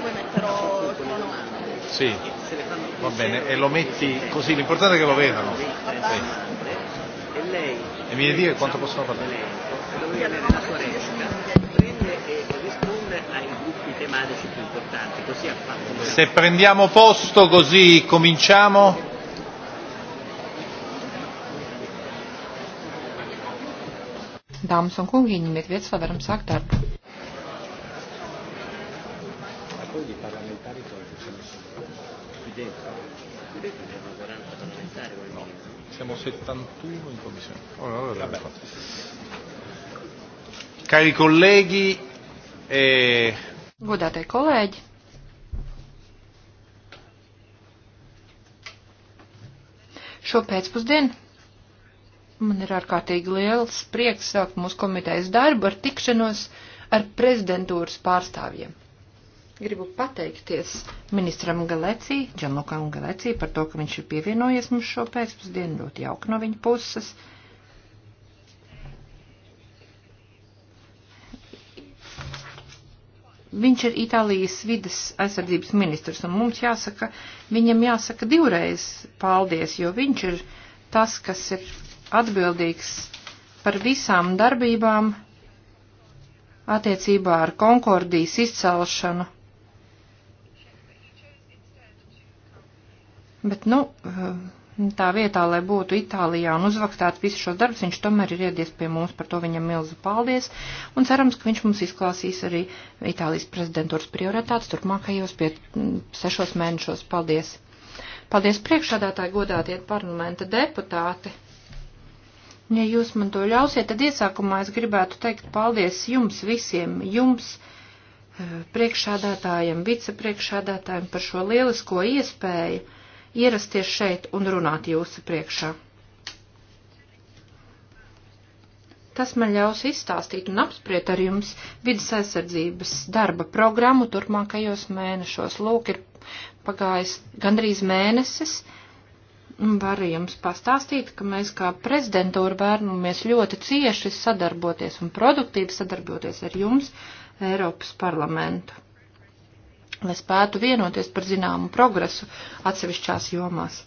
poi metterò il cronometro. Sì, va bene, e lo metti così, l'importante è che lo vedano. Sì. E, e mi devi dire quanto possono parlare. E Se prendiamo posto così cominciamo. Dāmas un kungi, ņemiet vietas, lai varam sākt darbu. Siamo 71 in commissione. Oh, allora, Cari colleghi, eh... godātie kolēģi, šo pēcpusdienu man ir ārkārtīgi liels prieks sākt mūsu komitejas darbu ar tikšanos ar prezidentūras pārstāvjiem. Gribu pateikties ministram Galecī, Džanlukam Galecī, par to, ka viņš ir pievienojies mums šo pēcpusdienu, ļoti jauk no viņa puses. viņš ir Itālijas vidas aizsardzības ministrs, un mums jāsaka, viņam jāsaka divreiz paldies, jo viņš ir tas, kas ir atbildīgs par visām darbībām attiecībā ar Konkordijas izcelšanu Bet, nu, eh, tā vietā, lai būtu Itālijā un uzrakstātu visus šos darbus, viņš tomēr ir iedies pie mums, par to viņam milzu paldies, un cerams, ka viņš mums izklāsīs arī Itālijas prezidentūras prioritātes turpmākajos pie sešos mēnešos. Paldies! Paldies priekšādātāji godātie parlamenta deputāti! Ja jūs man to ļausiet, tad iesākumā es gribētu teikt paldies jums visiem, jums eh, priekšādātājiem, vicepriekšādātājiem par šo lielisko iespēju ierasties šeit un runāt jūsu priekšā. Tas man ļaus izstāstīt un apspriet ar jums vidas aizsardzības darba programmu turpmākajos mēnešos. Lūk, ir pagājis gandrīz mēnesis. Varu jums pastāstīt, ka mēs kā prezidentūra vērnumies ļoti cieši sadarboties un produktīvi sadarboties ar jums Eiropas parlamentu lai spētu vienoties par zināmu progresu atsevišķās jomās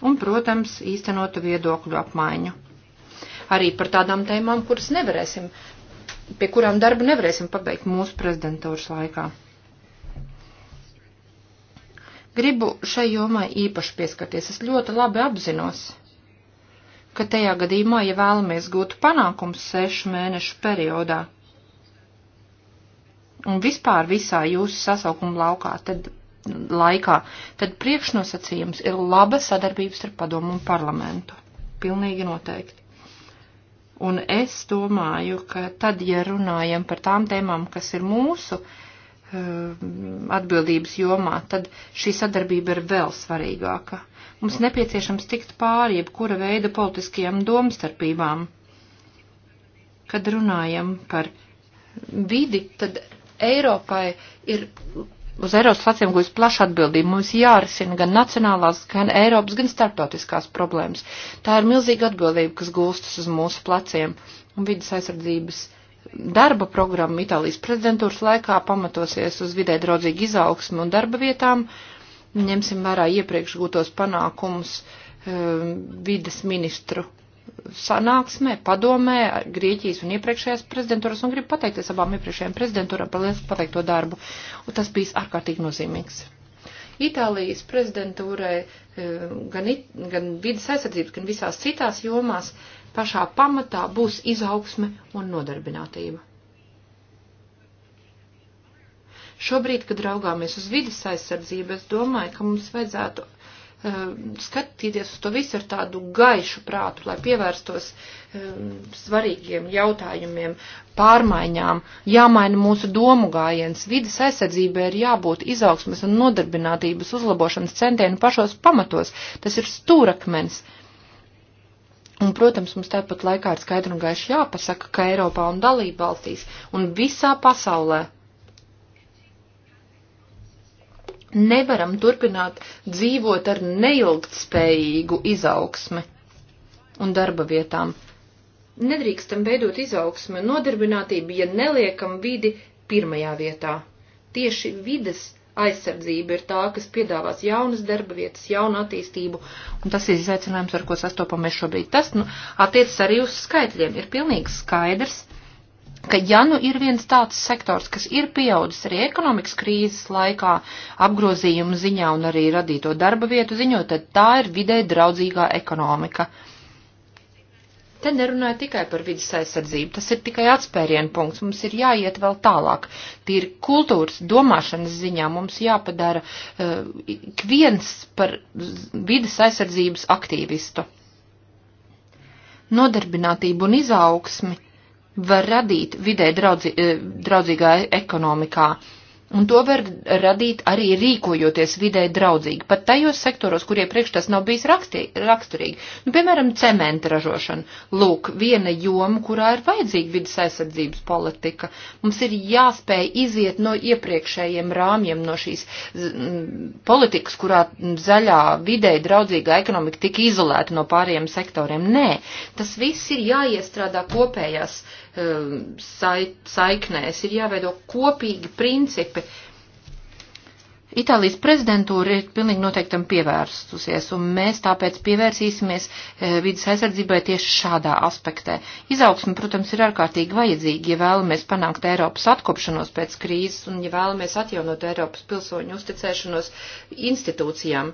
un, protams, īstenotu viedokļu apmaiņu. Arī par tādām tēmām, kuras nevarēsim, pie kurām darbu nevarēsim pabeigt mūsu prezidentūras laikā. Gribu šai jomai īpaši pieskarties. Es ļoti labi apzinos, ka tajā gadījumā, ja vēlamies gūt panākums sešu mēnešu periodā, un vispār visā jūsu sasaukuma laukā, tad, laikā, tad priekšnosacījums ir laba sadarbības ar padomu un parlamentu. Pilnīgi noteikti. Un es domāju, ka tad, ja runājam par tām tēmām, kas ir mūsu uh, atbildības jomā, tad šī sadarbība ir vēl svarīgāka. Mums nepieciešams tikt pāri jebkura veida politiskajām domstarpībām. Kad runājam par vidi, tad Eiropai ir uz Eiropas pleciem gūst plašu atbildību. Mums jārisina gan nacionālās, gan Eiropas, gan starptautiskās problēmas. Tā ir milzīga atbildība, kas gulstas uz mūsu pleciem. Un vidas aizsardzības darba programma Itālijas prezidentūras laikā pamatosies uz vidē draudzīgu izaugsmu un darba vietām. Ņemsim vērā iepriekš gūtos panākumus eh, vidas ministru sanāksmē, padomē, Grieķijas un iepriekšējās prezidentūras, un gribu pateikties abām iepriekšējām prezidentūram par lielisku paveikto darbu, un tas bijis ārkārtīgi nozīmīgs. Itālijas prezidentūrai eh, gan, it, gan vidas aizsardzības, gan visās citās jomās pašā pamatā būs izaugsme un nodarbinātība. Šobrīd, kad raugāmies uz vidas aizsardzību, es domāju, ka mums vajadzētu Um, skatīties uz to visu ar tādu gaišu prātu, lai pievērstos um, svarīgiem jautājumiem, pārmaiņām, jāmaina mūsu domu gājiens, vidas aizsardzībai ir jābūt izaugsmas un nodarbinātības uzlabošanas centienu pašos pamatos. Tas ir stūrakmens. Un, protams, mums tāpat laikā ir skaidri un gaiši jāpasaka, ka Eiropā un dalība valstīs un visā pasaulē Nevaram turpināt dzīvot ar neilgtspējīgu izaugsmi un darba vietām. Nedrīkstam veidot izaugsmi un nodarbinātību, ja neliekam vidi pirmajā vietā. Tieši vides aizsardzība ir tā, kas piedāvās jaunas darba vietas, jaunu attīstību, un tas ir izaicinājums, ar ko sastopamies šobrīd. Tas nu, attiecas arī uz skaitļiem. Ir pilnīgi skaidrs, ka ja nu ir viens tāds sektors, kas ir pieaudzis arī ekonomikas krīzes laikā, apgrozījuma ziņā un arī radīto darba vietu ziņot, tad tā ir vidē draudzīgā ekonomika. Te nerunāju tikai par vidas aizsardzību, tas ir tikai atspērienu punkts, mums ir jāiet vēl tālāk. Tīri kultūras domāšanas ziņā mums jāpadara uh, ik viens par vidas aizsardzības aktīvistu. Nodarbinātību un izaugsmi var radīt vidē draudzi, eh, draudzīgā ekonomikā. Un to var radīt arī rīkojoties vidē draudzīgi, pat tajos sektoros, kur iepriekš tas nav bijis rakstī, raksturīgi. Nu, piemēram, cementa ražošana. Lūk, viena joma, kurā ir vajadzīga vidas aizsardzības politika. Mums ir jāspēj iziet no iepriekšējiem rāmjiem, no šīs politikas, kurā zaļā vidē draudzīga ekonomika tika izolēta no pārējiem sektoriem. Nē, tas viss ir jāiestrādā kopējās uh, Um, saiknēs, ir jāveido kopīgi principi. Itālijas prezidentūra ir pilnīgi noteiktam pievērstusies, un mēs tāpēc pievērsīsimies eh, vidas aizsardzībai tieši šādā aspektē. Izaugsme, protams, ir ārkārtīgi vajadzīga, ja vēlamies panākt Eiropas atkopšanos pēc krīzes un ja vēlamies atjaunot Eiropas pilsoņu uzticēšanos institūcijām.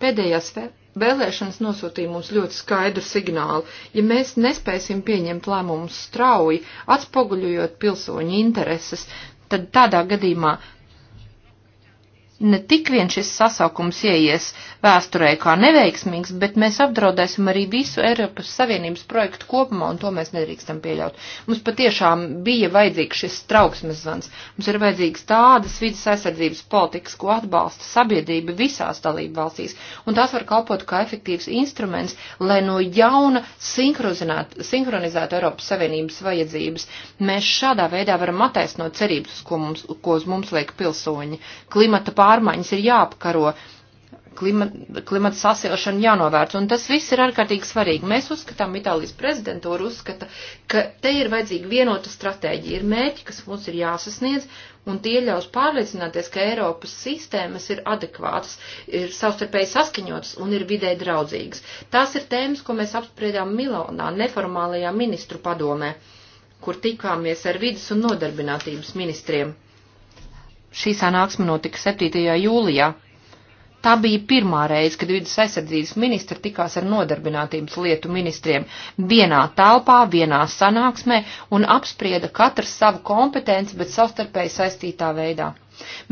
Pēdējā sfēra Vēlēšanas nosūtīja mums ļoti skaidru signālu. Ja mēs nespēsim pieņemt lēmumus strauji, atspoguļojot pilsoņu intereses, tad tādā gadījumā ne tik vien šis sasaukums ieies vēsturē kā neveiksmīgs, bet mēs apdraudēsim arī visu Eiropas Savienības projektu kopumā, un to mēs nedrīkstam pieļaut. Mums patiešām bija vajadzīgs šis trauksmes zvans. Mums ir vajadzīgs tādas vidas aizsardzības politikas, ko atbalsta sabiedrība visās dalību valstīs, un tās var kalpot kā efektīvs instruments, lai no jauna sinhronizētu Eiropas Savienības vajadzības. Mēs šādā veidā varam attaisnot cerības, ko, mums, ko uz mums liek pilsoņi. Klimata pārējā pārmaiņas ir jāapkaro, klimata, klimata sasilšana jānovērts, un tas viss ir ārkārtīgi svarīgi. Mēs uzskatām, Itālijas prezidentūra uzskata, ka te ir vajadzīga vienota stratēģija, ir mērķi, kas mums ir jāsasniedz, un tie ļaus pārliecināties, ka Eiropas sistēmas ir adekvātas, ir savstarpēji saskaņotas un ir vidē draudzīgas. Tās ir tēmas, ko mēs apspriedām Milonā, neformālajā ministru padomē, kur tikāmies ar vidas un nodarbinātības ministriem. Šī sanāksme notika 7. jūlijā. Tā bija pirmā reize, kad vidas aizsardzības ministra tikās ar nodarbinātības lietu ministriem vienā telpā, vienā sanāksmē un apsprieda katrs savu kompetenci, bet savstarpēji saistītā veidā.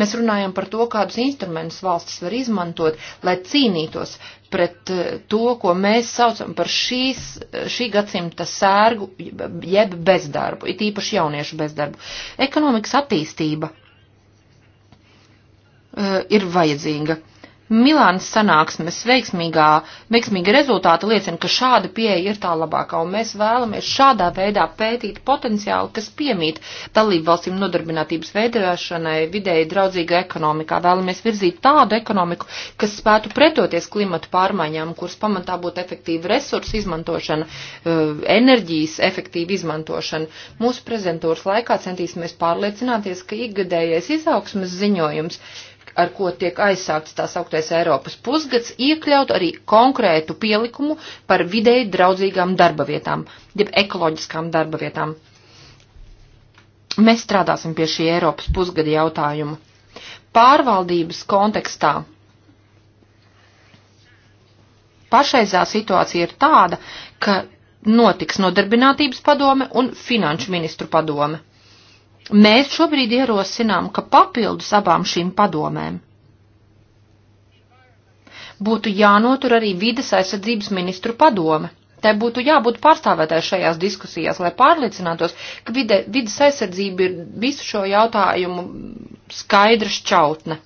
Mēs runājam par to, kādus instrumentus valstis var izmantot, lai cīnītos pret eh, to, ko mēs saucam par šīs, šī gadsimta sērgu, jeb bezdarbu, it īpaši jauniešu bezdarbu. Ekonomikas attīstība Eh, ir vajadzīga. Milānas sanāksmes veiksmīgā, veiksmīga rezultāta liecina, ka šāda pieeja ir tā labākā, un mēs vēlamies šādā veidā pētīt potenciālu, kas piemīt dalību valstīm nodarbinātības veidošanai vidēji draudzīga ekonomikā. Vēlamies virzīt tādu ekonomiku, kas spētu pretoties klimatu pārmaiņām, kuras pamatā būtu efektīva resursu izmantošana, eh, enerģijas efektīva izmantošana. Mūsu prezentūras laikā centīsimies pārliecināties, ka ikgadējais izaugsmas ziņojums ar ko tiek aizsākts tās augtais Eiropas pusgads, iekļaut arī konkrētu pielikumu par videi draudzīgām darba vietām, jeb ekoloģiskām darba vietām. Mēs strādāsim pie šī Eiropas pusgada jautājuma. Pārvaldības kontekstā pašreizā situācija ir tāda, ka notiks nodarbinātības padome un finanšu ministru padome. Mēs šobrīd ierosinām, ka papildus abām šīm padomēm būtu jānotur arī vides aizsardzības ministru padome. Tai būtu jābūt pārstāvētāji šajās diskusijās, lai pārliecinātos, ka vide, vidas aizsardzība ir visu šo jautājumu skaidra šķautne.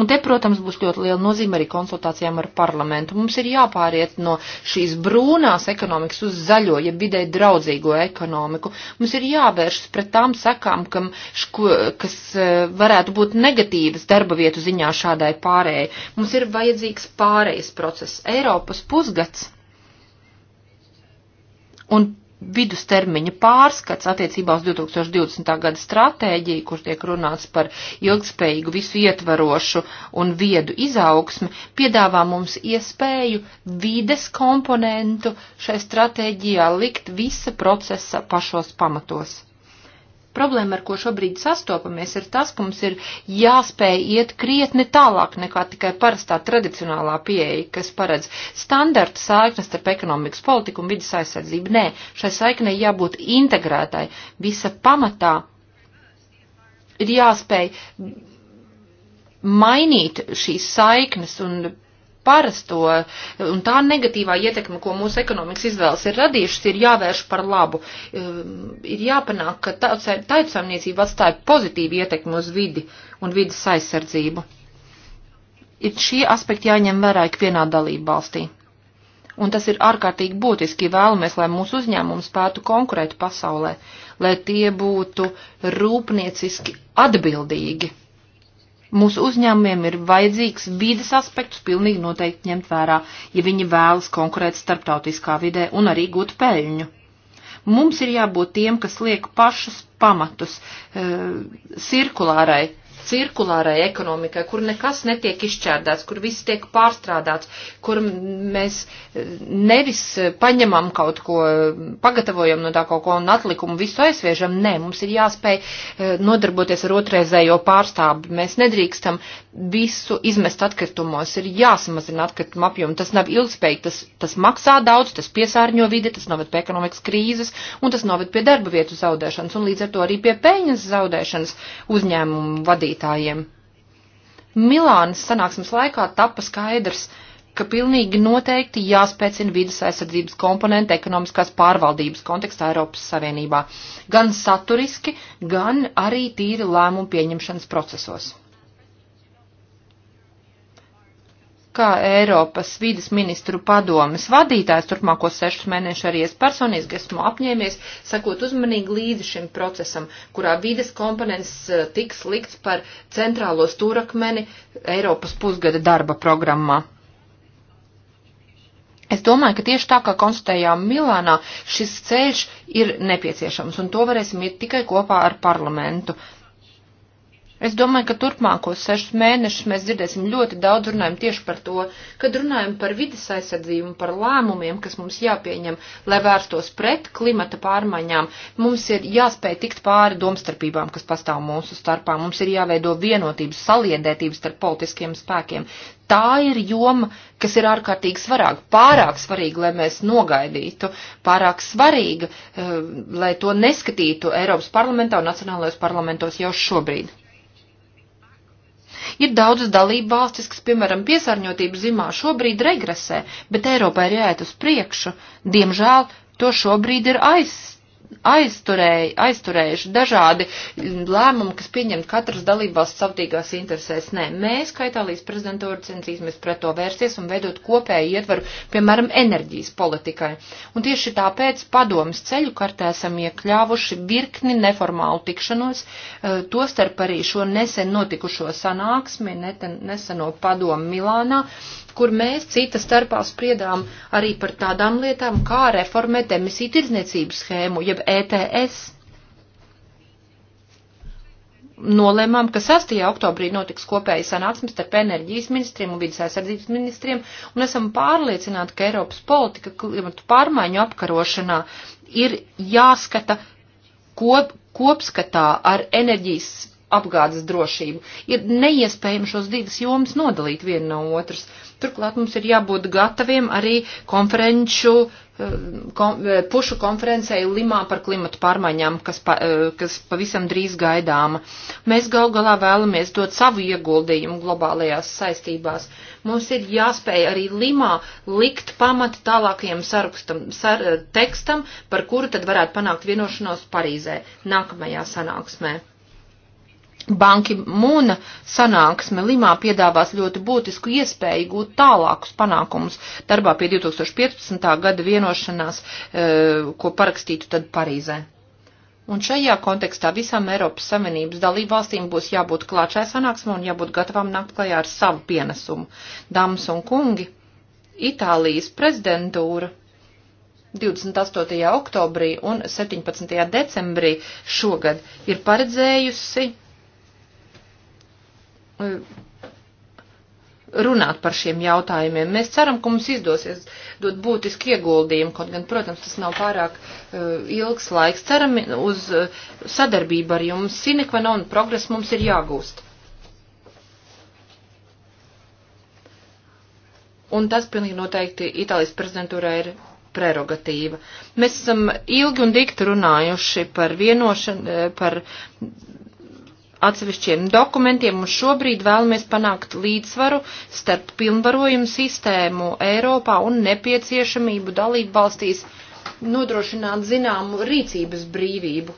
Un te, protams, būs ļoti liela nozīme arī konsultācijām ar parlamentu. Mums ir jāpāriet no šīs brūnās ekonomikas uz zaļo, ja vidē draudzīgo ekonomiku. Mums ir jāvēršas pret tām sakām, kam, ško, kas eh, varētu būt negatīvas darba vietu ziņā šādai pārējai. Mums ir vajadzīgs pārējais process. Eiropas pusgads. Un vidustermiņa pārskats attiecībā uz 2020. gada stratēģiju, kur tiek runāts par ilgspējīgu, visu ietvarošu un viedu izaugsmi, piedāvā mums iespēju vides komponentu šai stratēģijā likt visa procesa pašos pamatos. Problēma, ar ko šobrīd sastopamies, ir tas, ka mums ir jāspēj iet krietni tālāk nekā tikai parastā tradicionālā pieeja, kas paredz standarta saiknes starp ekonomikas politiku un vidas aizsardzību. Nē, šai saiknei jābūt integrētai. Visa pamatā ir jāspēj mainīt šīs saiknes un parasto un tā negatīvā ietekme, ko mūsu ekonomikas izvēles ir radījušas, ir jāvērš par labu. Ehm, ir jāpanāk, ka tautsēmniecība atstāja pozitīvu ietekmi uz vidi un vidas aizsardzību. Ir šie aspekti jāņem vērā ikvienā dalība valstī. Un tas ir ārkārtīgi būtiski, ja vēlamies, lai mūsu uzņēmumi spētu konkurēt pasaulē, lai tie būtu rūpnieciski atbildīgi Mūsu uzņēmumiem ir vajadzīgs vides aspektus pilnīgi noteikti ņemt vērā, ja viņi vēlas konkurēt starptautiskā vidē un arī gūt peļņu. Mums ir jābūt tiem, kas liek pašus pamatus e, cirkulārai cirkulārai ekonomikai, kur nekas netiek izšķērdēts, kur viss tiek pārstrādāts, kur mēs e, nevis paņemam kaut ko, pagatavojam no tā kaut ko un atlikumu visu aizviežam. Nē, mums ir jāspēj e, nodarboties ar otrreizējo pārstāvi. Mēs nedrīkstam visu izmest atkritumos, ir jāsamazina atkritumu apjomu. Tas nav ilgspējīgi, tas, tas maksā daudz, tas piesārņo vidi, tas noved pie ekonomikas krīzes un tas noved pie darba vietu zaudēšanas un līdz ar to arī pie peļņas zaudēšanas uzņēmumu vadīšanas vadītājiem. Milānas sanāksmes laikā tapa skaidrs, ka pilnīgi noteikti jāspēcina vidas aizsardzības komponente ekonomiskās pārvaldības kontekstā Eiropas Savienībā, gan saturiski, gan arī tīri lēmumu pieņemšanas procesos. kā Eiropas vīdes ministru padomas vadītājs turpmāko sešus mēnešus arī es personīgi esmu apņēmies sakot uzmanīgi līdzi šim procesam, kurā vīdes komponents e, tiks likts par centrālo stūrakmeni Eiropas pusgada darba programmā. Es domāju, ka tieši tā kā konstatējām Milānā, šis ceļš ir nepieciešams, un to varēsim iet tikai kopā ar parlamentu. Uh, Es domāju, ka turpmākos sešus mēnešus mēs dzirdēsim ļoti daudz runājumu tieši par to, kad runājam par vidas aizsardzību un par lēmumiem, kas mums jāpieņem, lai vērstos pret klimata pārmaiņām. Mums ir jāspēj tikt pāri domstarpībām, kas pastāv mūsu starpā. Mums ir jāveido vienotības, saliedētības starp politiskiem spēkiem. Tā ir joma, kas ir ārkārtīgi svarīga, pārāk svarīga, lai mēs nogaidītu, pārāk svarīga, eh, lai to neskatītu Eiropas parlamentā un nacionālajos parlamentos jau šobrīd. Ir daudzas dalība valstis, kas, piemēram, piesārņotības zimā šobrīd regresē, bet Eiropā ir jāiet uz priekšu. Diemžēl to šobrīd ir aiz, aizturēju, aizturējuši dažādi lēmumi, kas pieņemt katras dalībvalsts savtīgās interesēs. Nē, mēs, kā Itālijas prezidentūra, censīsimies pret to vērsties un veidot kopēju ietvaru, piemēram, enerģijas politikai. Un tieši tāpēc padomas ceļu kartē esam iekļāvuši virkni neformālu tikšanos, eh, tostarp arī šo nesen notikušo sanāksmi, neten, neseno padomu Milānā, kur mēs cita starpā spriedām arī par tādām lietām, kā reformēt emisiju tirdzniecības schēmu, jeb ETS. Nolēmām, ka 6. oktobrī notiks kopēja sanāksme starp enerģijas ministriem un vidas aizsardzības ministriem, un esam pārliecināti, ka Eiropas politika klimatu pārmaiņu apkarošanā ir jāskata kop, kopskatā ar enerģijas apgādes drošību. Ir neiespējami šos divas jomas nodalīt viena no otras. Turklāt mums ir jābūt gataviem arī konferenču, eh, kom, eh, pušu konferencei Limā par klimatu pārmaiņām, kas, pa, eh, kas pavisam drīz gaidāma. Mēs gal galā vēlamies dot savu ieguldījumu globālajās saistībās. Mums ir jāspēj arī Limā likt pamatu tālākajam sarakstam, sar, tekstam, par kuru tad varētu panākt vienošanos Parīzē nākamajā sanāksmē. Banki Mūna sanāksme Limā piedāvās ļoti būtisku iespēju gūt tālākus panākumus darbā pie 2015. gada vienošanās, e, ko parakstītu tad Parīzē. Un šajā kontekstā visām Eiropas Savienības dalībvalstīm būs jābūt klāt šai sanāksmē un jābūt gatavām nākt klajā ar savu pienesumu. Dāmas un kungi, Itālijas prezidentūra 28. oktobrī un 17. decembrī šogad ir paredzējusi Eh, runāt par šiem jautājumiem. Mēs ceram, ka mums izdosies dot būtisku ieguldījumu, kaut gan, protams, tas nav pārāk uh, ilgs laiks. Ceram uz uh, sadarbību ar jums. Sinekvena un progress mums ir jāgūst. Un tas pilnīgi noteikti Itālijas prezidentūrā ir prerogatīva. Mēs esam ilgi un dikti runājuši par vienošanu, par atsevišķiem dokumentiem, un šobrīd vēlamies panākt līdzsvaru starp pilnvarojumu sistēmu Eiropā un nepieciešamību dalību valstīs nodrošināt zināmu rīcības brīvību,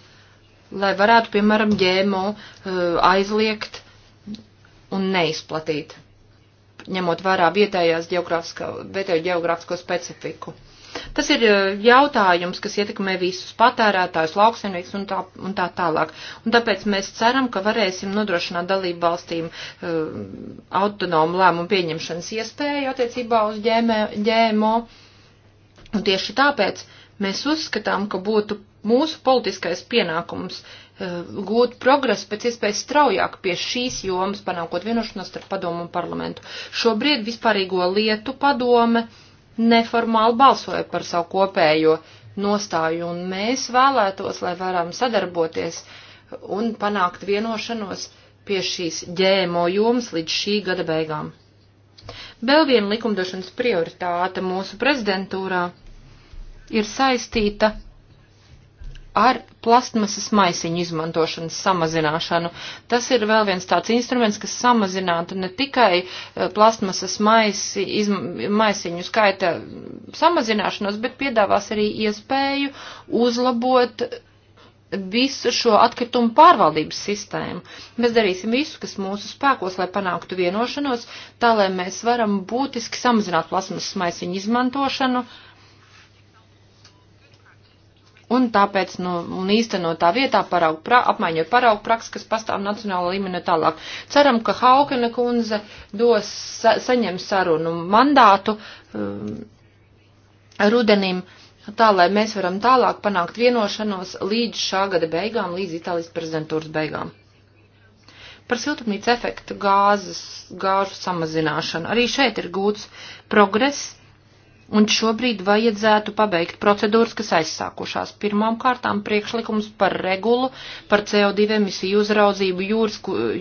lai varētu, piemēram, ģēmo eh, aizliegt un neizplatīt, ņemot vērā vietējās geogrāfisko, vietējo geogrāfisko specifiku. Tas ir eh, jautājums, kas ietekmē visus patērētājus, lauksaimnieks un tā, un tā tālāk. Un tāpēc mēs ceram, ka varēsim nodrošināt dalību valstīm uh, autonomu lēmumu pieņemšanas iespēju attiecībā uz ģēmē, ģēmo. Un tieši tāpēc mēs uzskatām, ka būtu mūsu politiskais pienākums eh, gūt progresu pēc iespējas straujāk pie šīs jomas, panākot vienošanos starp padomu un parlamentu. Šobrīd vispārīgo lietu padome uh, neformāli balsoja par savu kopējo nostāju, un mēs vēlētos, lai varam sadarboties un panākt vienošanos pie šīs ģēmo jomas līdz šī gada beigām. Vēl viena likumdošanas prioritāte mūsu prezidentūrā ir saistīta ar plastmasas maisiņu izmantošanas samazināšanu. Tas ir vēl viens tāds instruments, kas samazinātu ne tikai eh, plastmasas maisi, izma, maisiņu skaita samazināšanos, bet piedāvās arī iespēju uzlabot visu šo atkritumu pārvaldības sistēmu. Mēs darīsim visu, kas mūsu spēkos, lai panāktu vienošanos, tā lai mēs varam būtiski samazināt plasmas maisiņu izmantošanu, uh, un tāpēc, nu, un īstenot tā vietā paraugu, pra, apmaiņot paraugu praksi, kas pastāv nacionāla līmenī tālāk. Ceram, ka Haukena kundze dos, sa, saņem sarunu mandātu um, rudenim, tā lai mēs varam tālāk panākt vienošanos līdz šā gada beigām, līdz Itālijas prezidentūras beigām. Par siltumnīca efektu gāzes, gāžu samazināšanu. Arī šeit ir gūts progress un šobrīd vajadzētu pabeigt procedūras, kas aizsākušās. Pirmām kārtām priekšlikums par regulu par CO2 emisiju uzraudzību jūras,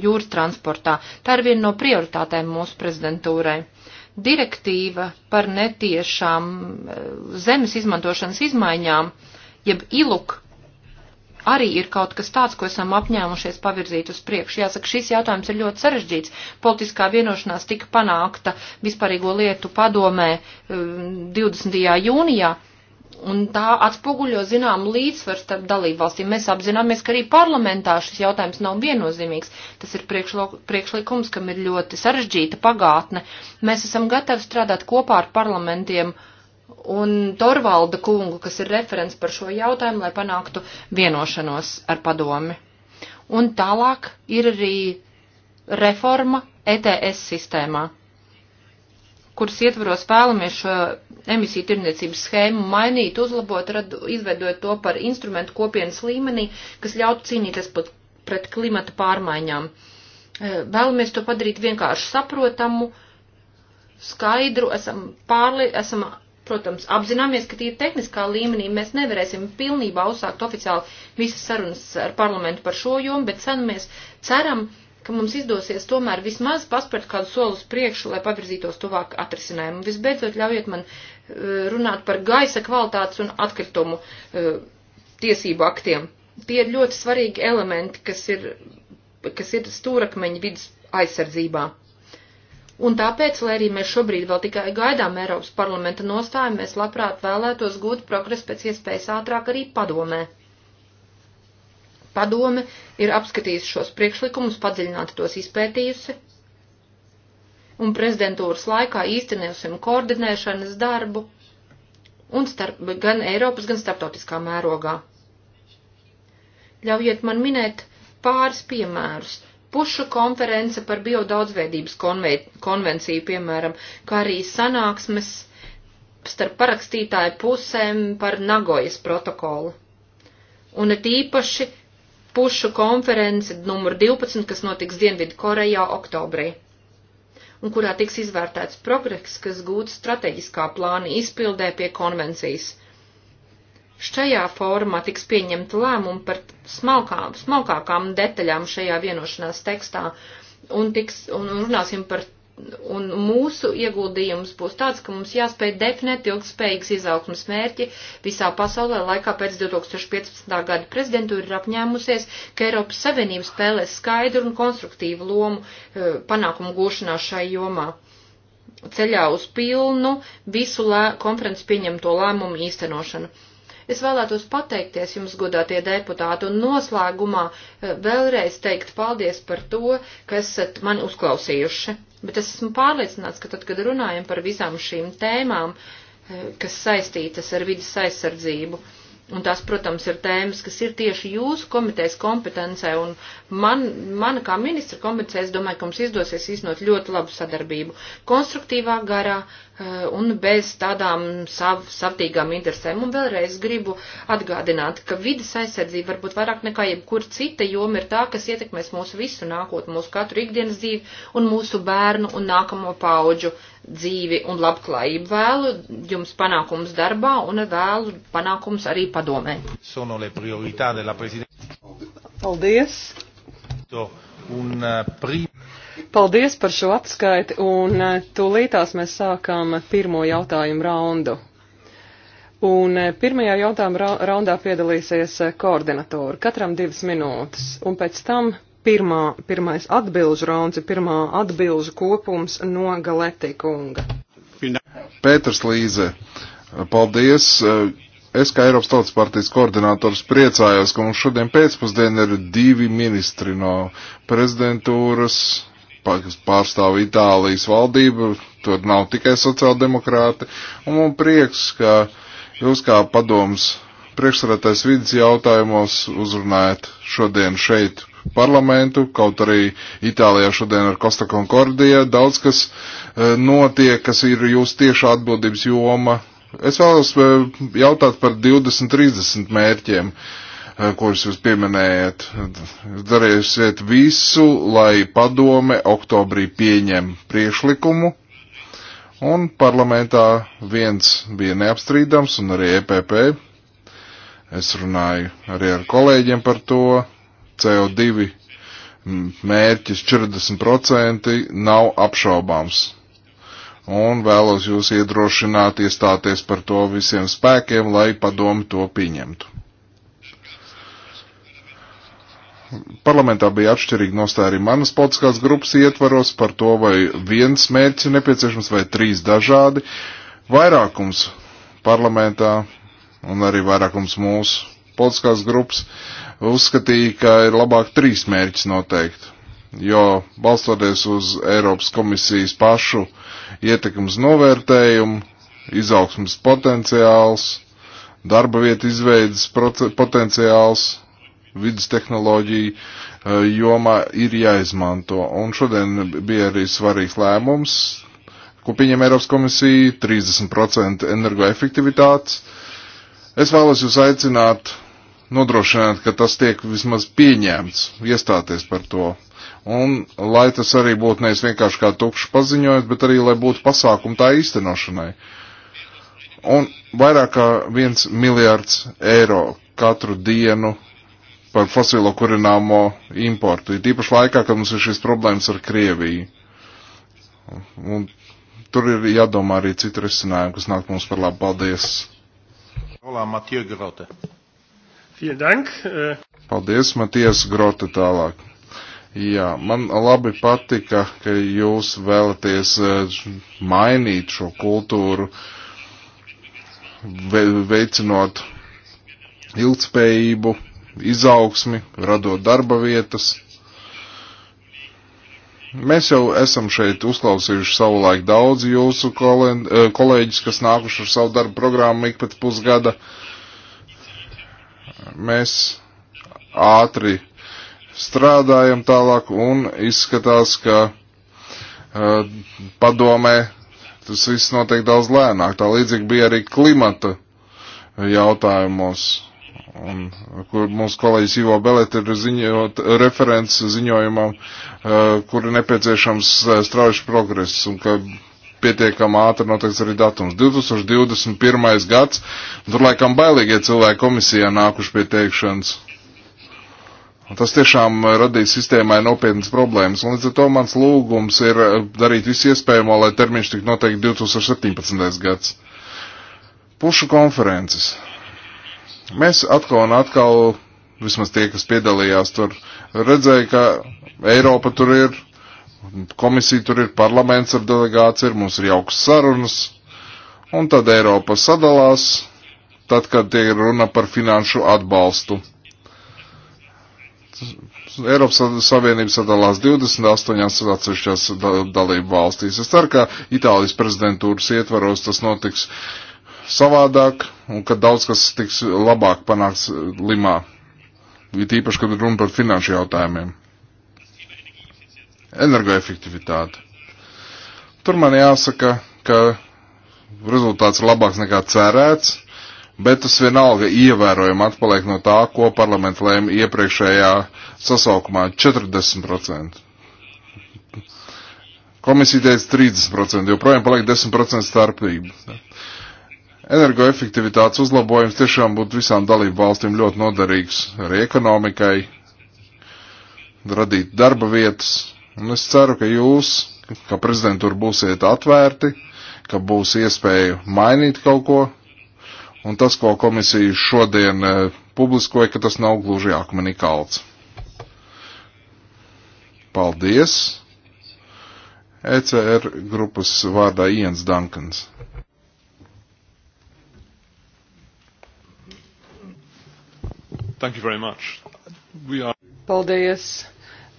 jūras transportā. Tā ir viena no prioritātēm mūsu prezidentūrai. Direktīva par netiešām eh, zemes izmantošanas izmaiņām, jeb iluk arī ir kaut kas tāds, ko esam apņēmušies pavirzīt uz priekšu. Jāsaka, šis jautājums ir ļoti sarežģīts. Politiskā vienošanās tika panākta vispārīgo lietu padomē 20. Um, jūnijā. Un tā atspoguļo, zinām, līdzsvars starp dalībvalstīm. Mēs apzināmies, ka arī parlamentā šis jautājums nav viennozīmīgs. Tas ir priekšlikums, kam ir ļoti sarežģīta pagātne. Mēs esam gatavi strādāt kopā ar parlamentiem uh, un Torvalda kungu, kas ir referents par šo jautājumu, lai panāktu vienošanos ar padomi. Un tālāk ir arī reforma ETS sistēmā, kuras ietvaros vēlamies šo emisiju tirniecības schēmu mainīt, uzlabot, radu, izveidot to par instrumentu kopienas līmenī, kas ļautu cīnīties pat pret klimata pārmaiņām. E, vēlamies to padarīt vienkārši saprotamu, skaidru, esam, pārli, esam protams, apzināmies, ka tīri tehniskā līmenī mēs nevarēsim pilnībā uzsākt oficiāli visas sarunas ar parlamentu par šo jomu, bet cenamies, ceram, ka mums izdosies tomēr vismaz paspērt kādu soli uz priekšu, lai pavirzītos tuvāk atrisinājumu. Visbeidzot, ļaujiet man eh, runāt par gaisa kvalitātes un atkritumu eh, tiesību aktiem. Tie ir ļoti svarīgi elementi, kas ir, kas ir stūrakmeņi vidas aizsardzībā. Un tāpēc, lai arī mēs šobrīd vēl tikai gaidām Eiropas parlamenta nostāju, mēs labprāt vēlētos gūt progresu pēc iespējas ātrāk arī padomē. Padome ir apskatījusi šos priekšlikumus, padziļināti tos izpētījusi, un prezidentūras laikā īstenosim koordinēšanas darbu un starp, gan Eiropas, gan starptautiskā mērogā. Ļaujiet man minēt pāris piemērus pušu konference par biodaudzveidības konvenciju, piemēram, kā arī sanāksmes starp parakstītāju pusēm par Nagojas protokolu. Un ir īpaši pušu konference numur 12, kas notiks Dienvidu Korejā oktobrī, un kurā tiks izvērtēts progress, kas gūts strateģiskā plāna izpildē pie konvencijas šajā formā tiks pieņemta lēmuma par smalkām, smalkākām detaļām šajā vienošanās tekstā un, tiks, un runāsim par. Un mūsu ieguldījums būs tāds, ka mums jāspēj definēt ilgspējīgas izaugsmas mērķi visā pasaulē laikā pēc 2015. gada prezidentūra ir apņēmusies, ka Eiropas Savienība spēlēs skaidru un konstruktīvu lomu eh, panākumu gūšanā šai jomā ceļā uz pilnu visu lē, konferences pieņemto lēmumu īstenošanu. Es vēlētos pateikties jums, godātie deputāti, un noslēgumā eh, vēlreiz teikt paldies par to, ka esat mani uzklausījuši. Bet es esmu pārliecināts, ka tad, kad runājam par visām šīm tēmām, eh, kas saistītas ar vidas aizsardzību, Un tās, protams, ir tēmas, kas ir tieši jūsu komitejas kompetencē, un man, man kā ministra kompetencē, es domāju, ka mums izdosies iznot ļoti labu sadarbību, konstruktīvā garā eh, un bez tādām sav, savtīgām interesēm. Un vēlreiz gribu atgādināt, ka vidas aizsardzība varbūt vairāk nekā jebkur cita joma ir tā, kas ietekmēs mūsu visu nākotni, mūsu katru ikdienas dzīvi un mūsu bērnu un nākamo pauģu uh, dzīvi un labklājību. Vēlu jums panākums darbā un vēlu panākums arī padomē. Paldies! Eh, Paldies par šo atskaiti un eh, tūlītās mēs sākām pirmo jautājumu raundu. Un eh, pirmajā jautājuma raundā piedalīsies koordinatori, katram divas minūtes, un pēc tam pirmā, pirmais atbilžu rauns ir pirmā atbilžu kopums no Galeti kunga. Pēters Līze, paldies. Es kā Eiropas Tautas partijas koordinators priecājos, ka mums šodien pēcpusdien ir divi ministri no prezidentūras, kas pārstāv Itālijas valdību, tur nav tikai sociāldemokrāti, un man prieks, ka jūs kā padoms priekšsarētais vidas jautājumos uzrunājat šodien šeit parlamentu, kaut arī Itālijā šodien ar Costa Concordia daudz kas e, notiek, kas ir jūsu tieša atbildības joma. Es vēlos e, jautāt par 2030 mērķiem e, kurus jūs pieminējat. Darīsiet visu, lai padome oktobrī pieņem priešlikumu, un parlamentā viens bija neapstrīdams, un arī EPP. Es runāju arī ar kolēģiem par to, CO2 mērķis 40% nav apšaubāms. Un vēlos jūs iedrošināt iestāties par to visiem spēkiem, lai padomi to pieņemtu. Parlamentā bija atšķirīga nostāja arī manas politiskās grupas ietvaros par to, vai viens mērķis ir nepieciešams vai trīs dažādi. Vairākums parlamentā un arī vairākums mūsu politiskās grupas uzskatīja, ka ir labāk trīs mērķis noteikt, jo balstoties uz Eiropas komisijas pašu ietekmes novērtējumu, izaugsmas potenciāls, darba vietu izveidas potenciāls, vidas tehnoloģija eh, jomā ir jāizmanto. Un šodien bija arī svarīgs lēmums, ko pieņem Eiropas komisija - 30% energoefektivitātes. Es vēlos jūs aicināt nodrošināt, ka tas tiek vismaz pieņemts, iestāties par to. Un lai tas arī būtu nevis vienkārši kā tukšs paziņojums, bet arī lai būtu pasākumu tā īstenošanai. Un vairāk kā viens miljards eiro katru dienu par fosilo kurināmo importu. Ir tīpaši laikā, kad mums ir šīs problēmas ar Krieviju. Un tur ir jādomā arī citi risinājumi, kas nāk mums par labu. Paldies! Olā, Matija Grote. Paldies, Matijas Grota tālāk. Jā, man labi patika, ka jūs vēlaties eh, mainīt šo kultūru, veicinot ilgspējību, izaugsmi, radot darba vietas. Mēs jau esam šeit uzklausījuši savulaik daudz jūsu eh, kolēģis, kas nākuši ar savu darbu programmu ik pēc pusgada. Uh, mēs ātri strādājam tālāk un izskatās, ka uh, padomē tas viss notiek daudz lēnāk. Tā līdzīgi bija arī klimata jautājumos. Un, kur mūsu kolēģis Ivo Belet ir ziņot, referents ziņojumam, uh, kur ir nepieciešams e, strauji progress un ka pietiekam ātri noteikts arī datums. 2021. gads, tur laikam bailīgie cilvēki komisijā nākuši pie teikšanas. Un tas tiešām radīja sistēmai nopietnas problēmas. Un līdz ar to mans lūgums ir eh, darīt visu iespējamo, lai termiņš tik noteikti 2017. gads. Pušu konferences. Mēs atkal un atkal, vismaz tie, kas piedalījās tur, redzēja, ka Eiropa tur ir Komisija tur ir, parlaments ar delegāciju ir, mums ir jauks sarunas, un tad Eiropa sadalās, tad, kad tiek runa par finanšu atbalstu. Eiropas Savienība sadalās 28 atsevišķās dalību valstīs. Es ceru, ka Itālijas prezidentūras ietvaros tas notiks savādāk un ka daudz kas tiks labāk panāks Limā. It īpaši, kad runa par finanšu jautājumiem energoefektivitāti. Tur man jāsaka, ka rezultāts ir labāks nekā cerēts, bet tas vienalga ievērojami atpaliek no tā, ko parlaments lēma iepriekšējā sasaukumā - 40%. Komisija teica 30%, joprojām paliek 10% starpība. Energoefektivitātes uzlabojums tiešām būtu visām dalību valstīm ļoti noderīgs arī ekonomikai, radīt darba vietas, Un es ceru, ka jūs, ka prezidentūra būsiet atvērti, ka būs iespēja mainīt kaut ko. Un tas, ko komisija šodien e, publiskoja, ka tas nav gluži akmenī kalts. Paldies! ECR grupas vārdā Iens Dankans. Thank you very much. We are... Paldies!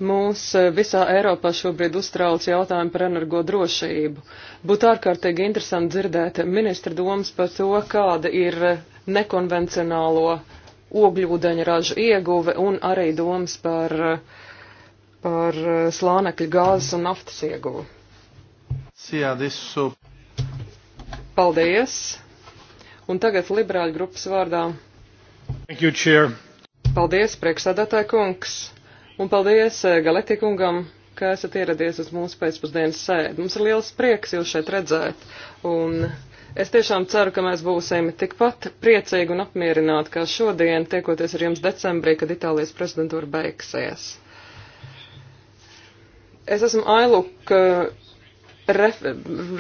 Mūs eh, visā Eiropā šobrīd uztrauc jautājumi par energodrošību. Būtu ārkārtīgi interesanti dzirdēt ministra domas par to, kāda ir eh, nekonvencionālo ogļūdeņa ražu ieguve un arī domas par, eh, par slānekļa gāzes un naftas ieguvu. Paldies! Un tagad liberāļu grupas vārdā. You, Paldies, priekšsēdētāji kungs! Un paldies eh, Galeti kungam, ka esat ieradies uz mūsu pēcpusdienas sēdi. Mums ir liels prieks jūs šeit redzēt. Un es tiešām ceru, ka mēs būsim tikpat priecīgi un apmierināti kā šodien, tiekoties ar jums decembrī, kad Itālijas prezidentūra beigsies. Es esmu Ailuk eh, ref,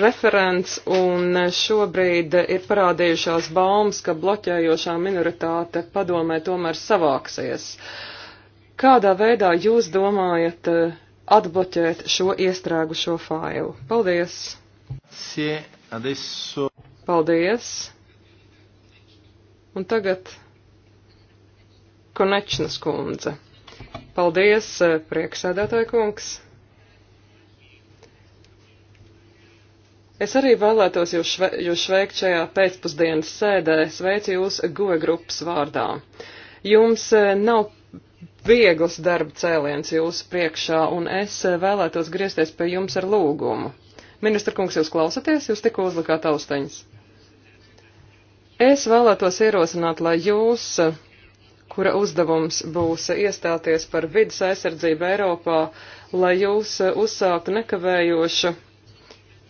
referents, un šobrīd ir parādījušās baumas, ka bloķējošā minoritāte padomē tomēr savāksies. Uh, Kādā veidā jūs domājat eh, atbloķēt šo iestrēgušo failu? Paldies! Paldies! Un tagad Konečnas kundze. Paldies, eh, prieksēdētāja kungs! Es arī vēlētos jūs, šve, jūs sveikt šajā pēcpusdienas sēdē, sveicu jūs goja grupas vārdā. Jums eh, nav viegls darba cēliens jūsu priekšā, un es eh, vēlētos griezties pie jums ar lūgumu. Ministra kungs, jūs klausaties, jūs tikko uzlikāt austeņas. Es vēlētos ierosināt, lai jūs, kura uzdevums būs iestāties par vidas aizsardzību Eiropā, lai jūs eh, uzsāktu nekavējošu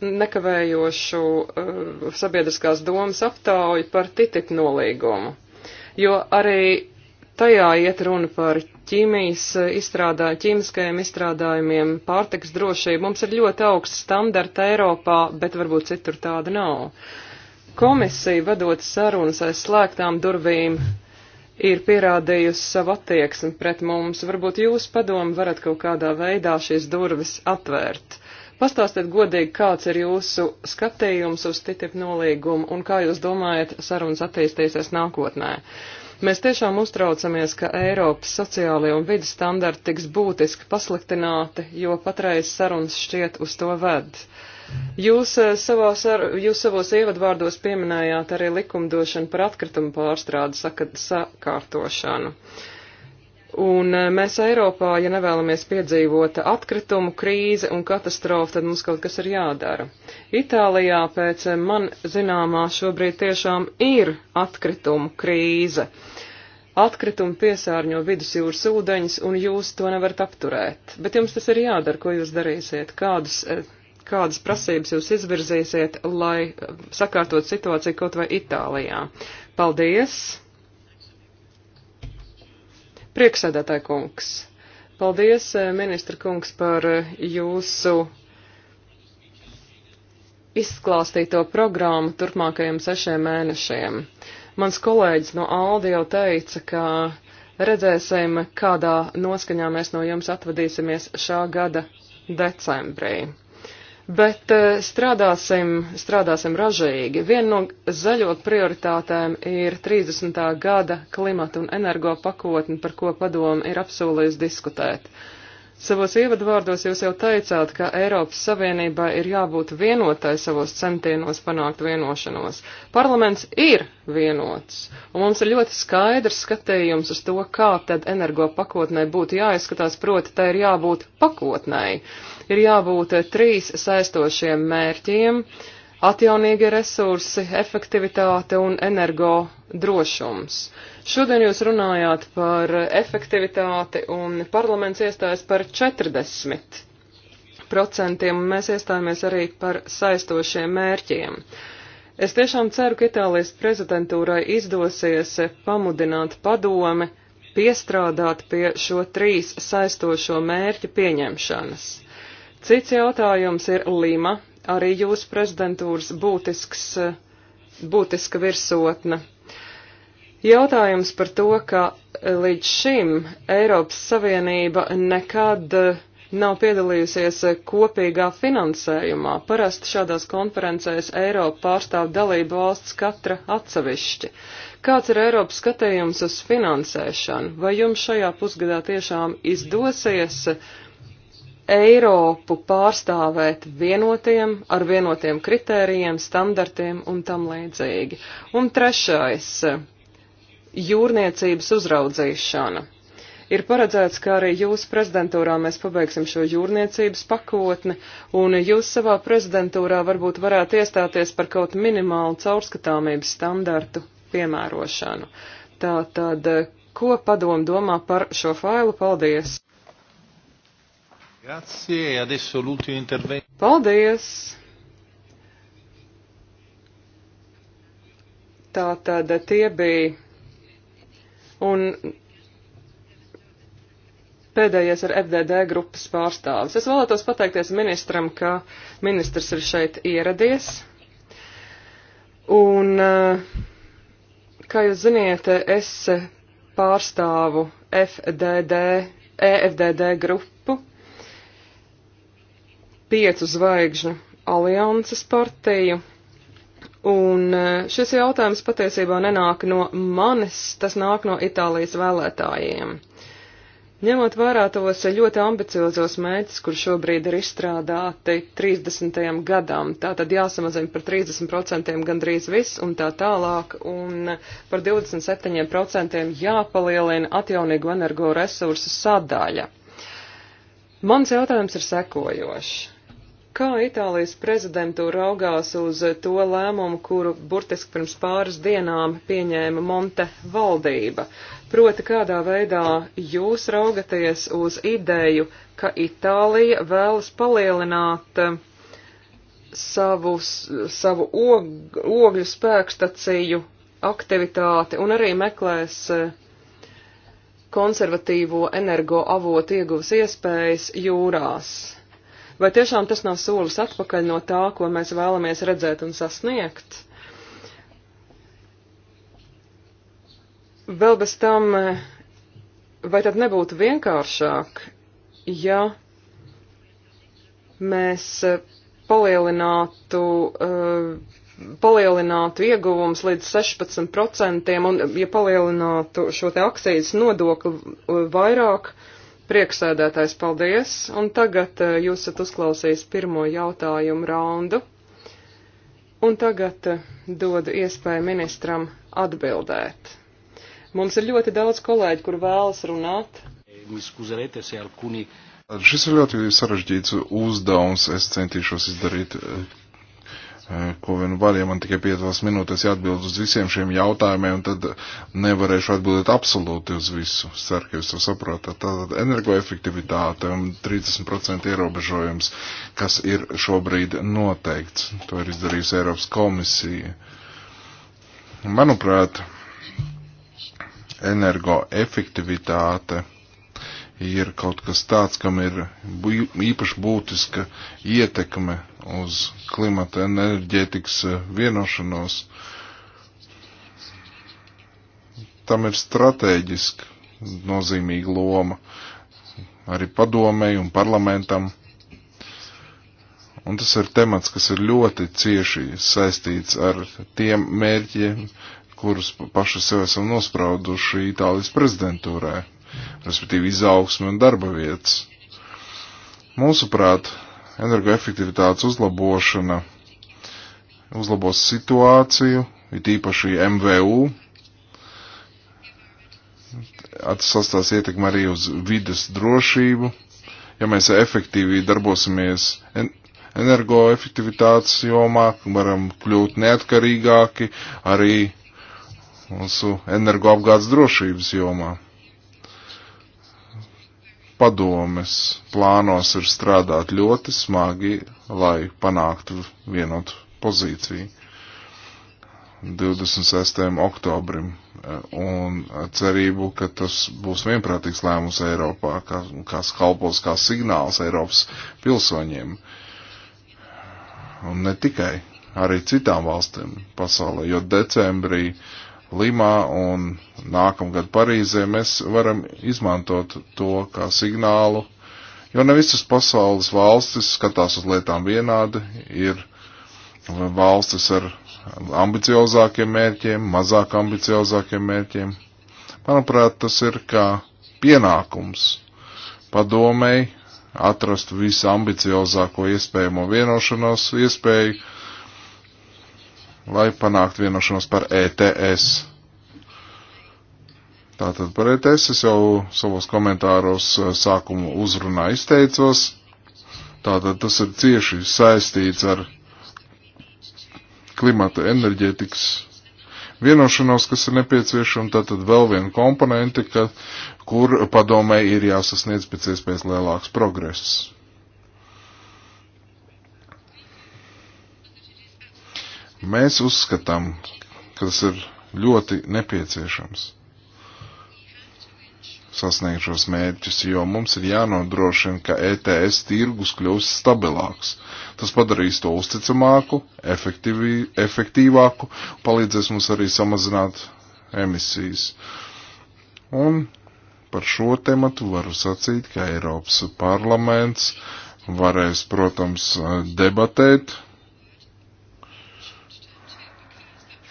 nekavējošu uh, sabiedriskās domas aptauju par TTIP nolīgumu. Jo arī Tajā iet runa par ķīmijas izstrādā, ķīmiskajiem izstrādājumiem, pārtiks drošību. Mums ir ļoti augsts standarta Eiropā, bet varbūt citur tāda nav. Komisija, vedot sarunas aiz slēgtām durvīm, ir pierādījusi savu attieksmi pret mums. Varbūt jūs padomu varat kaut kādā veidā šīs durvis atvērt. Pastāstiet godīgi, kāds ir jūsu skatījums uz TTIP nolīgumu un kā jūs domājat sarunas attīstīsies nākotnē. Uh, Mēs tiešām uztraucamies, ka Eiropas sociālie un vidas standarti tiks būtiski pasliktināti, jo patreiz sarunas šķiet uz to ved. Jūs eh, savos, ar, jūs savos ievadvārdos pieminējāt arī likumdošanu par atkritumu pārstrādu sakārtošanu. Un eh, mēs Eiropā, ja nevēlamies piedzīvot atkritumu krīzi un katastrofu, tad mums kaut kas ir jādara. Itālijā pēc eh, man zināmā šobrīd tiešām ir atkritumu krīze. Uh, Atkritumi piesārņo vidusjūras ūdeņus, un jūs to nevarat apturēt. Bet jums tas ir jādara, ko jūs darīsiet, kādus, eh, kādas prasības jūs izvirzīsiet, lai eh, sakārtot situāciju kaut vai Itālijā. Paldies! Prieksēdētāji kungs! Paldies, eh, ministra kungs, par jūsu izklāstīto programmu turpmākajiem sešiem mēnešiem. Mans kolēģis no Aldi jau teica, ka redzēsim, kādā noskaņā mēs no jums atvadīsimies šā gada decembrī. Bet eh, strādāsim, strādāsim ražīgi. Viena no zaļo prioritātēm ir 30. gada klimata un energo pakotne, par ko padomu ir apsolījusi diskutēt. Savos ievadvārdos jūs jau teicāt, ka Eiropas Savienībā ir jābūt vienotai savos centienos panākt vienošanos. Parlaments ir vienots, un mums ir ļoti skaidrs skatījums uz to, kā tad energo pakotnē būtu jāizskatās, proti, tai ir jābūt pakotnēji. Ir jābūt trīs saistošiem mērķiem atjaunīgie resursi, efektivitāte un energo drošums. Šodien jūs runājāt par efektivitāti un parlaments iestājas par 40 procentiem, un mēs iestājāmies arī par saistošiem mērķiem. Es tiešām ceru, ka Itālijas prezidentūrai izdosies pamudināt padomi piestrādāt pie šo trīs saistošo mērķu pieņemšanas. Cits jautājums ir Lima arī jūsu prezidentūras būtisks, būtiska virsotne. Jautājums par to, ka līdz šim Eiropas Savienība nekad nav piedalījusies kopīgā finansējumā. Parasti šādās konferencēs Eiropa pārstāv dalību valsts katra atsevišķi. Kāds ir Eiropas skatījums uz finansēšanu? Vai jums šajā pusgadā tiešām izdosies uh, Eiropu pārstāvēt vienotiem, ar vienotiem kritērijiem, standartiem un tam līdzīgi. Un trešais - jūrniecības uzraudzīšana. Ir paredzēts, ka arī jūsu prezidentūrā mēs pabeigsim šo jūrniecības pakotni, un jūs savā prezidentūrā varbūt varētu iestāties par kaut minimālu caurskatāmības standartu piemērošanu. Tātad, ko padomu domā par šo failu? Paldies! Grazie, e adesso l'ultimo intervento. Paldies! Tā tad tie bija. Un pēdējais ir FDD grupas pārstāvis. Es vēlētos pateikties ministram, ka ministrs ir šeit ieradies. Un, eh, kā jūs ziniet, es pārstāvu FDD, EFDD grupu piecu zvaigžņu alianses partiju. Un e, šis jautājums patiesībā nenāk no manis, tas nāk no Itālijas vēlētājiem. Ņemot vērā tos ļoti ambiciozos mērķus, kur šobrīd ir izstrādāti 30. gadam, tā tad jāsamazina par 30% gandrīz viss un tā tālāk, un par 27% jāpalielina atjaunīgu energoresursu sadaļa. Mans jautājums ir sekojošs. Kā Itālijas prezidentūra raugās uz to lēmumu, kuru burtiski pirms pāris dienām pieņēma Monte valdība? Proti, kādā veidā jūs raugaties uz ideju, ka Itālija vēlas palielināt eh, savu, savu og, ogļu spēkstaciju aktivitāti un arī meklēs eh, konservatīvo energo avotu ieguvas iespējas jūrās? Vai tiešām tas nav solis atpakaļ no tā, ko mēs vēlamies redzēt un sasniegt? Vēl bez tam, vai tad nebūtu vienkāršāk, ja mēs palielinātu uh, palielinātu ieguvumus līdz 16% un, ja palielinātu šo te akcijas nodokli eh, vairāk, Prieksēdētājs, paldies! Un tagad eh, jūs esat uzklausījis pirmo jautājumu raundu. Un tagad eh, dodu iespēju ministram atbildēt. Mums ir ļoti daudz kolēģi, kur vēlas runāt. Šis ir ļoti sarežģīts uzdevums. Es centīšos izdarīt eh, Eh, ko vien var, ja man tikai 5 minūtes jāatbild uz visiem šiem jautājumiem, tad nevarēšu atbildēt absolūti uz visu. Es ceru, ka jūs to saprotat. Tātad energoefektivitāte un 30% ierobežojums, kas ir šobrīd noteikts. To ir izdarījusi Eiropas komisija. Manuprāt, energoefektivitāte ir kaut kas tāds, kam ir īpaši būtiska ietekme uz klimata enerģētikas eh, vienošanos, tam ir strateģiski nozīmīga loma arī padomēji un parlamentam. Un tas ir temats, kas ir ļoti cieši saistīts ar tiem mērķiem, kurus paši sev esam nosprauduši Itālijas prezidentūrē, respektīvi izaugsmi un darba vietas. Mūsuprāt, energoefektivitātes uzlabošana uzlabos situāciju, it īpaši MVU. Atsastās ietekmi arī uz vides drošību. Ja mēs efektīvi darbosimies energoefektivitātes jomā, varam kļūt neatkarīgāki arī mūsu energoapgādes drošības jomā padomes plānos ir strādāt ļoti smagi, lai panāktu vienotu pozīciju 26. oktobrim. Un cerību, ka tas būs vienprātīgs lēmums Eiropā, kas, kas kalpos kā signāls Eiropas pilsoņiem. Un ne tikai, arī citām valstīm pasaulē, jo decembrī uh, Limā un nākamgad Parīzē, mēs varam izmantot to kā signālu, jo ne visas pasaules valstis skatās uz lietām vienādi, ir valstis ar ambiciozākiem mērķiem, mazāk ambiciozākiem mērķiem. Manuprāt, tas ir kā pienākums padomēji atrast visambiciozāko iespējamo vienošanos iespēju lai panāktu vienošanos par ETS. Tātad par ETS es jau savos komentāros eh, sākumu uzrunā izteicos. Tātad tas ir cieši saistīts ar klimata enerģētikas vienošanos, kas ir nepieciešama, tātad vēl viena komponente, ka, kur padomē ir jāsasniedz pēc iespējas lielāks progress. Mēs uzskatām, ka tas ir ļoti nepieciešams sasniegt šos mērķus, jo mums ir jānodrošina, ka ETS tirgus kļūs stabilāks. Tas padarīs to uzticamāku, efektīvāku, palīdzēs mums arī samazināt emisijas. Un par šo tematu varu sacīt, ka Eiropas parlaments varēs, protams, debatēt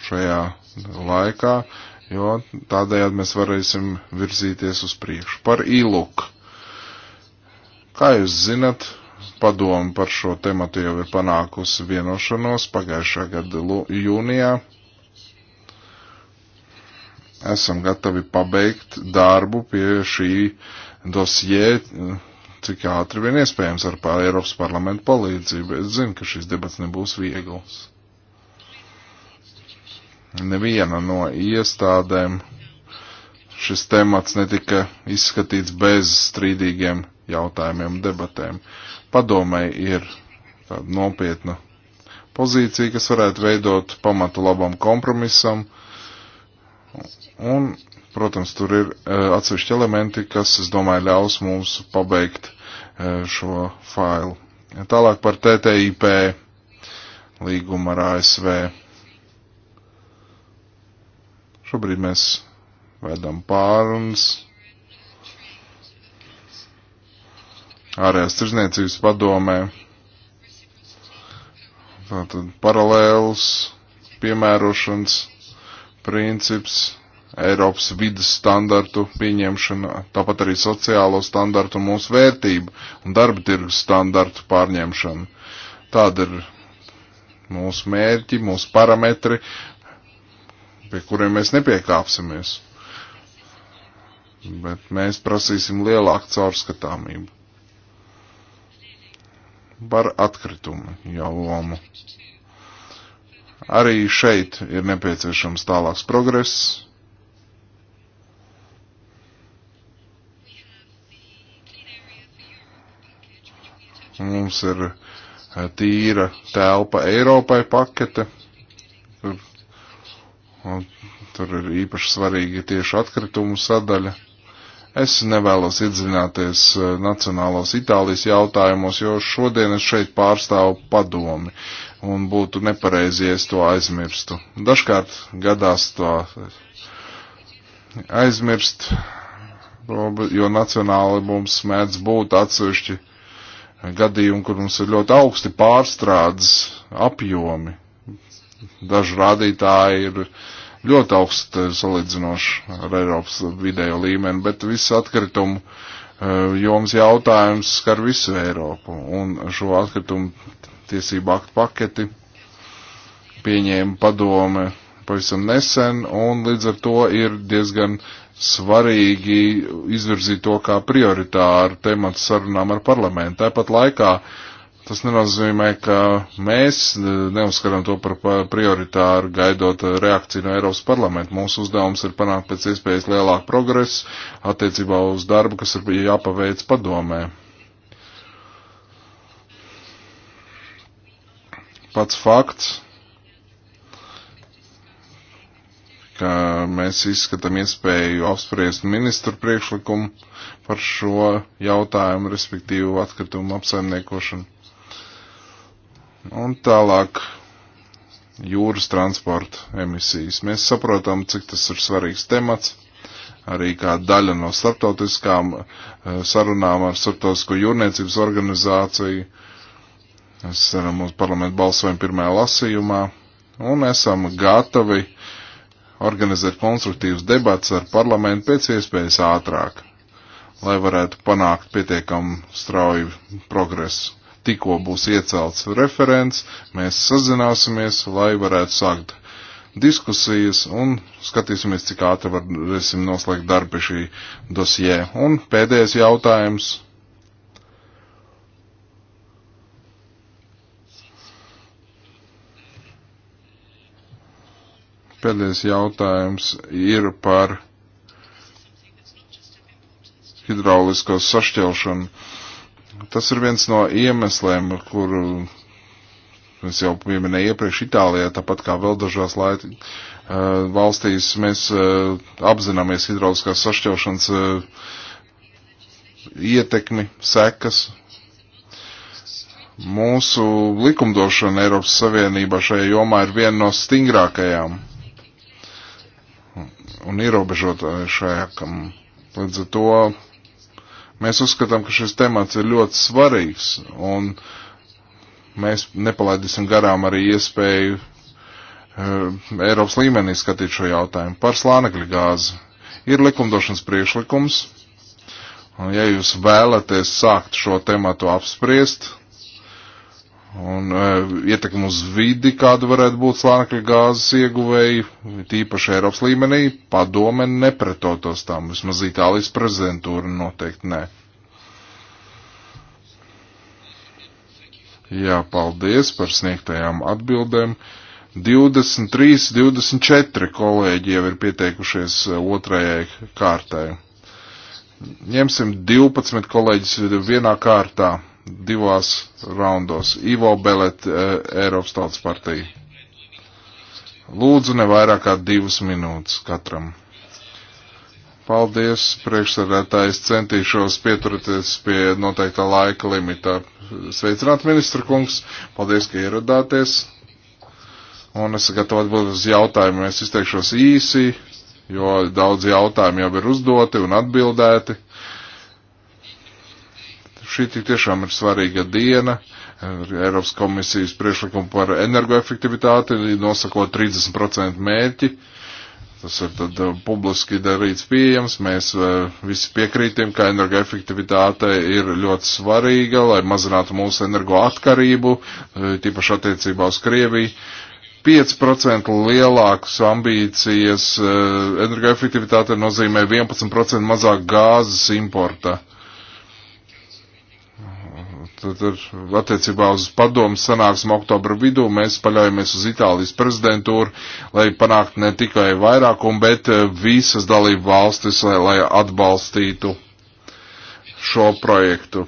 šajā laikā, jo tādējādi mēs varēsim virzīties uz priekšu. Par ilūku. Kā jūs zinat, padomu par šo tematu jau ir panākusi vienošanos pagājušā gada jūnijā. Esam gatavi pabeigt darbu pie šī dosie, cik ātri vien iespējams ar Eiropas parlamentu palīdzību. Es zinu, ka šis debats nebūs viegls neviena no iestādēm šis temats netika izskatīts bez strīdīgiem jautājumiem un debatēm. Padomai ir tāda nopietna pozīcija, kas varētu veidot pamatu labam kompromisam. Un, protams, tur ir uh, atsevišķi elementi, kas, es domāju, ļaus mums pabeigt uh, šo failu. Tālāk par TTIP līgumu ar ASV Šobrīd mēs vedam pārunas ārējās tirzniecības padomē. Tātad paralēls piemērošanas princips, Eiropas vidas standartu pieņemšana, tāpat arī sociālo standartu mūsu vērtību un darba tirgus standartu pārņemšana. Tāda ir mūsu mērķi, mūsu parametri, pie kuriem mēs nepiekāpsimies. Bet mēs prasīsim lielāku caurskatāmību par atkritumu jau lomu. Arī šeit ir nepieciešams tālāks progress. Mums ir tīra telpa Eiropai pakete, kur Un tur ir īpaši svarīga tieši atkritumu sadaļa. Es nevēlos iedzināties eh, nacionālos Itālijas jautājumos, jo šodien es šeit pārstāvu padomi un būtu nepareizi, ja es to aizmirstu. Dažkārt gadās to aizmirst, jo nacionāli mums mēdz būt atsevišķi gadījumi, kur mums ir ļoti augsti pārstrādes apjomi. Daži rādītāji ir ļoti augsti eh, salīdzinoši ar Eiropas vidējo līmeni, bet viss atkritumu eh, joms jautājums skar visu Eiropu. Un šo atkritumu tiesību aktu paketi pieņēma padome pavisam nesen, un līdz ar to ir diezgan svarīgi izvirzīt to kā prioritāru tematu sarunām ar parlamentu. Tāpat laikā uh, Tas nenozīmē, ka mēs neuzskatām to par prioritāru, gaidot reakciju no Eiropas parlamenta. Mūsu uzdevums ir panākt pēc iespējas lielāku progresu attiecībā uz darbu, kas ir jāpaveic padomē. Pats fakts, ka mēs izskatām iespēju apspriest ministru priekšlikumu par šo jautājumu, respektīvu atkritumu apsaimniekošanu Un tālāk jūras transporta emisijas. Mēs saprotam, cik tas ir svarīgs temats, arī kā daļa no starptautiskām eh, sarunām ar starptautisko jūrniecības organizāciju. Es ceram uz parlamentu balsojumu pirmajā lasījumā un esam gatavi organizēt konstruktīvas debats ar parlamentu pēc iespējas ātrāk, lai varētu panākt pietiekam strauju progresu tikko būs iecelts referents, mēs sazināsimies, lai varētu sākt diskusijas un skatīsimies, cik ātri varēsim noslēgt darbu pie šī dosjē. Un pēdējais jautājums. Pēdējais jautājums ir par hidraulisko sašķelšanu. Tas ir viens no iemesliem, kur es jau pieminēju iepriekš Itālijā, tāpat kā vēl dažās laik, uh, eh, valstīs mēs uh, apzināmies hidrauliskās sašķelšanas uh, ietekmi, sekas. Mūsu likumdošana Eiropas Savienībā šajā jomā ir viena no stingrākajām un ierobežotākajām. Līdz ar to Mēs uzskatām, ka šis temats ir ļoti svarīgs, un mēs nepalaidīsim garām arī iespēju uh, Eiropas līmenī skatīt šo jautājumu par slānekļa gāzi. Ir likumdošanas priekšlikums, un ja jūs vēlaties sākt šo tematu apspriest, Un uh, e, ietekmi uz vidi, kāda varētu būt slānekļa gāzes ieguvēji, tīpaši Eiropas līmenī, padome nepretotos tam, vismaz Itālijas prezidentūra noteikti nē. Jā, paldies par sniegtajām atbildēm. 23, 24 kolēģi jau ir pieteikušies e, otrajai kārtai. Ņemsim 12 kolēģis vienā kārtā divās raundos. Ivo Belet, e, Eiropas Tautas partija. Lūdzu, ne vairāk kā divas minūtes katram. Paldies, priekšsēdētājs, centīšos pieturēties pie noteikta laika limita. Sveicināt, ministra kungs, paldies, ka ieradāties. Un es gatavu atbildēt uz jautājumiem, es izteikšos īsi, jo daudz jautājumu jau ir uzdoti un atbildēti. Šī tik tiešām ir svarīga diena. Eiropas komisijas priekšlikumu par energoefektivitāti nosakot 30% mērķi. Tas ir tad uh, publiski darīts pieejams. Mēs uh, visi piekrītam, ka energoefektivitāte ir ļoti svarīga, lai mazinātu mūsu energoatkarību, uh, tīpaši attiecībā uz Krieviju. 5% lielākas ambīcijas energoefektivitāte nozīmē 11% mazāk gāzes importa. Tad ar attiecībā uz padomu sanāksmu oktobra vidū mēs paļaujamies uz Itālijas prezidentūru, lai panāktu ne tikai vairākumu, bet eh, visas dalību valstis, lai, lai atbalstītu šo projektu.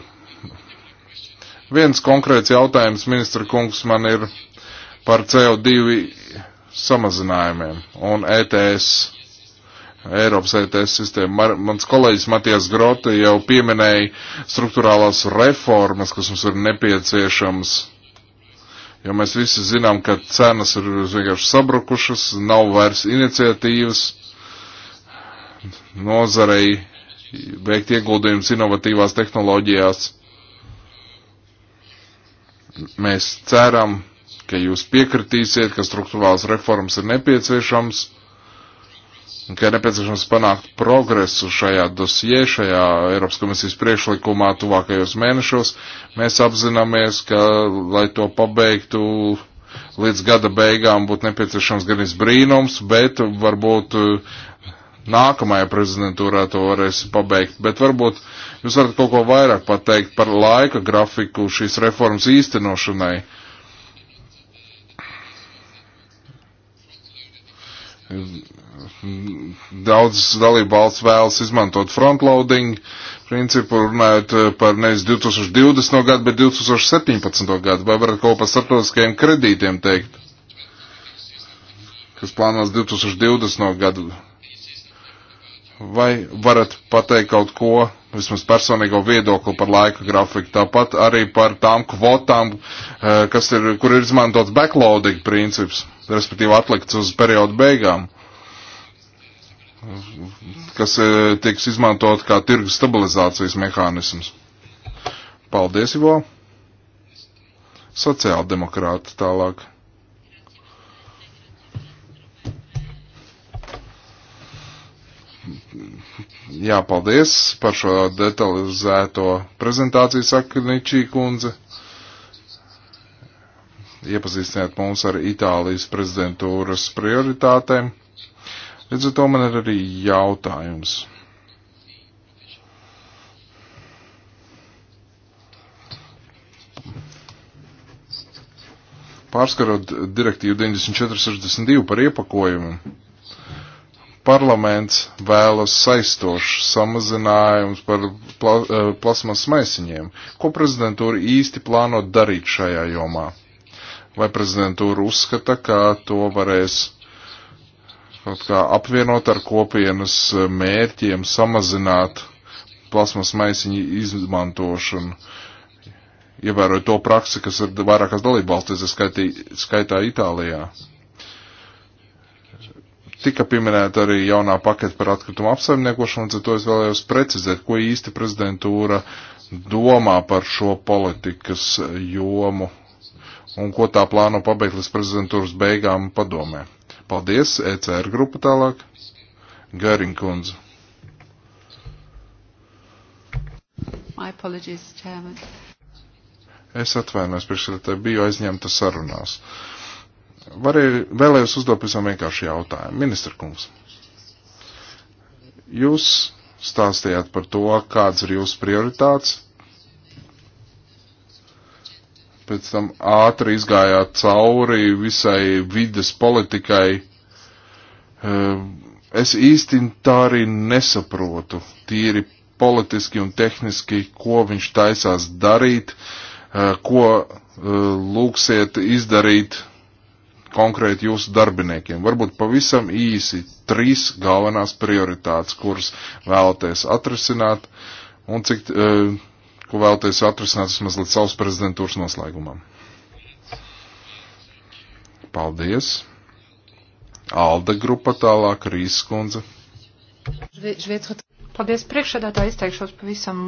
Viens konkrēts jautājums, ministra kungs, man ir par CO2 samazinājumiem un ETS Eiropas ETS sistēmu. Mar, mans kolēģis Matijas Grota jau pieminēja struktūrālās reformas, kas mums ir nepieciešams. Jo mēs visi zinām, ka cenas ir vienkārši sabrukušas, nav vairs iniciatīvas nozarei veikt ieguldījumus inovatīvās tehnoloģijās. Mēs ceram, ka jūs piekritīsiet, ka struktūrālās reformas ir nepieciešams ka ir nepieciešams panākt progresu šajā dosijē, šajā Eiropas komisijas priekšlikumā tuvākajos mēnešos. Mēs apzināmies, ka, lai to pabeigtu līdz gada beigām, būtu nepieciešams gan izbrīnums, bet varbūt eh, nākamajā prezidentūrā to varēs pabeigt. Bet varbūt jūs varat kaut ko vairāk pateikt par laika grafiku šīs reformas īstenošanai. Daudz dalību valsts vēlas izmantot frontloading principu, runājot eh, par nevis 2020. gadu, bet 2017. gadu. Vai varat kaut par starptautiskajiem kredītiem teikt, kas plānos 2020. gadu? Vai varat pateikt kaut ko, vismaz personīgo viedokli par laika grafiku, tāpat arī par tām kvotām, eh, kas ir, kur ir izmantots backloading princips, respektīvi atlikts uz periodu beigām? Uh, kas e, tiks izmantot kā tirgus stabilizācijas mehānisms. Paldies, Ivo. Sociāldemokrāti tālāk. Jā, paldies par šo detalizēto prezentāciju, saka Ničī kundze. Iepazīstiniet mums ar Itālijas prezidentūras prioritātēm Līdz ar to man ir arī jautājums. Pārskarot direktīvu 9462 par iepakojumu, parlaments vēlas saistošs samazinājums par pla, eh, plasmas maisiņiem. Ko prezidentūra īsti plāno darīt šajā jomā? Vai prezidentūra uzskata, ka to varēs apvienot ar kopienas eh, mērķiem samazināt plasmas maisiņu izmantošanu. Ievērojot to praksi, kas ir vairākās dalībvalstīs, skaitā Itālijā. Tika pieminēta arī jaunā paketa par atkritumu apsaimniekošanu, un to es vēlējos precizēt, ko īsti prezidentūra domā par šo politikas jomu un ko tā plāno pabeigt līdz prezidentūras beigām padomē. Paldies, ECR grupa tālāk. Gērinkundze. My apologies, Chairman. Es atvainojos, priekšsēdētāji, biju aizņemta sarunās. Varēju, vēlējos uzdot pavisam vienkāršu jautājumu. Ministra kungs, jūs stāstījāt par to, kāds ir jūsu prioritāts pēc tam ātri izgājāt cauri visai vidas politikai. Ehm, es īsti tā arī nesaprotu, tīri politiski un tehniski, ko viņš taisās darīt, eh, ko eh, lūksiet izdarīt konkrēti jūsu darbiniekiem. Varbūt pavisam īsi trīs galvenās prioritātes, kuras vēlaties atrisināt, un cik uh, ko vēlaties atrisināt vismaz līdz savas prezidentūras noslēgumam. Paldies! Alda grupa tālāk, Rīskundze. Paldies priekšsēdētā, izteikšos pavisam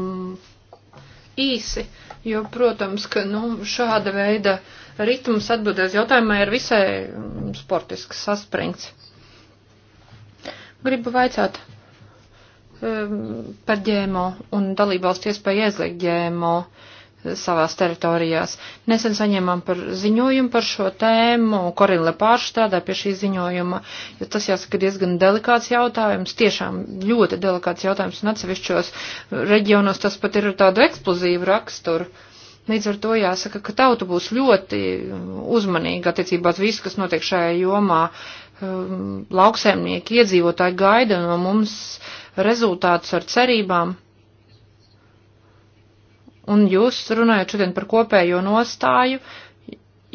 īsi, jo, protams, ka, nu, šāda veida ritms atbildēs jautājumā ir visai sportisks saspringts. Gribu vaicāt, Um, par ģēmo un dalībvalstu iespēju aizliegt ģēmo uh, savās teritorijās. Nesen saņēmām par ziņojumu par šo tēmu, Korina Lepārša strādā pie šī ziņojuma, jo tas jāsaka diezgan delikāts jautājums, tiešām ļoti delikāts jautājums, un atsevišķos reģionos tas pat ir tādu eksplozīvu raksturu. Līdz ar to jāsaka, ka tauta būs ļoti um, uzmanīga attiecībā uz visu, kas notiek šajā jomā. Um, Lauksēmnieki, iedzīvotāji gaida no mums uh, rezultātus ar cerībām. Un jūs runājat šodien par kopējo nostāju,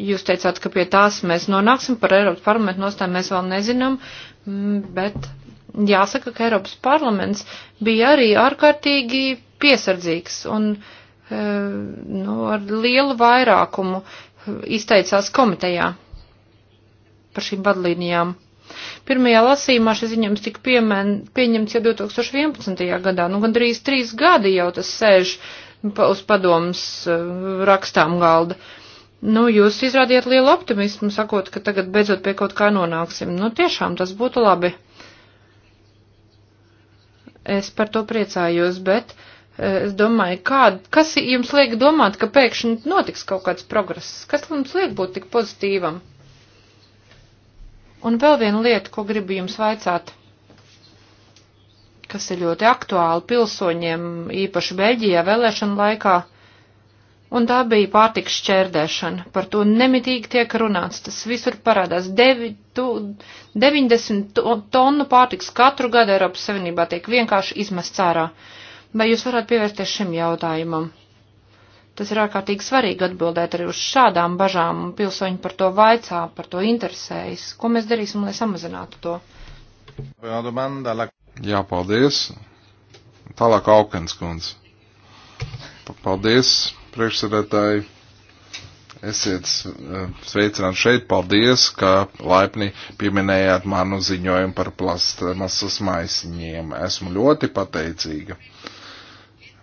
jūs teicāt, ka pie tās mēs nonāksim, par Eiropas parlamentu nostāju mēs vēl nezinām, mm, bet jāsaka, ka Eiropas parlaments bija arī ārkārtīgi piesardzīgs un e, nu, ar lielu vairākumu izteicās komitejā par šīm vadlīnijām. Pirmajā lasījumā šis ziņojums tika piemēn, pieņemts jau 2011. gadā, nu gandrīz trīs gadi jau tas sēž uz padomas eh, rakstām galda. Nu, jūs izrādījāt lielu optimismu, sakot, ka tagad beidzot pie kaut kā nonāksim. Nu, tiešām tas būtu labi. Es par to priecājos, bet eh, es domāju, kād, kas jums liek domāt, ka pēkšņi notiks kaut kāds progress? Kas jums liek būt tik pozitīvam? Un vēl viena lieta, ko gribu jums vaicāt, kas ir ļoti aktuāli pilsoņiem, īpaši Beļģijā vēlēšana laikā, un tā bija pārtiks šķērdēšana. Par to nemitīgi tiek runāts, tas visur parādās. Devi, tu, 90 tonu pārtiks katru gadu Eiropas Savienībā tiek vienkārši izmests ārā. Vai jūs varat pievērsties šim jautājumam? Tas ir ārkārtīgi svarīgi atbildēt arī uz šādām bažām, un pilsoņi par to vaicā, par to interesējas. Ko mēs darīsim, lai samazinātu to? Jā, paldies. Tālāk Aukens kundz. Paldies, priekšsēdētāji. Esiet eh, sveicināti šeit. Paldies, ka laipni pieminējāt manu ziņojumu par plastmasas maisiņiem. Esmu ļoti pateicīga. Uh,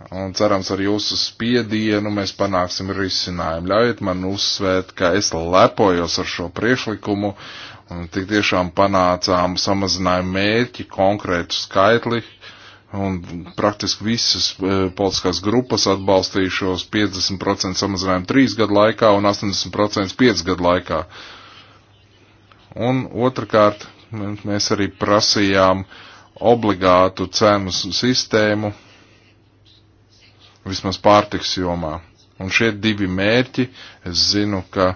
un cerams ar jūsu spiedienu mēs panāksim risinājumu. Ļaujiet man uzsvērt, ka es lepojos ar šo priešlikumu un tik tiešām panācām samazinājumu mērķi, konkrētu skaitli un praktiski visas e, politiskās grupas atbalstījušos 50% samazinājumu 3 gadu laikā un 80% 5 gadu laikā. Un otrkārt, mēs arī prasījām obligātu cenu sistēmu vismaz pārtiks jomā. Un šie divi mērķi, es zinu, ka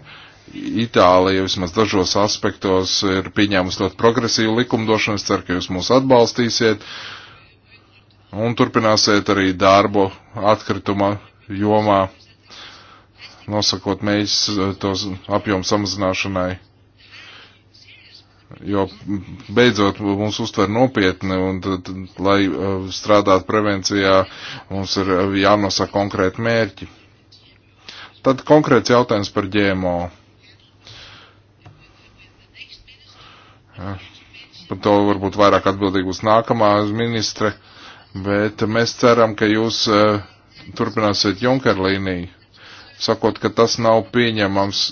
Itālija vismaz dažos aspektos ir pieņēmusi ļoti progresīvu likumdošanu, es ceru, ka jūs mūs atbalstīsiet un turpināsiet arī darbu atkrituma jomā, nosakot mēģis tos apjomu samazināšanai jo beidzot mums uztver nopietni un tad, lai uh, strādātu prevencijā, mums ir uh, jānosaka konkrēti mērķi. Tad konkrēts jautājums par ģēmo. Par to varbūt vairāk atbildīgi būs nākamā ministre, bet mēs ceram, ka jūs uh, turpināsiet Junker līniju, sakot, ka tas nav pieņemams,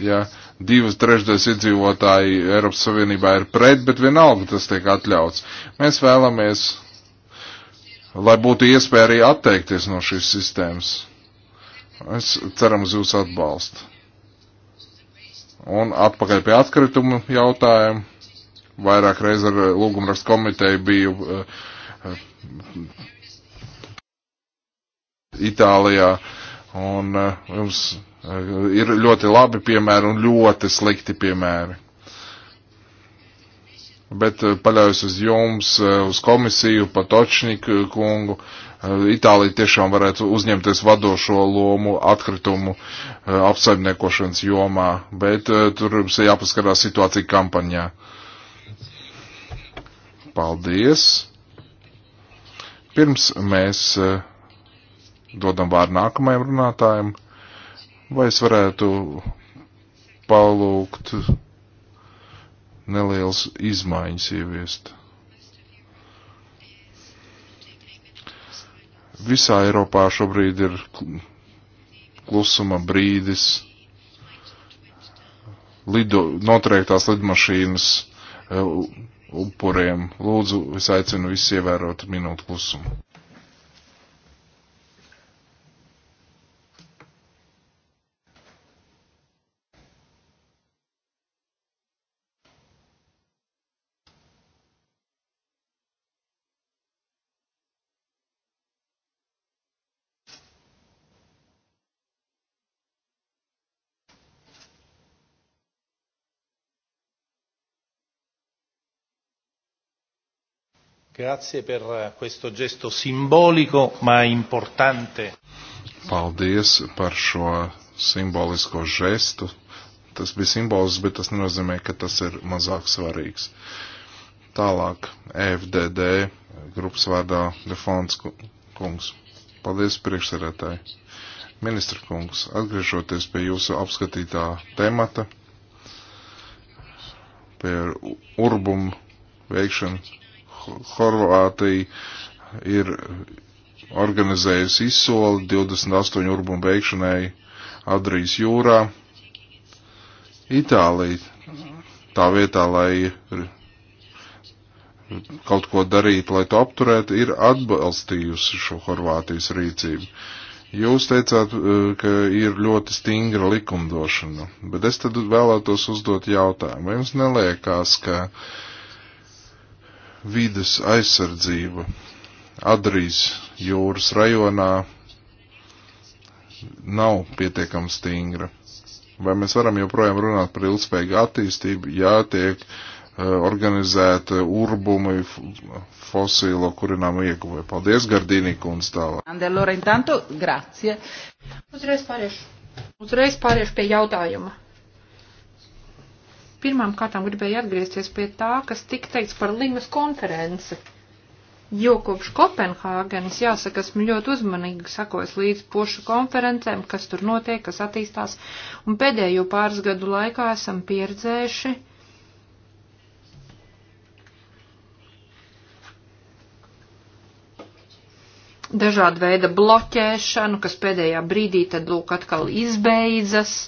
ja. Uh, divas trešdaļas iedzīvotāji Eiropas Savienībā ir pret, bet vienalga tas tiek atļauts. Mēs vēlamies, lai būtu iespēja arī atteikties no šīs sistēmas. Es ceram uz jūsu atbalstu. Un atpakaļ pie atkritumu jautājumu. Vairāk reiz ar eh, lūgumrakstu komiteju biju uh, Itālijā. Un uh, jums Eh, ir ļoti labi piemēri un ļoti slikti piemēri. Bet eh, paļaujos uz jums, eh, uz komisiju, patočniku kungu. Itālija tiešām varētu uzņemties vadošo lomu atkritumu apsaimniekošanas jomā, bet tur mums ir jāpaskarās situācija kampaņā. Paldies! Pirms mēs dodam vārdu nākamajam runātājam. Vai es varētu palūgt nelielas izmaiņas ieviest? Visā Eiropā šobrīd ir klusuma brīdis. Lido, notriektās lidmašīnas e, upuriem. Lūdzu, es aicinu visus ievērot minūtu klusumu. Grazie per eh, questo gesto simbolico ma importante. Paldies par šo simbolisko žestu. Tas bija simbols, bet tas nenozīmē, ka tas ir mazāk svarīgs. Tālāk FDD grupas vārdā Defons kungs. Paldies priekšsarētāji. Ministra kungs, atgriežoties pie jūsu apskatītā temata, pie urbumu veikšanu Horvātija ir organizējusi izsoli 28 urbumu veikšanai Adrijas jūrā. Itālija tā vietā, lai kaut ko darīt, lai to apturētu, ir atbalstījusi šo Horvātijas rīcību. Jūs teicāt, eh, ka ir ļoti stingra likumdošana, bet es tad vēlētos uzdot jautājumu. Vai jums neliekās, ka uh, vides aizsardzība Adrijas jūras rajonā nav pietiekami stingra. Vai mēs varam joprojām runāt par ilgspējīgu attīstību, ja tiek eh, organizēta urbumi fosīlo kurināmu ieguve. Paldies, Gardīnī kundze tālāk. Andelo Rentanto, grazie. Uzreiz pāriešu. Uzreiz pāriešu pie jautājuma. Pirmām kārtām gribēju atgriezties pie tā, kas tika teikts par Limas konferenci. Jo kopš Kopenhāgenes, jāsaka, esmu ļoti uzmanīgi sakojis līdz pošu konferencēm, kas tur notiek, kas attīstās, un pēdējo pāris gadu laikā esam pieredzējuši, dažāda veida bloķēšanu, kas pēdējā brīdī tad lūk atkal izbeidzas.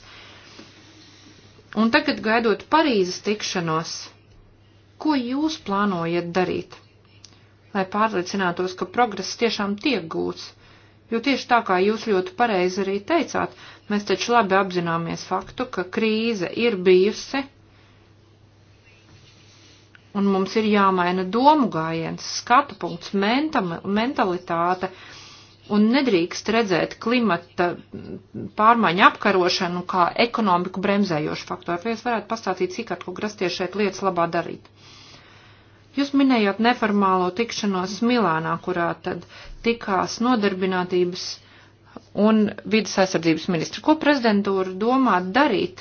Un tagad gaidot Parīzes tikšanos, ko jūs plānojat darīt, lai pārliecinātos, ka progress tiešām tiek gūts? Jo tieši tā kā jūs ļoti pareizi arī teicāt, mēs taču labi apzināmies faktu, ka krīze ir bijusi, un mums ir jāmaina domu gājiens, skatu punkts, mentam, mentalitāte. mentalitāte un nedrīkst redzēt klimata pārmaiņu apkarošanu kā ekonomiku bremzējošu faktoru. Vai jūs varētu pastāstīt sīkāk, ko grasties šeit lietas labā darīt? Jūs minējāt neformālo tikšanos Milānā, kurā tad tikās nodarbinātības un vidas aizsardzības ministri. Ko prezidentūra domā darīt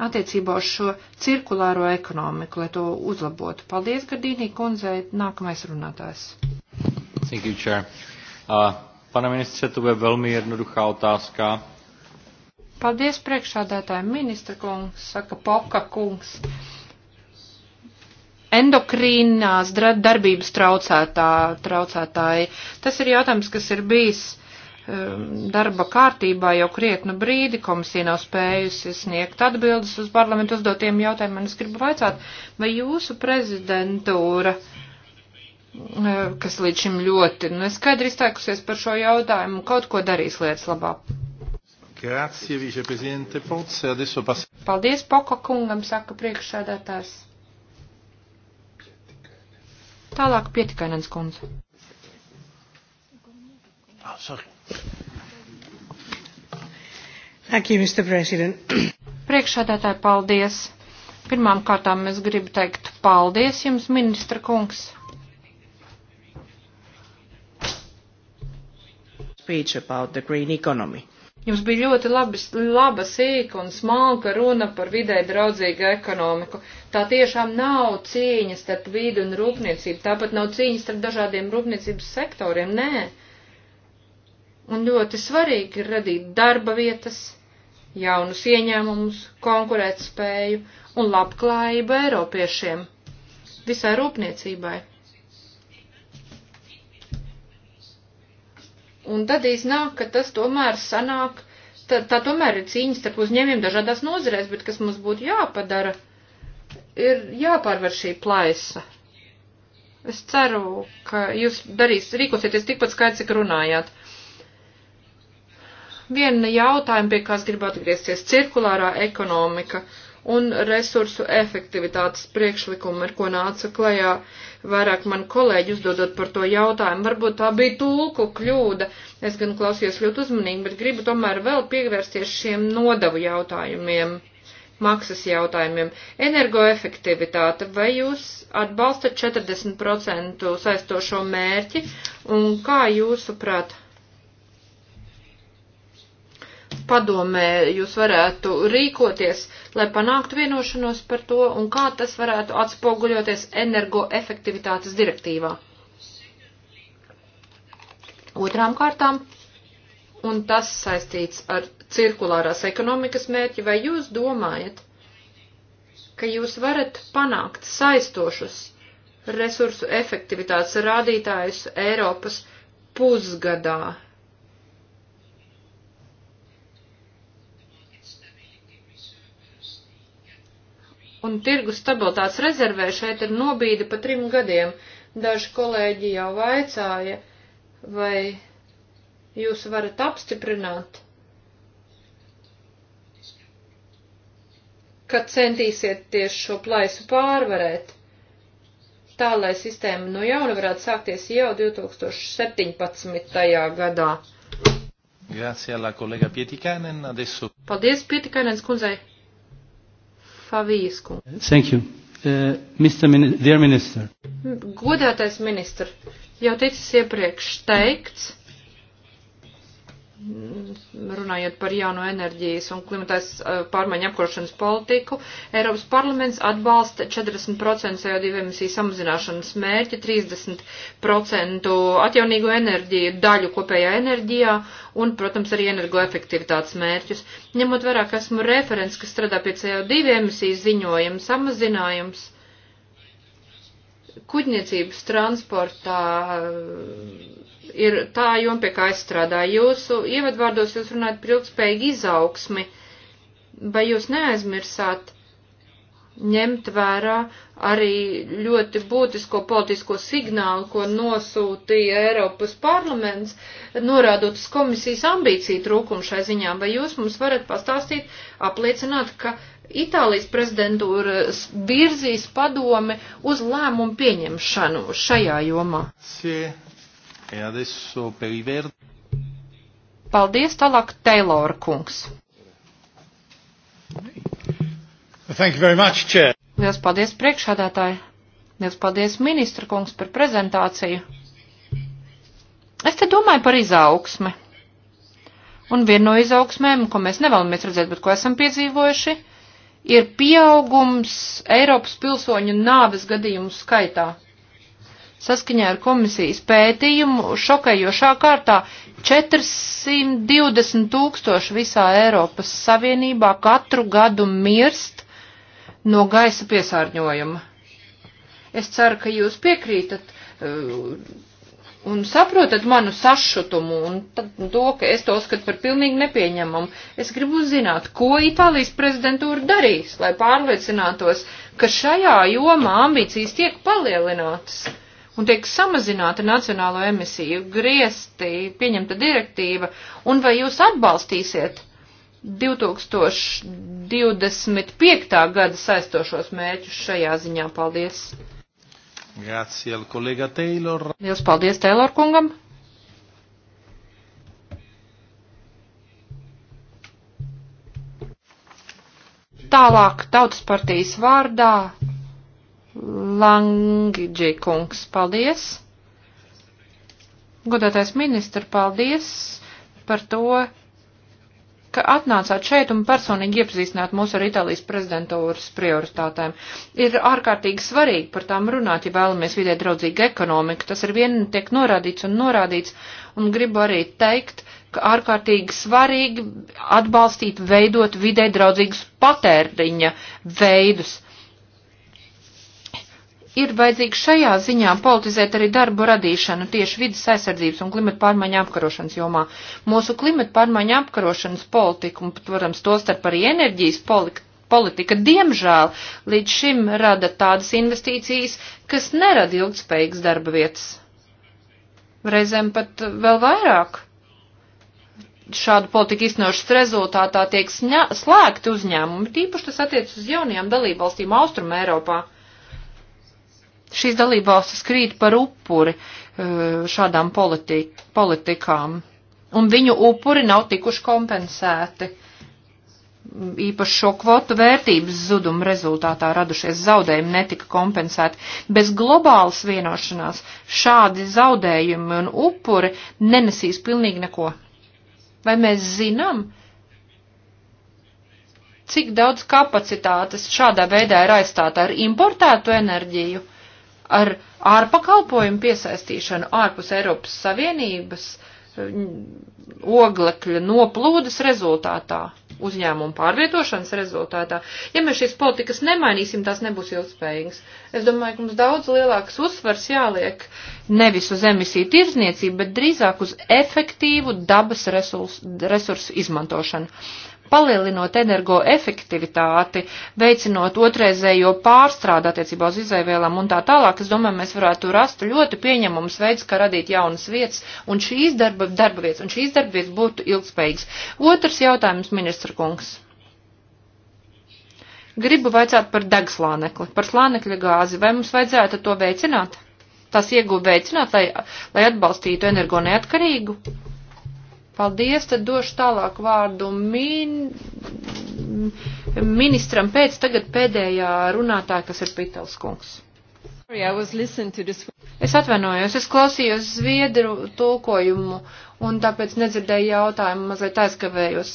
attiecībā uz šo cirkulāro ekonomiku, lai to uzlabotu? Paldies, Gardīnī kundzei, nākamais runātājs. Thank you, Chair. Uh, Pane ministře, to bude velmi jednoduchá otázka. Paldies priekšādātāji ministra kungs, saka Poka kungs. Endokrīnās darbības traucētā, traucētāji. Tas ir jautājums, kas ir bijis um, darba kārtībā jau krietnu brīdi komisija nav spējusi sniegt atbildes uz parlamentu uzdotiem jautājumiem. Es gribu vaicāt, vai jūsu prezidentūra uh, E, kas līdz šim ļoti neskaidri nu, izteikusies par šo jautājumu, kaut ko darīs lietas labā. Grazie, viceprezidente Pots. Adesso pas... Paldies, Poko kungam, saka priekšsēdētājs. Tālāk pietikainens kundze. Oh, sorry. Thank you, Mr. President. Priekšsēdētāji, paldies. Pirmām kārtām es gribu teikt paldies jums, ministra kungs. speech about the green economy. Jums bija ļoti labi, laba sīka un smalka runa par vidē draudzīgu ekonomiku. Tā tiešām nav cīņa starp vidu un rūpniecību, tāpat nav cīņa starp dažādiem rūpniecības sektoriem, nē. Un ļoti svarīgi ir radīt darba vietas, jaunus ieņēmumus, konkurētspēju un labklājību Eiropiešiem, visai rūpniecībai. Un tad iznāk, ka tas tomēr sanāk, tā, tā tomēr ir cīņas starp uzņēmiem dažādās nozarēs, bet kas mums būtu jāpadara, ir jāpārvar šī plaisa. Es ceru, ka jūs darīs, rīkosieties tikpat skaidrs, cik runājāt. Viena jautājuma, pie kāds grib atgriezties, cirkulārā ekonomika. Uh, un resursu efektivitātes priekšlikumu, ar ko nāca klajā vairāk man kolēģi uzdodot par to jautājumu. Varbūt tā bija tulku kļūda, es gan klausījos ļoti uzmanīgi, bet gribu tomēr vēl pievērsties šiem nodavu jautājumiem, maksas jautājumiem. Energoefektivitāte, vai jūs atbalstat 40% saistošo mērķi un kā jūsuprāt? padomē jūs varētu rīkoties, lai panāktu vienošanos par to un kā tas varētu atspoguļoties energoefektivitātes direktīvā. Otrām kārtām, un tas saistīts ar cirkulārās ekonomikas mērķi, vai jūs domājat, ka jūs varat panākt saistošus resursu efektivitātes rādītājus Eiropas pusgadā un tirgus stabilitātes rezervē šeit ir nobīde pa trim gadiem. Daži kolēģi jau vaicāja, vai jūs varat apstiprināt, ka centīsiet tieši šo plaisu pārvarēt, tā lai sistēma no jauna varētu sākties jau 2017. gadā. Grazie alla collega Pietikainen, adesso. Paldies Pietikainens kundzei. Favijas kungs. Thank you. Uh, Mr. Min dear Minister. Godātais ministr, jau ticis iepriekš teikts runājot par jauno enerģijas un klimatais eh, pārmaiņu apkarošanas politiku, Eiropas parlaments atbalsta 40% CO2 emisiju samazināšanas mērķi, 30% atjaunīgo enerģiju, daļu kopējā enerģijā un, protams, arī energoefektivitātes mērķus. Ņemot vērā, ka esmu referents, kas strādā pie CO2 emisiju ziņojuma samazinājums, kuģniecības transportā ir tā joma, pie kā es strādāju. Jūsu ievadvārdos jūs runājat par ilgspējīgu izaugsmi, vai jūs neaizmirsāt ņemt vērā arī ļoti būtisko politisko signālu, ko nosūtīja Eiropas parlaments, norādot uz komisijas ambīciju trūkumu šai ziņā, vai jūs mums varat pastāstīt, apliecināt, ka Itālijas prezidentūra virzīs padome uz lēmumu pieņemšanu šajā jomā. Sie. E adesso per i verdi. Paldies, tālāk Taylor kungs. Thank you very much, Chair. Liels paldies priekšādātāji. Liels paldies ministra kungs par prezentāciju. Es te domāju par izaugsmi. Un viena no izaugsmēm, ko mēs nevēlamies redzēt, bet ko esam piedzīvojuši, ir pieaugums Eiropas pilsoņu nāves gadījumu skaitā. Saskaņā ar komisijas pētījumu šokējošā kārtā 420 tūkstoši visā Eiropas Savienībā katru gadu mirst no gaisa piesārņojuma. Es ceru, ka jūs piekrītat eh, un saprotat manu sašutumu un to, ka es to uzskatu par pilnīgi nepieņemamu. Es gribu zināt, ko Itālijas prezidentūra darīs, lai pārliecinātos, ka šajā jomā ambīcijas tiek palielinātas un tiek samazināta nacionālo emisiju griesti, pieņemta direktīva, un vai jūs atbalstīsiet 2025. gada saistošos mērķus šajā ziņā? Paldies! Grazie, kolega Taylor. Liels paldies Taylor kungam! Tālāk tautas partijas vārdā Langģi kungs, paldies! Godātais ministra, paldies par to, ka atnācāt šeit un personīgi iepazīstināt mūs ar Itālijas prezidentūras prioritātēm. Ir ārkārtīgi svarīgi par tām runāt, ja vēlamies vidē draudzīgu ekonomiku. Tas ir vien tiek norādīts un norādīts, un gribu arī teikt, ka ārkārtīgi svarīgi atbalstīt, veidot vidē draudzīgus patēriņa veidus ir vajadzīga šajā ziņā politizēt arī darbu radīšanu tieši vidas aizsardzības un klimata pārmaiņu apkarošanas jomā. Mūsu klimata pārmaiņu apkarošanas politika, un, protams, to starp arī enerģijas politika, politika, diemžēl, līdz šim rada tādas investīcijas, kas nerada ilgspējīgas darba vietas. Reizēm pat vēl vairāk šādu politiku iznošas rezultātā tiek slēgti uzņēmumi, tīpaši tas attiec uz jaunajām dalībvalstīm Austrum Eiropā. Šīs dalībvalstis krīt par upuri eh, šādām politik politikām, un viņu upuri nav tikuši kompensēti īpaši šo kvotu vērtības zuduma rezultātā radušies zaudējumi netika kompensēti. Bez globālas vienošanās šādi zaudējumi un upuri nenesīs pilnīgi neko. Vai mēs zinām, cik daudz kapacitātes šādā veidā ir aizstāta ar importētu enerģiju? ar ārpakalpojumu piesaistīšanu ārpus Eiropas Savienības mm, oglekļa noplūdes rezultātā, uzņēmumu pārvietošanas rezultātā. Ja mēs šīs politikas nemainīsim, tās nebūs ilgspējīgas. Es domāju, ka mums daudz lielāks uzsvars jāliek nevis uz emisiju tirzniecību, bet drīzāk uz efektīvu dabas resursu, resursu izmantošanu palielinot energoefektivitāti, veicinot otrreizējo pārstrādu attiecībā uz izaivēlām un tā tālāk, es domāju, mēs varētu rast ļoti pieņemums veids, kā radīt jaunas vietas un šīs darba, darba vietas, un šīs darba vietas būtu ilgspējīgas. Otrs jautājums, ministra kungs. Gribu vaicāt par degslānekli, par slānekļa gāzi, vai mums vajadzētu to veicināt? Tās ieguvu veicināt, lai, lai atbalstītu energo neatkarīgu? Paldies, tad došu tālāk vārdu min, ministram pēc tagad pēdējā runātāja, kas ir Pitels kungs. Es atvainojos, es klausījos zviedru tulkojumu un tāpēc nedzirdēju jautājumu, mazliet aizkavējos.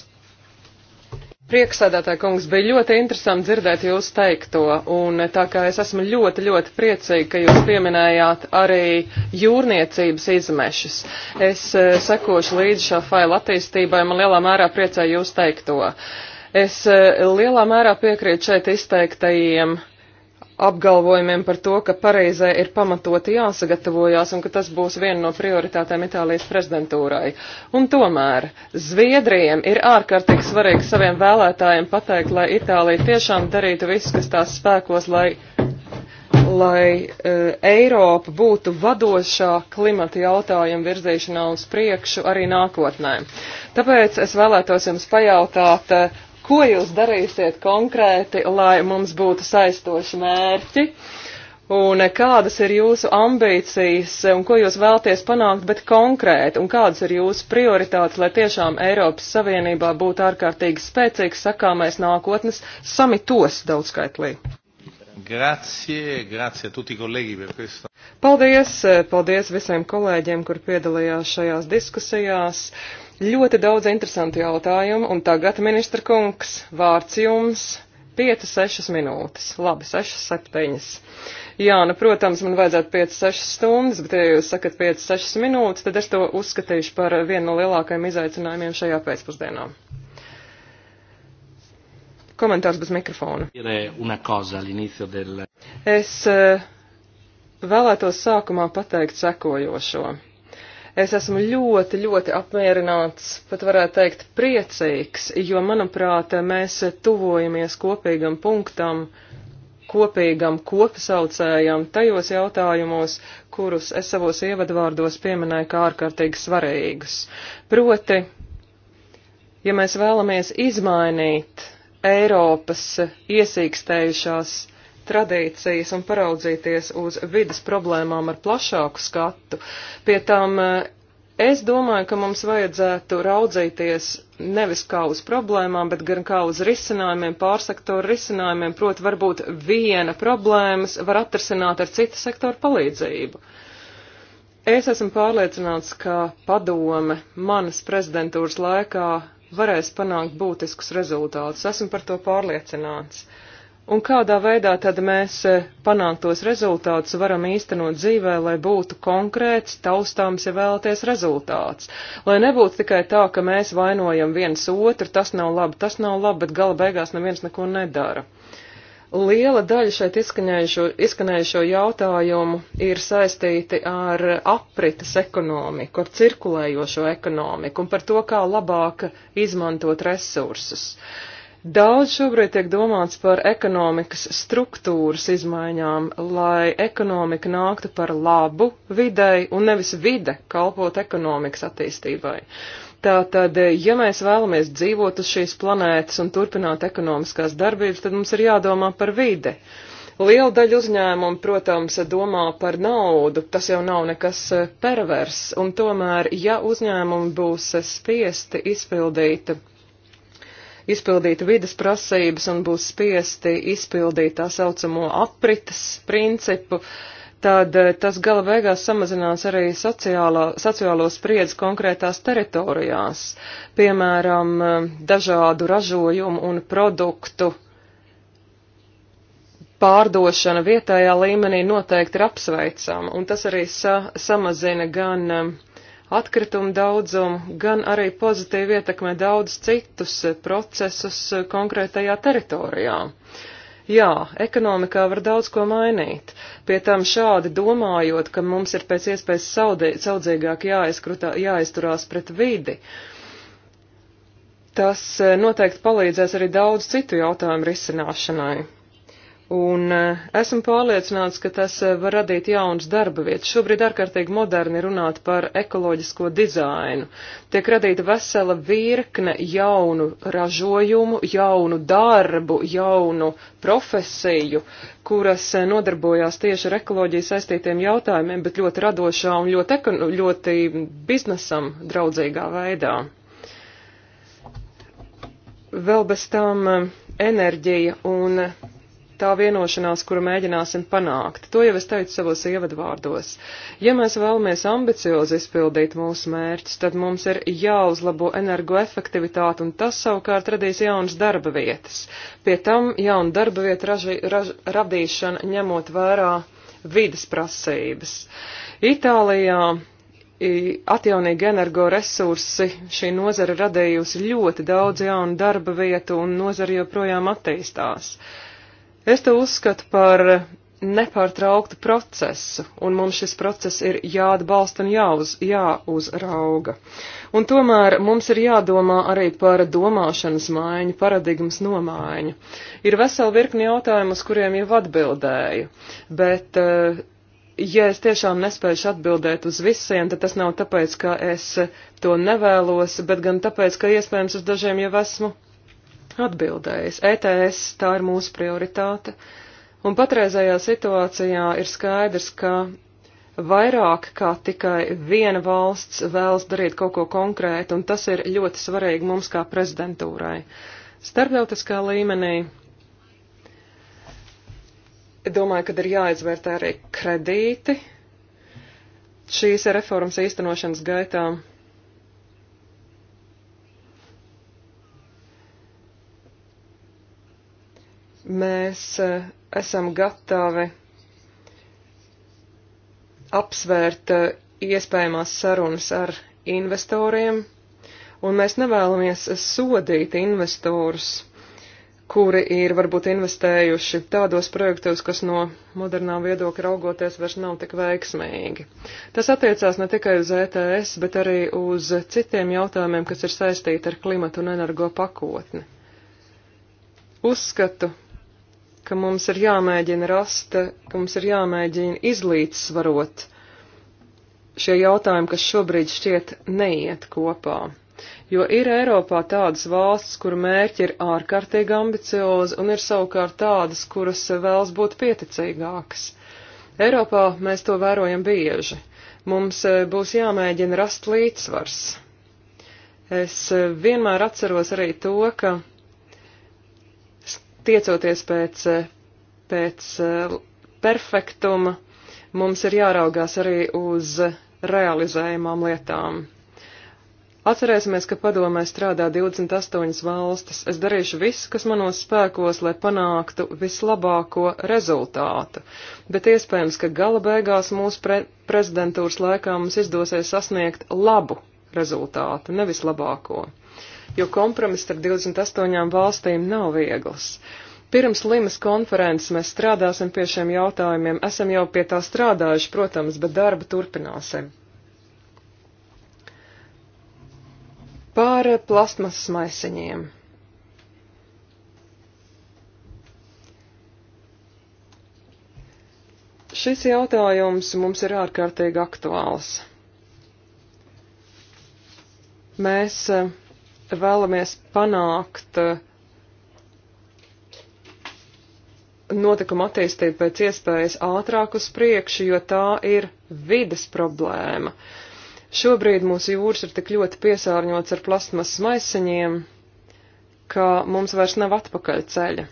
Prieksēdētāji kungs, bija ļoti interesanti dzirdēt jūs teikto, un tā kā es esmu ļoti, ļoti priecīga, ka jūs pieminējāt arī jūrniecības izmešas. Es eh, sekošu līdz šā faila attīstībai, man lielā mērā priecē jūs teikto. Es eh, lielā mērā piekrītu šeit izteiktajiem apgalvojumiem par to, ka Parīzē ir pamatoti jāsagatavojās un ka tas būs viena no prioritātēm Itālijas prezidentūrai. Un tomēr Zviedrijiem ir ārkārtīgi svarīgi saviem vēlētājiem pateikt, lai Itālija tiešām darītu visu, kas tās spēkos, lai, lai e, Eiropa būtu vadošā klimata jautājuma virzīšanā uz priekšu arī nākotnē. Tāpēc es vēlētos jums pajautāt, e, ko jūs darīsiet konkrēti, lai mums būtu saistoši mērķi, un e, kādas ir jūsu ambīcijas, e, un ko jūs vēlties panākt, bet konkrēti, un kādas ir jūsu prioritātes, lai tiešām Eiropas Savienībā būtu ārkārtīgi spēcīgs sakāmais nākotnes samitos daudzskaitlī. Grazie, grazie a tutti i colleghi per questo. Paldies, e, paldies visiem kolēģiem, kur piedalījās šajās diskusijās. Ļoti daudz interesantu jautājumu, un tagad, ministra kungs, vārds jums 5-6 minūtes. Labi, 6-7. Jā, nu, protams, man vajadzētu 5-6 stundas, bet, ja jūs sakat 5-6 minūtes, tad es to uzskatīšu par vienu no lielākajiem izaicinājumiem šajā pēcpusdienā. Komentārs bez mikrofona. Es eh, vēlētos sākumā pateikt sekojošo. Es esmu ļoti, ļoti apmierināts, pat varētu teikt priecīgs, jo, manuprāt, mēs tuvojamies kopīgam punktam, kopīgam kopsaucējam tajos jautājumos, kurus es savos ievadvārdos pieminēju kā ārkārtīgi svarīgus. Proti, ja mēs vēlamies izmainīt Eiropas iesīkstējušās tradīcijas un paraudzīties uz vidas problēmām ar plašāku skatu. Pie tam eh, es domāju, ka mums vajadzētu raudzīties nevis kā uz problēmām, bet gan kā uz risinājumiem, pārsektoru risinājumiem, proti varbūt viena problēmas var atrasināt ar citu sektoru palīdzību. Es esmu pārliecināts, ka padome manas prezidentūras laikā varēs panākt būtiskus rezultātus. Esmu par to pārliecināts. Uh, un kādā veidā tad mēs e, panāktos rezultātus varam īstenot dzīvē, lai būtu konkrēts, taustāms, ja vēlaties rezultāts. Lai nebūtu tikai tā, ka mēs vainojam viens otru, tas nav labi, tas nav labi, bet gala beigās neviens neko nedara. Liela daļa šeit izskanējušo, izskanējušo jautājumu ir saistīti ar aprites ekonomiku, ar cirkulējošo ekonomiku un par to, kā labāk izmantot resursus. Uh, Daudz šobrīd tiek domāts par ekonomikas struktūras izmaiņām, lai ekonomika nāktu par labu videi un nevis vide kalpot ekonomikas attīstībai. Tātad, ja mēs vēlamies dzīvot uz šīs planētas un turpināt ekonomiskās darbības, tad mums ir jādomā par vide. Liela daļa uzņēmumu, protams, domā par naudu, tas jau nav nekas eh, pervers, un tomēr, ja uzņēmumi būs spiesti izpildīt izpildīt vidas prasības un būs spiesti izpildīt tā saucamo aprites principu, tad eh, tas gala beigās samazinās arī sociālo, sociālo spriedzi konkrētās teritorijās, piemēram, eh, dažādu ražojumu un produktu pārdošana vietējā līmenī noteikti ir apsveicama, un tas arī sa samazina gan eh, atkritumu daudzumu, gan arī pozitīvi ietekmē daudz citus eh, procesus eh, konkrētajā teritorijā. Jā, ekonomikā var daudz ko mainīt. Pie tam šādi domājot, ka mums ir pēc iespējas saudī, saudzīgāk jāizturās pret vidi. Tas eh, noteikti palīdzēs arī daudz citu jautājumu risināšanai. Un eh, esmu pārliecināts, ka tas eh, var radīt jaunas darba vietas. Šobrīd ārkārtīgi moderni runāt par ekoloģisko dizainu. Tiek radīta vesela virkne jaunu ražojumu, jaunu darbu, jaunu profesiju, kuras eh, nodarbojās tieši ar ekoloģiju saistītiem jautājumiem, bet ļoti radošā un ļoti, ļoti biznesam draudzīgā veidā. Vēl bez tam enerģija un tā vienošanās, kuru mēģināsim panākt. To jau es teicu savos ievadvārdos. Ja mēs vēlamies ambiciozi izpildīt mūsu mērķus, tad mums ir jāuzlabo energoefektivitāte, un tas savukārt radīs jaunas darba vietas. Pie tam jauna darba vieta raži, raž, radīšana ņemot vērā vidas prasības. Itālijā atjaunīgi energoresursi šī nozara radījusi ļoti daudz jaunu darba vietu un nozara joprojām attīstās. Uh, Es to uzskatu par nepārtrauktu procesu, un mums šis process ir jāatbalsta un jāuz, jāuzrauga. Un tomēr mums ir jādomā arī par domāšanas maiņu, paradigmas nomaiņu. Ir vesela virkni jautājumu, uz kuriem jau atbildēju, bet, eh, ja es tiešām nespēju atbildēt uz visiem, tad tas nav tāpēc, ka es to nevēlos, bet gan tāpēc, ka iespējams uz dažiem jau esmu atbildējis. ETS tā ir mūsu prioritāte, un patreizējā situācijā ir skaidrs, ka vairāk kā tikai viena valsts vēlas darīt kaut ko konkrētu, un tas ir ļoti svarīgi mums kā prezidentūrai. Starptautiskā līmenī domāju, ka ir jāizvērtē arī kredīti šīs reformas īstenošanas gaitām. Mēs eh, esam gatavi apsvērt eh, iespējamās sarunas ar investoriem, un mēs nevēlamies sodīt investorus, kuri ir varbūt investējuši tādos projektos, kas no modernā viedokļa raugoties vairs nav tik veiksmīgi. Tas attiecās ne tikai uz ETS, bet arī uz citiem jautājumiem, kas ir saistīti ar klimatu un energo pakotni. Uzskatu, ka mums ir jāmēģina rast, ka mums ir jāmēģina izlīdzsvarot šie jautājumi, kas šobrīd šķiet neiet kopā. Jo ir Eiropā tādas valstis, kuru mērķi ir ārkārtīgi ambiciozi, un ir savukārt tādas, kuras vēlas būt pieticīgākas. Eiropā mēs to vērojam bieži. Mums eh, būs jāmēģina rast līdzsvars. Es eh, vienmēr atceros arī to, ka tiecoties pēc, eh, pēc eh, perfektuma, mums ir jāraugās arī uz realizējumām lietām. Atcerēsimies, ka padomē strādā 28 valstis. Es darīšu visu, kas manos spēkos, lai panāktu vislabāko rezultātu, bet iespējams, ka gala beigās mūsu pre prezidentūras laikā mums izdosies sasniegt labu rezultātu, nevis labāko jo kompromiss starp 28 valstīm nav viegls. Pirms Limas konferences mēs strādāsim pie šiem jautājumiem, esam jau pie tā strādājuši, protams, bet darba turpināsim. Par plastmasas maisiņiem. Šis jautājums mums ir ārkārtīgi aktuāls. Mēs uh, vēlamies panākt eh, notikuma attīstību pēc iespējas ātrāk uz priekšu, jo tā ir vides problēma. Šobrīd mūsu jūras ir tik ļoti piesārņots ar plasmasas maisiņiem, ka mums vairs nav atpakaļ ceļa.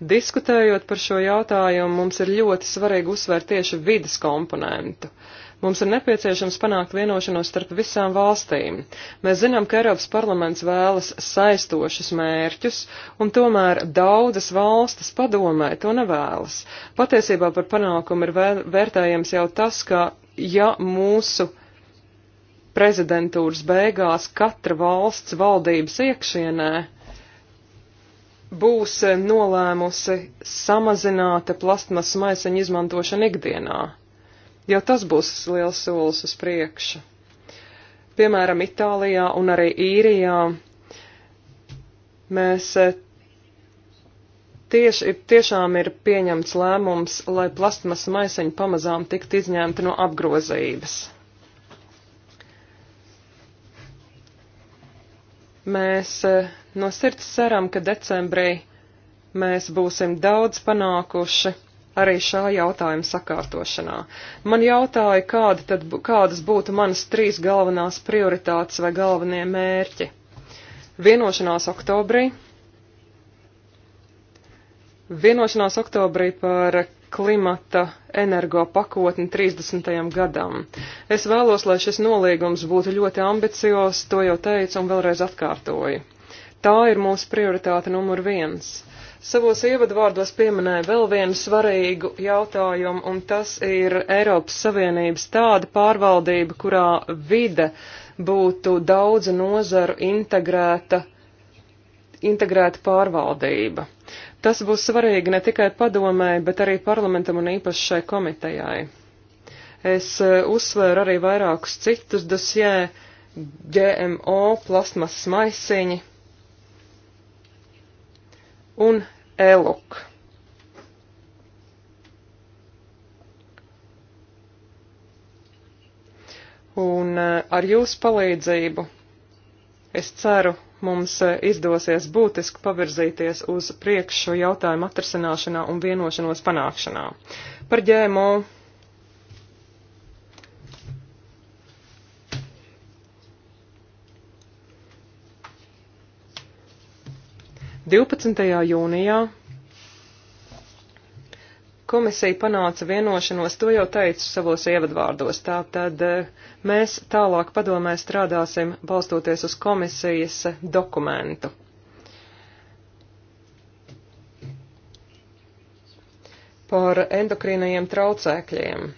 Diskutējot par šo jautājumu, mums ir ļoti svarīgi uzsvērt tieši vides komponentu. Uh, Mums ir nepieciešams panākt vienošanos starp visām valstīm. Mēs zinām, ka Eiropas parlaments vēlas saistošus mērķus, un tomēr daudzas valstis padomē to nevēlas. Patiesībā par panākumu ir vērtējams jau tas, ka ja mūsu prezidentūras beigās katra valsts valdības iekšienē būs nolēmusi samazināt plastmasu maisiņu izmantošanu ikdienā. Jau tas būs liels solis uz priekšu. Piemēram, Itālijā un arī Īrijā mēs eh, tieši, ir, tiešām ir pieņemts lēmums, lai plasmas maiseņi pamazām tikt izņemti no apgrozības. Mēs eh, no sirds ceram, ka decembrī mēs būsim daudz panākuši arī šā jautājuma sakārtošanā. Man jautāja, kāda tad, kādas būtu manas trīs galvenās prioritātes vai galvenie mērķi. Vienošanās oktobrī. Vienošanās oktobrī par klimata energo pakotni 30. gadam. Es vēlos, lai šis nolīgums būtu ļoti ambiciozs, to jau teicu un vēlreiz atkārtoju. Tā ir mūsu prioritāte numur viens. Savos ievadvārdos pieminēja vēl vienu svarīgu jautājumu, un tas ir Eiropas Savienības tāda pārvaldība, kurā vide būtu daudzu nozaru integrēta, integrēta pārvaldība. Tas būs svarīgi ne tikai padomēji, bet arī parlamentam un īpaši šai komitejai. Es eh, uzsvēru arī vairākus citus dosjē, GMO, plasmasas maisiņi, un ELOK. Un eh, ar jūsu palīdzību es ceru, mums eh, izdosies būtiski pavirzīties uz priekšu jautājumu atrasināšanā un vienošanos panākšanā. Par ģēmo 12. jūnijā komisija panāca vienošanos, to jau teicu savos ievadvārdos. Tātad eh, mēs tālāk padomē strādāsim balstoties uz komisijas eh, dokumentu. Par endokrīnajiem traucēkļiem.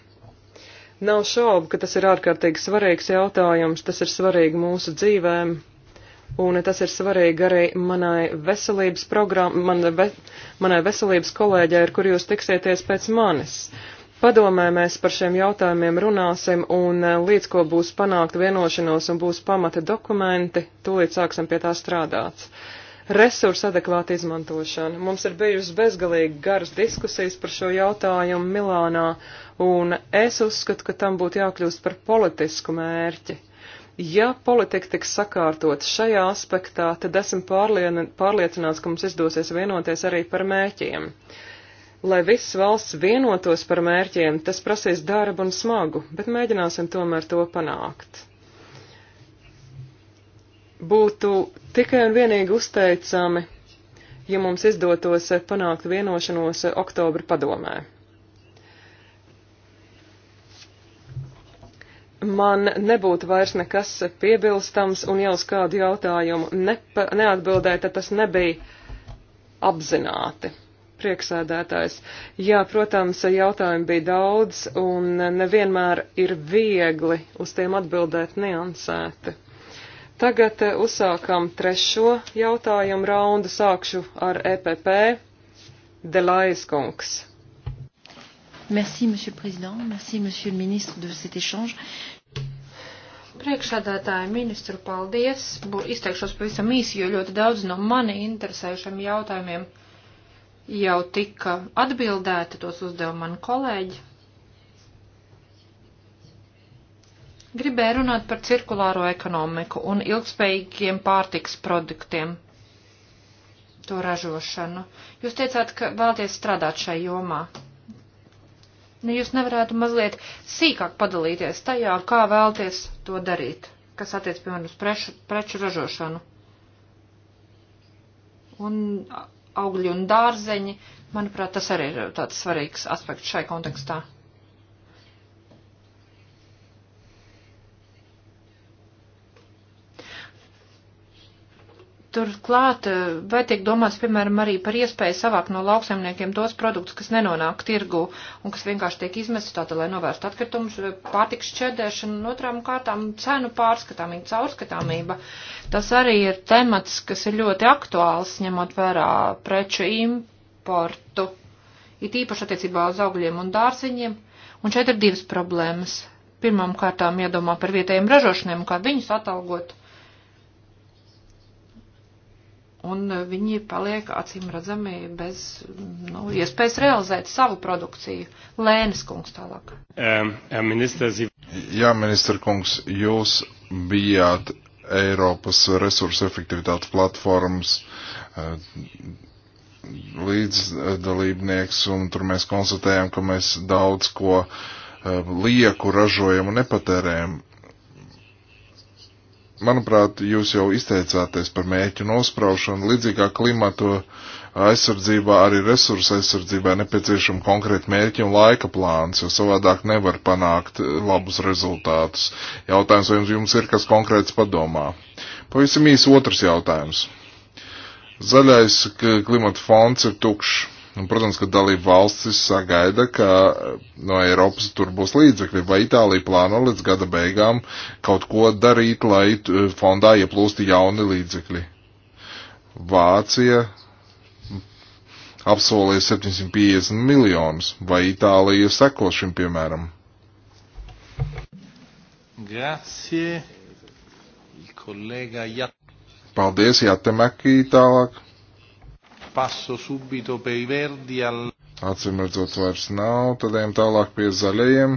Nav šaubu, ka tas ir ārkārtīgi svarīgs jautājums, tas ir svarīgi mūsu dzīvēm, un tas ir svarīgi arī manai veselības programmai, man, ve, manai veselības kolēģai, ar kur jūs tiksieties pēc manis. Padomē mēs par šiem jautājumiem runāsim, un eh, līdz ko būs panākt vienošanos un būs pamata dokumenti, tūlīt sāksim pie tā strādāt. Resursu adekvāta izmantošana. Mums ir bijušas bezgalīgi garas diskusijas par šo jautājumu Milānā, un es uzskatu, ka tam būtu jākļūst par politisku mērķi Ja politika tiks sakārtot šajā aspektā, tad esmu pārliecināts, ka mums izdosies vienoties arī par mērķiem. Lai viss valsts vienotos par mērķiem, tas prasīs darbu un smagu, bet mēģināsim tomēr to panākt. Būtu tikai un vienīgi uzteicami, ja mums izdotos panākt vienošanos oktobra padomē. man nebūtu vairs nekas piebilstams un jau uz kādu jautājumu nepa, neatbildēja, tad tas nebija apzināti. Prieksēdētājs. Jā, protams, jautājumi bija daudz un nevienmēr ir viegli uz tiem atbildēt niansēti. Tagad eh, uzsākam trešo jautājumu raundu. Sākšu ar EPP. Delais kungs. Merci, Monsieur le Président. Merci, Monsieur le Ministre, de cet échange. Priekšādātāja ministru, paldies. Bū, izteikšos pavisam īsi, jo ļoti daudz no mani interesējušiem jautājumiem jau tika atbildēti, tos uzdeva mani kolēģi. Gribēju runāt par cirkulāro ekonomiku un ilgspējīgiem pārtiks produktiem, to ražošanu. Jūs teicāt, ka vēlaties strādāt šai jomā ne nu, jūs nevarētu mazliet sīkāk padalīties tajā, kā vēlties to darīt, kas attiec, piemēram, uz preču, preču ražošanu. Un augļi un dārzeņi, manuprāt, tas arī ir tāds svarīgs aspekts šai kontekstā. Turklāt, eh, vai tiek domāts, piemēram, arī par iespēju savākt no lauksaimniekiem tos produktus, kas nenonāk tirgu un kas vienkārši tiek izmesti tātad, lai novērstu atkritumus, eh, pārtiks šķēdēšanu un otrām kārtām cenu pārskatāmība, caurskatāmība. Tas arī ir temats, kas ir ļoti aktuāls, ņemot vērā preču importu, it īpaši attiecībā uz augļiem un dārziņiem. Un šeit ir divas problēmas. Pirmām kārtām jādomā par vietējiem ražošaniem, kā viņus atalgot un viņi paliek acīm redzami bez nu, iespējas realizēt savu produkciju. Lēnes kungs tālāk. Um, ministrs... Jā, ministra kungs, jūs bijāt Eiropas resursu efektivitātes platformas eh, līdzdalībnieks, un tur mēs konstatējam, ka mēs daudz ko eh, lieku ražojam un nepatērējam manuprāt, jūs jau izteicāties par mēķu nospraušanu. Līdzīgā klimatu aizsardzībā, arī resursu aizsardzībā nepieciešama konkrēta mērķa un laika plāns, jo savādāk nevar panākt labus rezultātus. Jautājums, vai jums, jums ir kas konkrēts padomā? Pavisam īsi otrs jautājums. Zaļais klimata fonds ir tukšs. Un, protams, ka dalība valstis sagaida, ka eh, no Eiropas tur būs līdzekļi, vai Itālija plāno līdz gada beigām kaut ko darīt, lai eh, fondā ieplūstu jauni līdzekļi. Vācija apsolīja 750 miljonus, vai Itālija seko šim piemēram? Grazie. Kolēga Jat. Paldies, Jatemekī tālāk passo subito per i verdi al. Acīm redzot, vairs nav, tad ejam tālāk pie zaļajiem.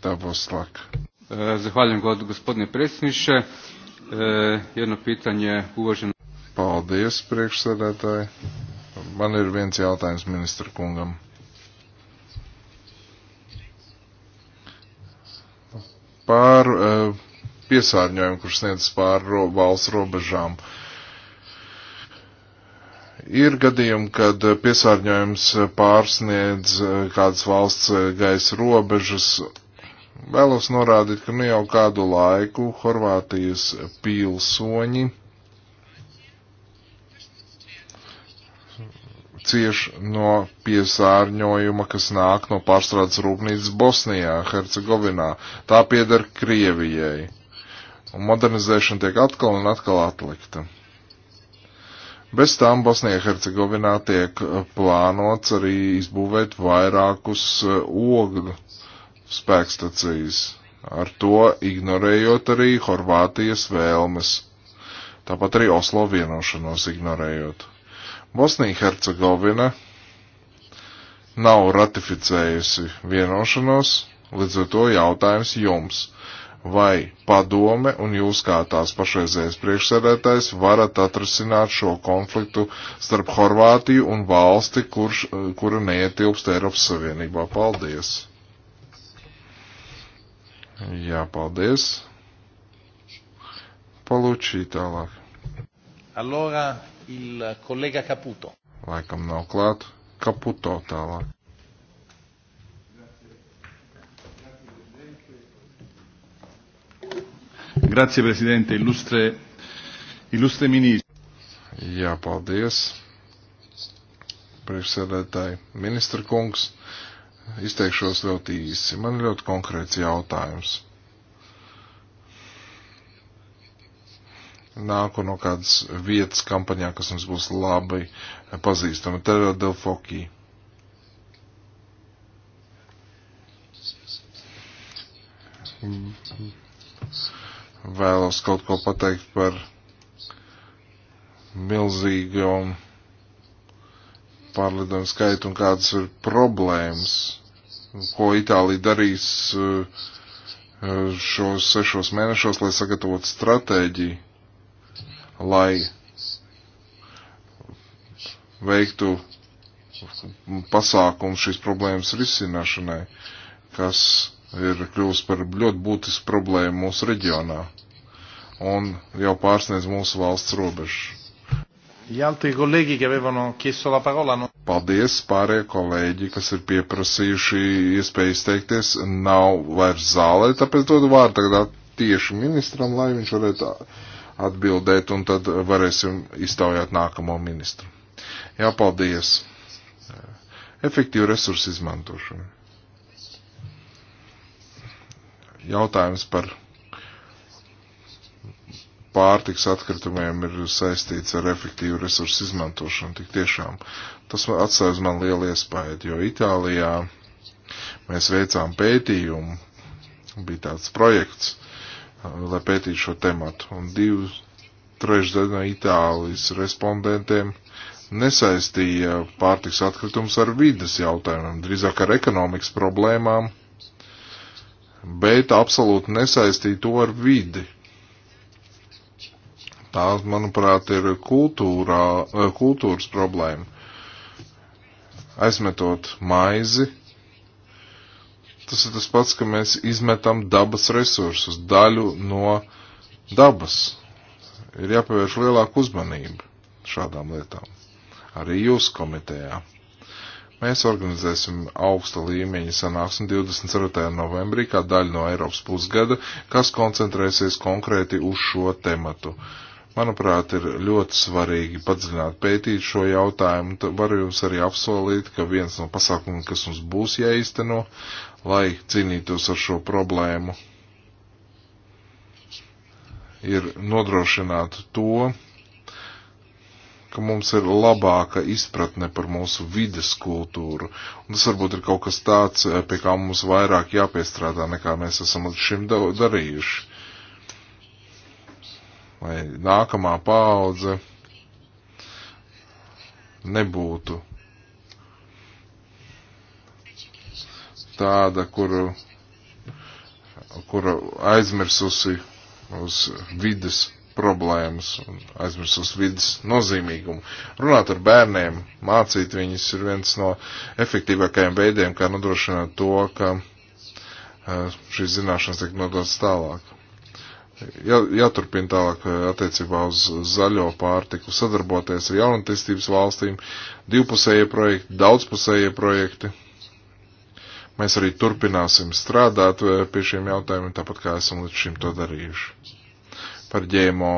Tā būs slāk. Zahvaljujem, gospodine predsjedniče. Eh, jedno pitanje uvaženo. Paldies, priekšsēdētāji. Man ir viens jautājums ministra kungam. Par eh, piesārņojumu, kurš sniedz pār valsts robežām. Uh, Ir gadījumi, kad piesārņojums pārsniedz eh, kādas valsts eh, gaisa robežas. Vēlos norādīt, ka nu jau kādu laiku Horvātijas pilsoņi cieš no piesārņojuma, kas nāk no pārstrādes rūpnīcas Bosnijā, Hercegovinā. Tā pieder Krievijai. Un modernizēšana tiek atkal un atkal atlikta. Bez tam Bosnijā-Hercegovinā tiek eh, plānots arī izbūvēt vairākus eh, ogļu spēkstacijas, ar to ignorējot arī Horvātijas vēlmes, tāpat arī Oslo vienošanos ignorējot. Bosnija-Hercegovina nav ratificējusi vienošanos, līdz ar to jautājums jums vai padome un jūs kā tās pašreizējais priekšsēdētājs varat atrasināt šo konfliktu starp Horvātiju un valsti, kurš, kura neietilpst Eiropas Savienībā. Paldies! Jā, paldies! Palučī tālāk. Allora, il collega Caputo. Laikam nav klāt. Caputo tālāk. Grazie, prezidente, illustre, illustre ministri. Jā, paldies. Priekšsēdētāji, ministra kungs, izteikšos ļoti īsi. Man ir ļoti konkrēts jautājums. Nāku no kādas vietas kampaņā, kas mums būs labi pazīstama. Terra del Foki. Mm -hmm vēlos kaut ko pateikt par milzīgām pārlidojumu skaitu un kādas ir problēmas, ko Itālija darīs eh, eh, šos sešos mēnešos, lai sagatavotu stratēģiju, lai veiktu pasākumu šīs problēmas risināšanai, kas ir kļuvusi par ļoti būtisku problēmu mūsu reģionā un jau pārsniedz mūsu valsts robežu. Paldies pārējie kolēģi, kas ir pieprasījuši iespēju izteikties, nav vairs zālē, tāpēc dodu vārdu tagad tieši ministram, lai viņš varētu atbildēt, un tad varēsim iztaujāt nākamo ministru. Jā, paldies. Efektīvu resursu izmantošanu. jautājums par pārtiks atkritumiem ir saistīts ar efektīvu resursu izmantošanu. Tik tiešām tas atstāja uz man lielu iespēju, jo Itālijā mēs veicām pētījumu, bija tāds projekts, uh, lai pētītu šo tematu, un divi trešdaļa no Itālijas respondentiem nesaistīja pārtiks atkritumus ar vidas jautājumiem, drīzāk ar ekonomikas problēmām bet absolūti nesaistīja to ar vidi. Tā, manuprāt, ir kultūrā, eh, kultūras problēma. Aizmetot maizi, tas ir tas pats, ka mēs izmetam dabas resursus, daļu no dabas. Ir jāpievērš lielāka uzmanība šādām lietām. Arī jūs komitejā. Mēs organizēsim augsta līmeņa sanāksmi 24. novembrī kā daļa no Eiropas pusgada, kas koncentrēsies konkrēti uz šo tematu. Manuprāt, ir ļoti svarīgi padziļināt pētīt šo jautājumu, tad varu jums arī apsolīt, ka viens no pasākumiem, kas mums būs jāizteno, lai cīnītos ar šo problēmu, ir nodrošināt to, ka mums ir labāka izpratne par mūsu vides kultūru. Un tas varbūt ir kaut kas tāds, eh, pie kā mums vairāk jāpiestrādā, nekā mēs esam līdz šim darījuši. Lai nākamā paudze nebūtu tāda, kuru, kuru aizmirsusi uz vides problēmas, aizmirstas vidas nozīmīgumu. Runāt ar bērniem, mācīt viņus ir viens no efektīvākajiem veidiem, kā nodrošināt to, ka eh, šīs zināšanas tiek nodotas tālāk. Jā, jāturpina tālāk eh, attiecībā uz zaļo pārtiku, sadarboties ar jaunatīstības valstīm, divpusējie projekti, daudzpusējie projekti. Mēs arī turpināsim strādāt eh, pie šiem jautājumiem, tāpat kā esam līdz šim to darījuši par ģēmo.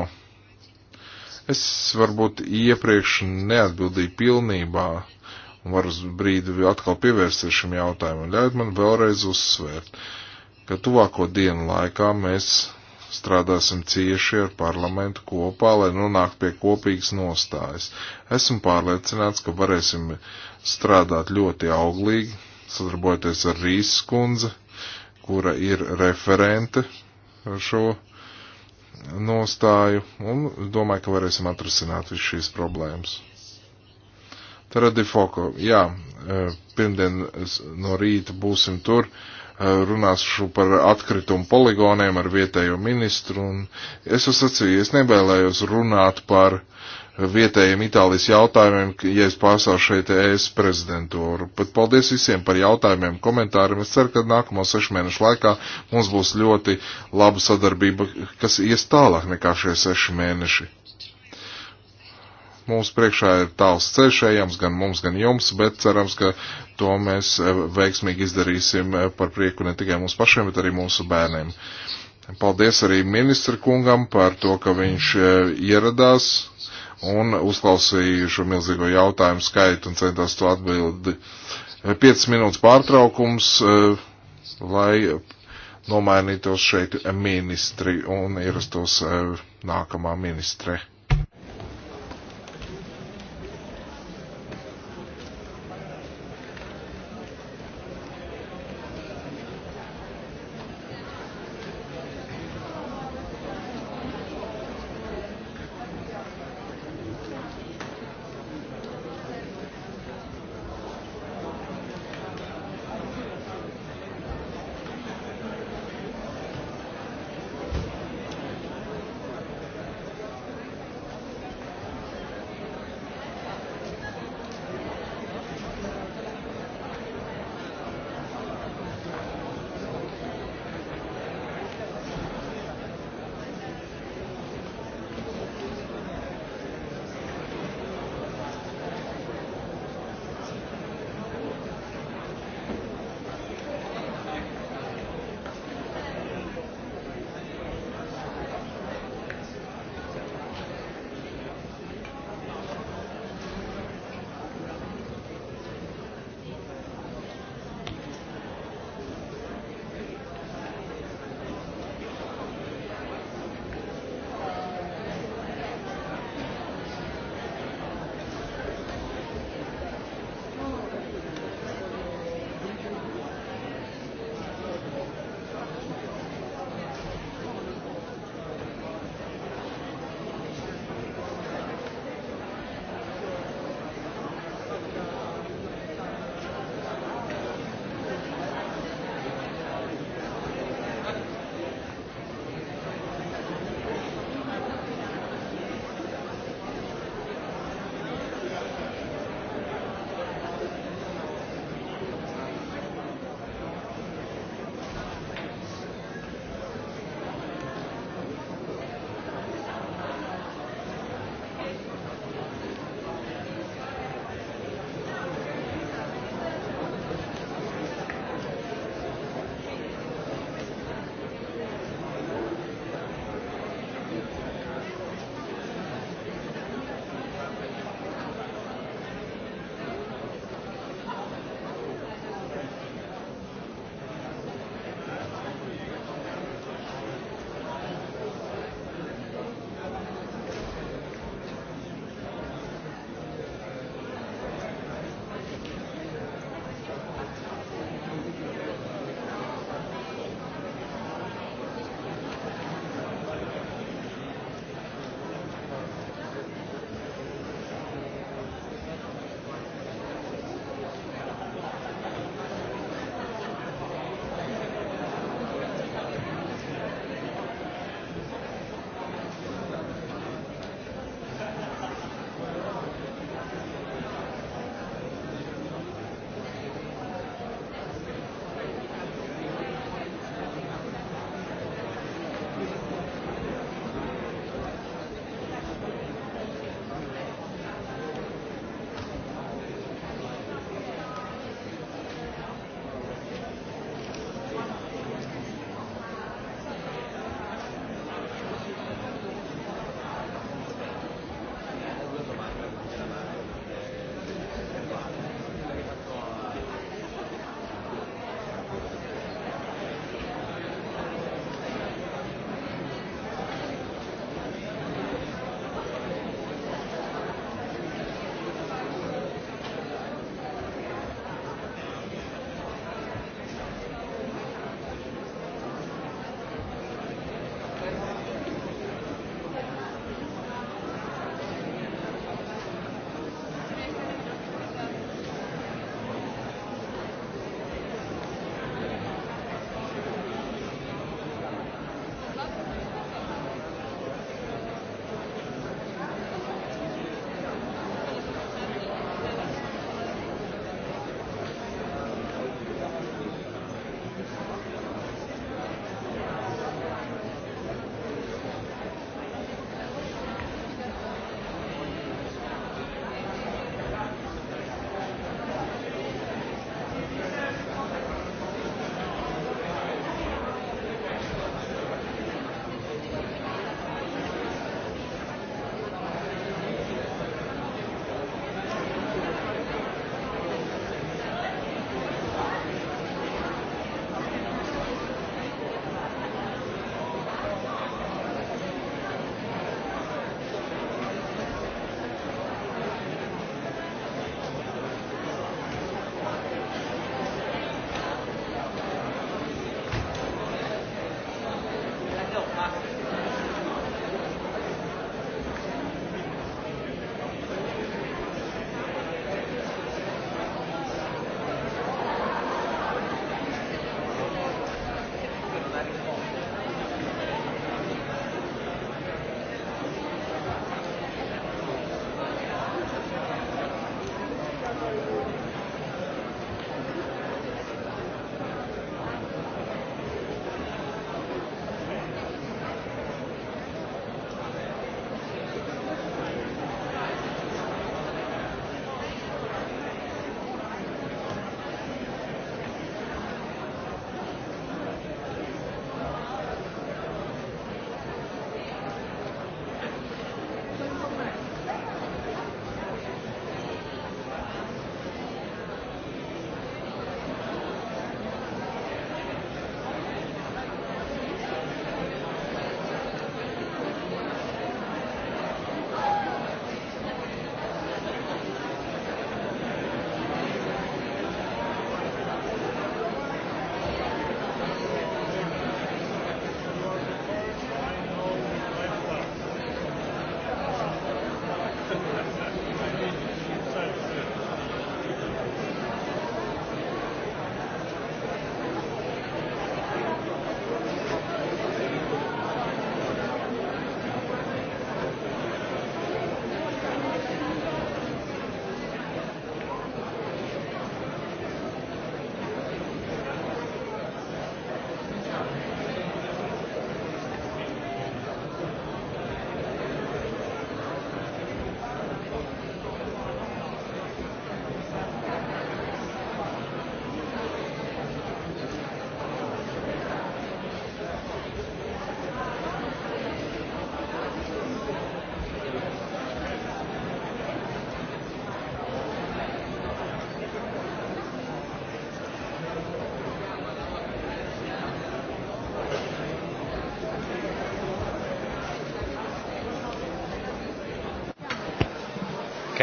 Es varbūt iepriekš neatbildīju pilnībā un varu uz brīdi atkal pievērsties šim jautājumam. Ļaujiet man vēlreiz uzsvērt, ka tuvāko dienu laikā mēs strādāsim cieši ar parlamentu kopā, lai nonāktu pie kopīgas nostājas. Esmu pārliecināts, ka varēsim strādāt ļoti auglīgi, sadarbojoties ar Rīs kundze, kura ir referente ar šo nostāju un domāju, ka varēsim atrasināt visu šīs problēmas. Taradi Foko, jā, e, pirmdien no rīta būsim tur, e, runāšu par atkritumu poligoniem ar vietējo ministru, un es jau sacīju, es nebēlējos runāt par uh, vietējiem Itālijas jautājumiem, ja es pārstāvu šeit ES prezidentūru. Bet paldies visiem par jautājumiem, komentāriem. Es ceru, ka nākamo sešu mēnešu laikā mums būs ļoti laba sadarbība, kas ies tālāk nekā šie seši mēneši. Mums priekšā ir tāls ceļš ejams gan mums, gan jums, bet cerams, ka to mēs eh, veiksmīgi izdarīsim eh, par prieku ne tikai mums pašiem, bet arī mūsu bērniem. Paldies arī ministra kungam par to, ka viņš eh, ieradās un uzklausīju šo milzīgo jautājumu skaitu un centos to atbildi. 5 minūtes pārtraukums, eh, lai nomainītos šeit ministri un ierastos eh, nākamā ministre.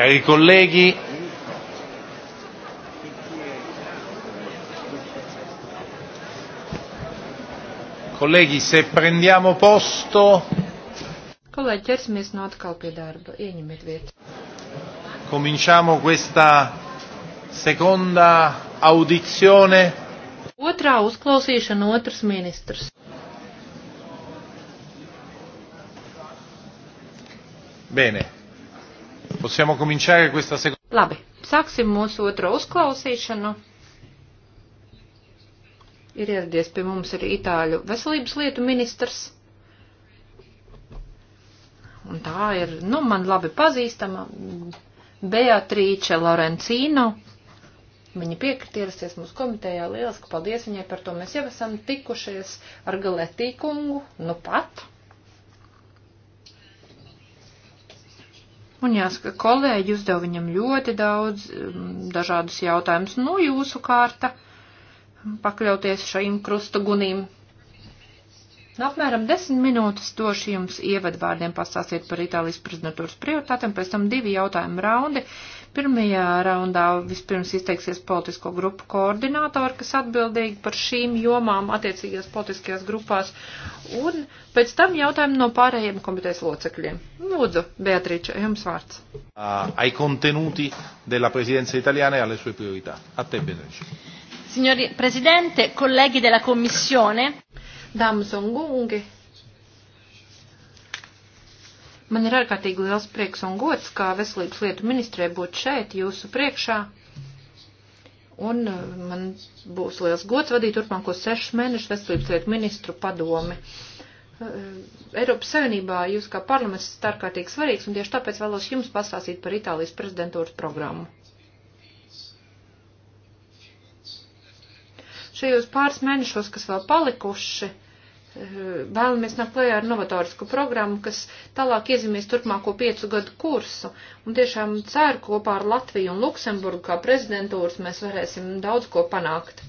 Cari colleghi, colleghi, se prendiamo posto. Colleghi, ķersimies no nu atkal pie darba. Ieņemiet vietu. Cominciamo questa seconda audizione. Otrā uzklausīšana otrs ministrs. Bene. Possiamo cominciare questa seconda. Labi, sāksim mūsu otro uzklausīšanu. Ir ieradies pie mums arī Itāļu veselības lietu ministrs. Un tā ir, nu, man labi pazīstama Beatrīče Lorencīno. Viņa piekrita ierasties mūsu komitejā. Lieliski paldies viņai par to. Mēs jau esam tikušies ar Galetī kungu, nu pat. Un jāsaka, kolēģi uzdev viņam ļoti daudz um, dažādus jautājumus. Nu, jūsu kārta pakļauties šajam krustugunim. Apmēram desmit minūtes došu jums ievadvārdiem pastāstīt par Itālijas prezidentūras prioritātēm, pēc tam divi jautājumu raundi. Pirmajā raundā vispirms izteiksies politisko grupu koordinātori, kas atbildīgi par šīm jomām attiecīgajās politiskajās grupās, un pēc tam jautājumu no pārējiem komitejas locekļiem. Lūdzu, Beatrice, jums vārds. Uh, ai contenuti della presidenza italiana e alle sue priorità. A te, Beatrice. Signori Presidente, colleghi della Commissione. Dāmas un kungi, Man ir ārkārtīgi liels prieks un gods, kā veselības lietu ministrē būt šeit jūsu priekšā. Un uh, man būs liels gods vadīt turpmāko sešu mēnešu veselības lietu ministru padomi. Uh, Eiropas Savienībā jūs kā parlaments esat ārkārtīgi svarīgs, un tieši tāpēc vēlos jums pastāstīt par Itālijas prezidentūras programmu. Šajos pāris mēnešos, kas vēl palikuši, vēlamies nākt klajā ar novatorisku programmu, kas tālāk iezīmēs turpmāko piecu gadu kursu. Un tiešām ceru, kopā ar Latviju un Luksemburgu kā prezidentūras mēs varēsim daudz ko panākt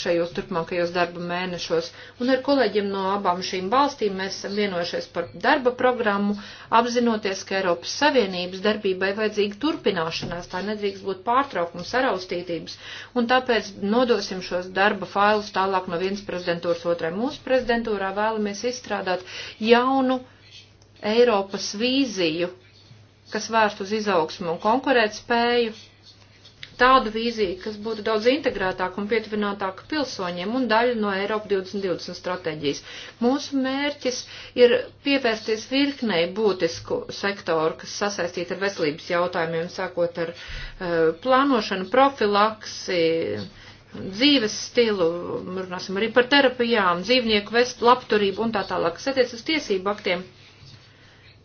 šajos turpmākajos darba mēnešos. Un ar kolēģiem no abām šīm valstīm mēs esam vienojušies par darba programmu, apzinoties, ka Eiropas Savienības darbībai vajadzīga turpināšanās, tā nedrīkst būt pārtraukums, saraustītības, un tāpēc nodosim šos darba failus tālāk no vienas prezidentūras otrai. Mūsu prezidentūrā vēlamies izstrādāt jaunu Eiropas vīziju, kas vērst uz izaugsmu un konkurētspēju tādu vīziju, kas būtu daudz integrētāka un pietuvinātāka pilsoņiem un daļa no Eiropa 2020 stratēģijas. Mūsu mērķis ir pievērsties virknei būtisku sektoru, kas sasaistīta ar veselības jautājumiem, sākot ar uh, plānošanu, profilaksi, dzīves stilu, runāsim arī par terapijām, dzīvnieku vest, labturību un tā tālāk. Sēties uz tiesību aktiem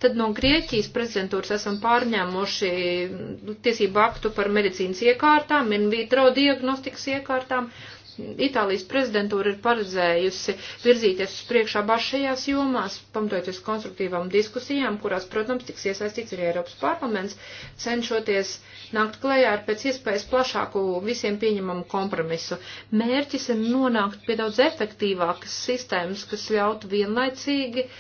Tad no Grieķijas prezidentūras esam pārņēmuši mm, tiesību aktu par medicīnas iekārtām, in vitro diagnostikas iekārtām. Itālijas prezidentūra ir paredzējusi virzīties uz priekšā bašajās jomās, pamatojoties konstruktīvām diskusijām, kurās, protams, tiks iesaistīts arī Eiropas parlaments, cenšoties nākt klējā ar pēc iespējas plašāku visiem pieņemamu kompromisu. Mērķis ir nonākt pie daudz efektīvākas sistēmas, kas ļautu vienlaicīgi e,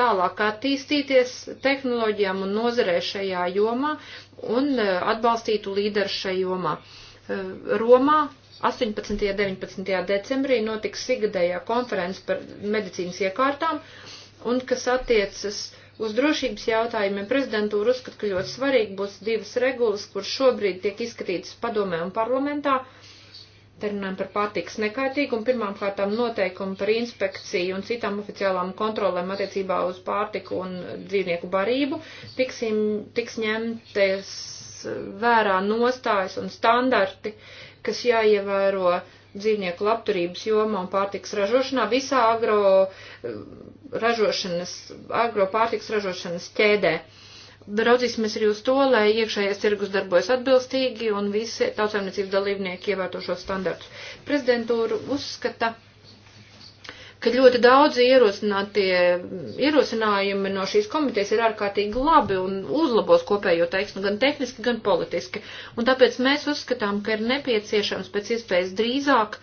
tālāk attīstīties tehnoloģijām un nozarē šajā jomā un e, atbalstītu līderu šajā jomā. E, Romā 18. un 19. decembrī notiks Sigadējā konferences par medicīnas iekārtām, un kas attiecas uz drošības jautājumiem, prezidentūra uzskata, ka ļoti svarīgi būs divas regulas, kur šobrīd tiek izskatītas padomē un parlamentā. Te runājam par pārtiks nekaitīgumu, pirmām kārtām noteikumu par inspekciju un citām oficiālām kontrolēm attiecībā uz pārtiku un dzīvnieku barību. Tiksim, tiks ņemties vērā nostājas un standarti, uh, kas jāievēro dzīvnieku labturības jomā un pārtiks ražošanā, visā agro eh, ražošanas, agro pārtiks ražošanas ķēdē. Raudzīsimies arī uz to, lai iekšējais tirgus darbojas atbilstīgi un visi tautsēmniecības dalībnieki ievērto šo standartu. Prezidentūra uzskata, ka ļoti daudzi ierosinātie ierosinājumi no šīs komitejas ir ārkārtīgi labi un uzlabos kopējo tekstu gan tehniski, gan politiski. Un tāpēc mēs uzskatām, ka ir nepieciešams pēc iespējas drīzāk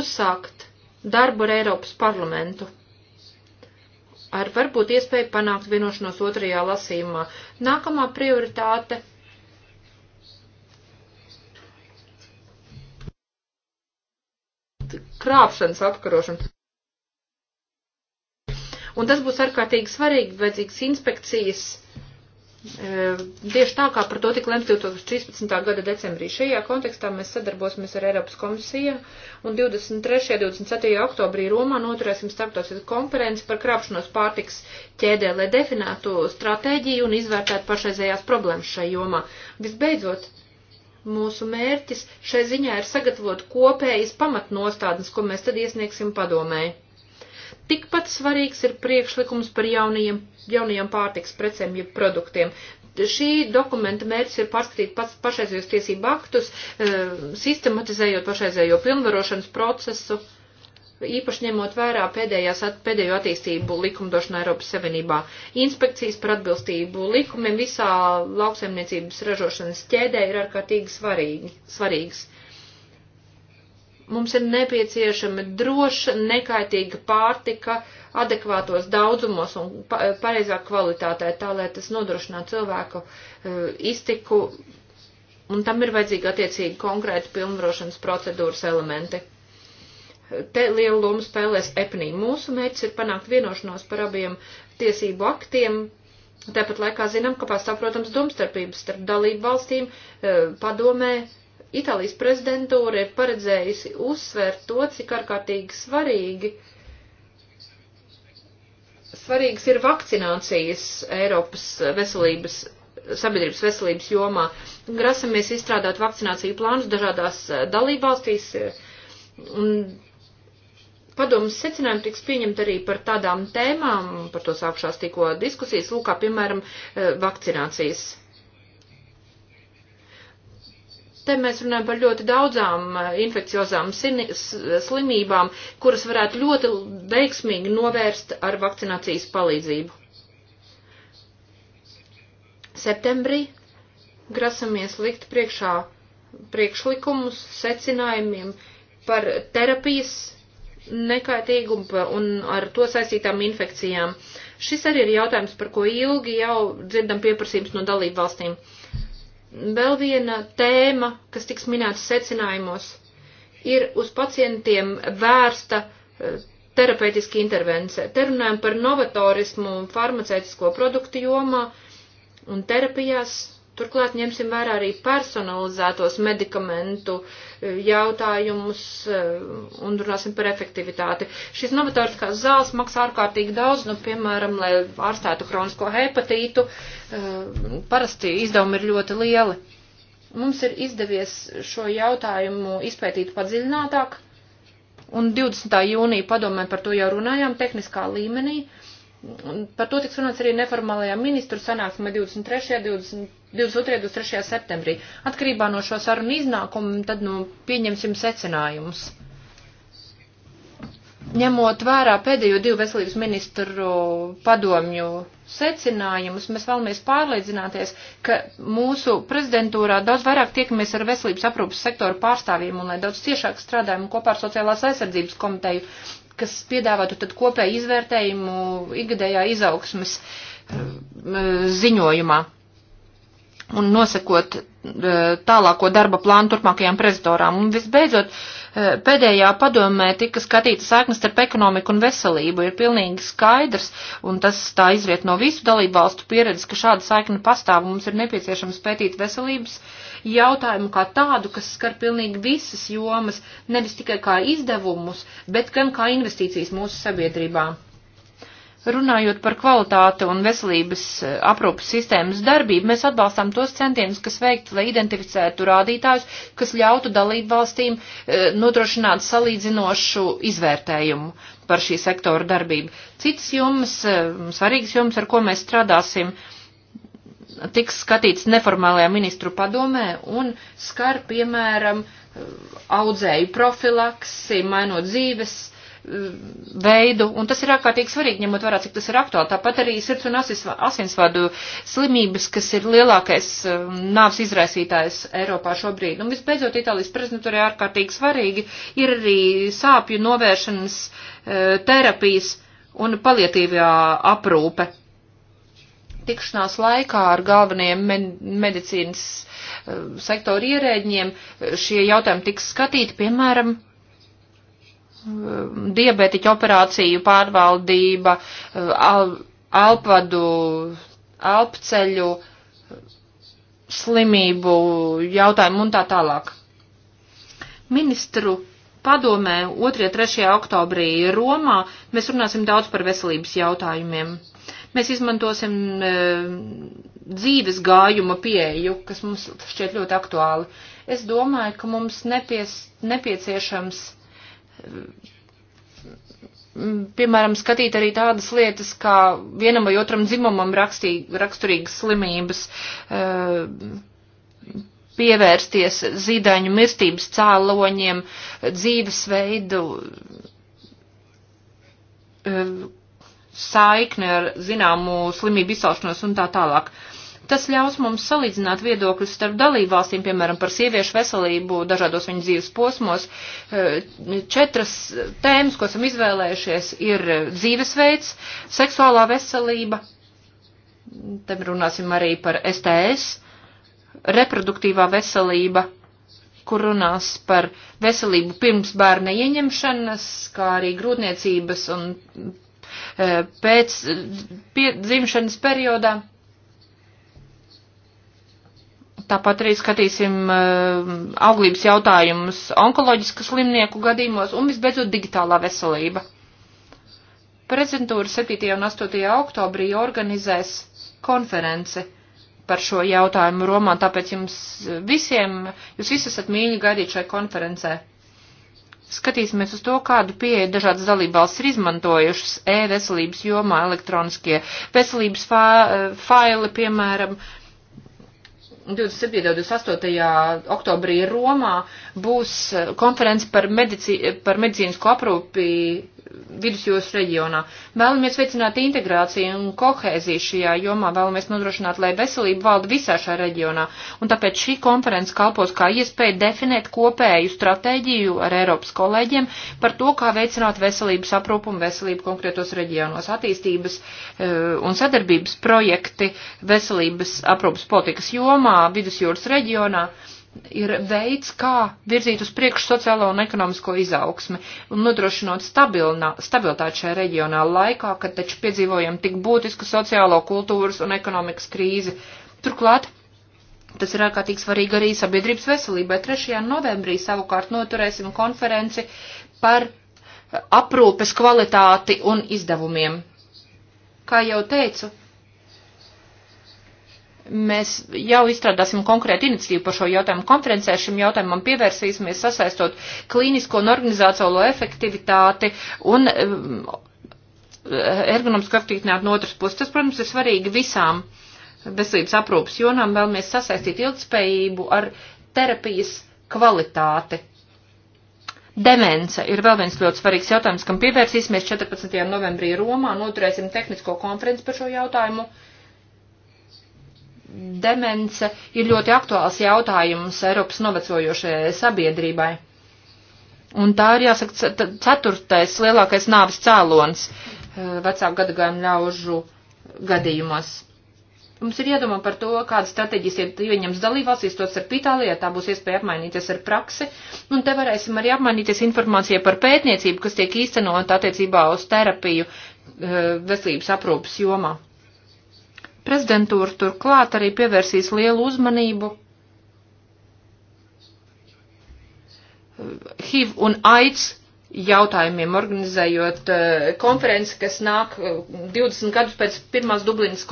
uzsākt darbu ar Eiropas parlamentu. Ar varbūt iespēju panākt vienošanos otrajā lasījumā. Nākamā prioritāte krāpšanas apkarošana. Un tas būs ārkārtīgi svarīgi, vajadzīgas inspekcijas. E, tieši tā kā par to tika lemts 2013. gada decembrī. Šajā kontekstā mēs sadarbosimies ar Eiropas komisiju un 23. un 27. oktobrī Romā noturēsim starptautisku konferenci par krāpšanos pārtiks ķēdē, lai definētu stratēģiju un izvērtētu pašreizējās problēmas šai jomā. Visbeidzot, mūsu mērķis šai ziņā ir sagatavot kopējas pamatnostādnes, ko mēs tad iesniegsim padomēji Tikpat svarīgs ir priekšlikums par jaunajiem, jaunajiem pārtiks precēm, jeb produktiem šī dokumenta mērķis ir pārskatīt pašreizējos tiesību aktus, eh, sistematizējot pašreizējo pilnvarošanas procesu, īpaši ņemot vērā pēdējās, pēdējo attīstību likumdošanā Eiropas Savienībā, inspekcijas par atbilstību likumiem visā lauksaimniecības ražošanas ķēdē ir ārkārtīgi svarīgi, svarīgs. svarīgs Mums ir nepieciešama droša, nekaitīga pārtika adekvātos daudzumos un pareizā kvalitātē, tā lai tas nodrošinātu cilvēku e, iztiku, un tam ir vajadzīgi attiecīgi konkrēti pilnvarošanas procedūras elementi. Te lielu lomu spēlēs EPNI. Mūsu mērķis ir panākt vienošanos par abiem tiesību aktiem, Tāpat laikā zinām, ka pastāv, protams, domstarpības starp dalību valstīm, e, padomē Itālijas prezidentūra ir paredzējusi uzsvērt to, cik ārkārtīgi svarīgi svarīgas ir vakcinācijas Eiropas veselības, sabiedrības veselības jomā. Grasamies izstrādāt vakcināciju plānus dažādās eh, dalībvalstīs. Eh, padomas secinājumi tiks pieņemti arī par tādām tēmām, par to sākšās tikko diskusijas, lūkā, piemēram, eh, vakcinācijas Te mēs runājam par ļoti daudzām eh, infekciozām slimībām, kuras varētu ļoti veiksmīgi novērst ar vakcinācijas palīdzību. Septembrī grasamies likt priekšā priekšlikumus secinājumiem par terapijas nekaitīgumu un ar to saistītām infekcijām. Šis arī ir jautājums, par ko ilgi jau dzirdam pieprasījums no dalību valstīm. Uh, Vēl viena tēma, kas tiks minēta secinājumos, ir uz pacientiem vērsta eh, terapeitiska intervence. Te runājam par novatorismu farmaceitisko produktu jomā un terapijās. Turklāt ņemsim vērā arī personalizētos medikamentu uh, jautājumus eh, un runāsim par efektivitāti. Šis novatoriskās zāles maksā ārkārtīgi daudz, nu, piemēram, lai ārstātu kronisko hepatītu, eh, nu, parasti izdevumi ir ļoti lieli. Mums ir izdevies šo jautājumu izpētīt padziļinātāk, un 20. jūnija padomē par to jau runājām tehniskā līmenī. Uh, Par to tiks runāts arī neformālajā ministru sanāksmē 23. 20, 22. 23. septembrī. Atkarībā no šo sarunu iznākumu, tad nu, pieņemsim secinājumus. Ņemot vērā pēdējo divu veselības ministru padomju secinājumus, mēs vēlamies pārliecināties, ka mūsu prezidentūrā daudz vairāk tiekamies ar veselības aprūpas sektoru pārstāvjiem un lai daudz ciešāk strādājam kopā ar sociālās aizsardzības komiteju, kas piedāvātu tad kopēju izvērtējumu ikgadējā izaugsmas ziņojumā un nosakot tālāko darba plānu turpmākajām prezitorām. Un visbeidzot, uh, Eh, pēdējā padomē tika skatīta saknes starp ekonomiku un veselību, ir pilnīgi skaidrs, un tas tā izriet no visu dalībvalstu pieredzes, ka šāda saikne pastāv, mums ir nepieciešams pētīt veselības jautājumu kā tādu, kas skar pilnīgi visas jomas, nevis tikai kā izdevumus, bet gan kā investīcijas mūsu sabiedrībā. Runājot par kvalitāti un veselības eh, aprūpas sistēmas darbību, mēs atbalstām tos centienus, kas veikts, lai identificētu rādītājus, kas ļautu dalību valstīm eh, nodrošināt salīdzinošu izvērtējumu par šī sektora darbību. Cits jums, eh, svarīgs jums, ar ko mēs strādāsim, tiks skatīts neformālajā ministru padomē un skar, piemēram, audzēju profilaksi, mainot dzīves Eh, veidu, un tas ir ārkārtīgi svarīgi, ņemot vērā, cik tas ir aktuāli. Tāpat arī sirds un asis, asinsvadu slimības, kas ir lielākais eh, nāvs izraisītājs Eiropā šobrīd. Un visbeidzot, Itālijas prezidentūrai ārkārtīgi svarīgi ir arī sāpju novēršanas eh, terapijas un palietīvā aprūpe tikšanās laikā ar galvenajiem medicīnas sektoru ierēģiem šie jautājumi tiks skatīti, piemēram, Ehm, diabetiķu operāciju pārvaldība, ehm, al, alpvadu, alpceļu, slimību jautājumu un tā tālāk. Ministru padomē 2.3. oktobrī Romā mēs runāsim daudz par veselības jautājumiem. Mēs izmantosim e, dzīves gājuma pieeju, kas mums šķiet ļoti aktuāli. Es domāju, ka mums nepies, nepieciešams piemēram, skatīt arī tādas lietas, kā vienam vai otram dzimumam rakstī, raksturīgas slimības, eh, pievērsties zīdaiņu mirstības cēloņiem, dzīvesveidu eh, saikni ar zināmu slimību izcelšanos un tā tālāk. Uh, Tas ļaus mums salīdzināt viedokļus starp dalībvalstīm, piemēram, par sieviešu veselību dažādos viņas dzīves posmos. E, četras tēmas, ko esam izvēlējušies, ir dzīvesveids, seksuālā veselība, tad runāsim arī par STS, reproduktīvā veselība, kur runās par veselību pirms bērna ieņemšanas, kā arī grūtniecības un e, pēc dzimšanas periodā Tāpat arī skatīsim uh, auglības jautājumus onkoloģiskas slimnieku gadījumos un visbeidzot digitālā veselība. Prezentūra 7. un 8. oktobrī organizēs konferenci par šo jautājumu Romā, tāpēc jums visiem, jūs visi esat mīļi gaidīt šai konferencē. Skatīsimies uz to, kādu pieeju dažādas dalībvalstis ir izmantojušas e-veselības jomā elektroniskie veselības faili, piemēram, uh, 27. un 28. oktobrī Romā būs eh, konference par, medici, par medicīnisko aprūpi vidusjūras reģionā. Vēlamies veicināt integrāciju un kohēziju šajā jomā, vēlamies nodrošināt, lai veselība valda visā šajā reģionā. Un tāpēc šī konference kalpos kā iespēja definēt kopēju stratēģiju ar Eiropas kolēģiem par to, kā veicināt veselības aprūpu un veselību konkrētos reģionos, attīstības eh, un sadarbības projekti veselības aprūpas politikas jomā, vidusjūras reģionā. Uh, ir veids, kā virzīt uz priekšu sociālo un ekonomisko izaugsmi un nodrošinot stabilnā, stabilitāti šajā reģionā laikā, kad taču piedzīvojam tik būtisku sociālo kultūras un ekonomikas krīzi. Turklāt Tas ir ārkārtīgi svarīgi arī sabiedrības veselībai. 3. novembrī savukārt noturēsim konferenci par aprūpes kvalitāti un izdevumiem. Kā jau teicu, Mēs jau izstrādāsim konkrētu iniciatīvu par šo jautājumu konferencē, šim jautājumam pievērsīsimies, sasaistot klīnisko un organizāciju efektivitāti un eh, ergonomisku aktivitāti no otras puses. Tas, protams, ir svarīgi visām veselības aprūpas jonām, vēlamies sasaistīt ilgspējību ar terapijas kvalitāti. Demence ir vēl viens ļoti svarīgs jautājums, kam pievērsīsimies 14. novembrī Romā, noturēsim tehnisko konferenci par šo jautājumu. Uh, demence ir ļoti aktuāls jautājums Eiropas novecojošajai sabiedrībai. Un tā ir jāsaka ceturtais lielākais nāves cēlons eh, vecāku gadagājumu ļaužu gadījumos. Mums ir jādomā par to, kādas strateģijas ir ieņems dalībvalstīs, to starp Itālijā, tā būs iespēja apmainīties ar praksi, un te varēsim arī apmainīties informācija par pētniecību, kas tiek īstenot attiecībā uz terapiju eh, veselības aprūpas jomā. Prezidentūra turklāt arī pievērsīs lielu uzmanību eh, HIV un AIDS jautājumiem, organizējot eh, konferenci, kas nāk 20 eh, gadus pēc pirmās Dublinas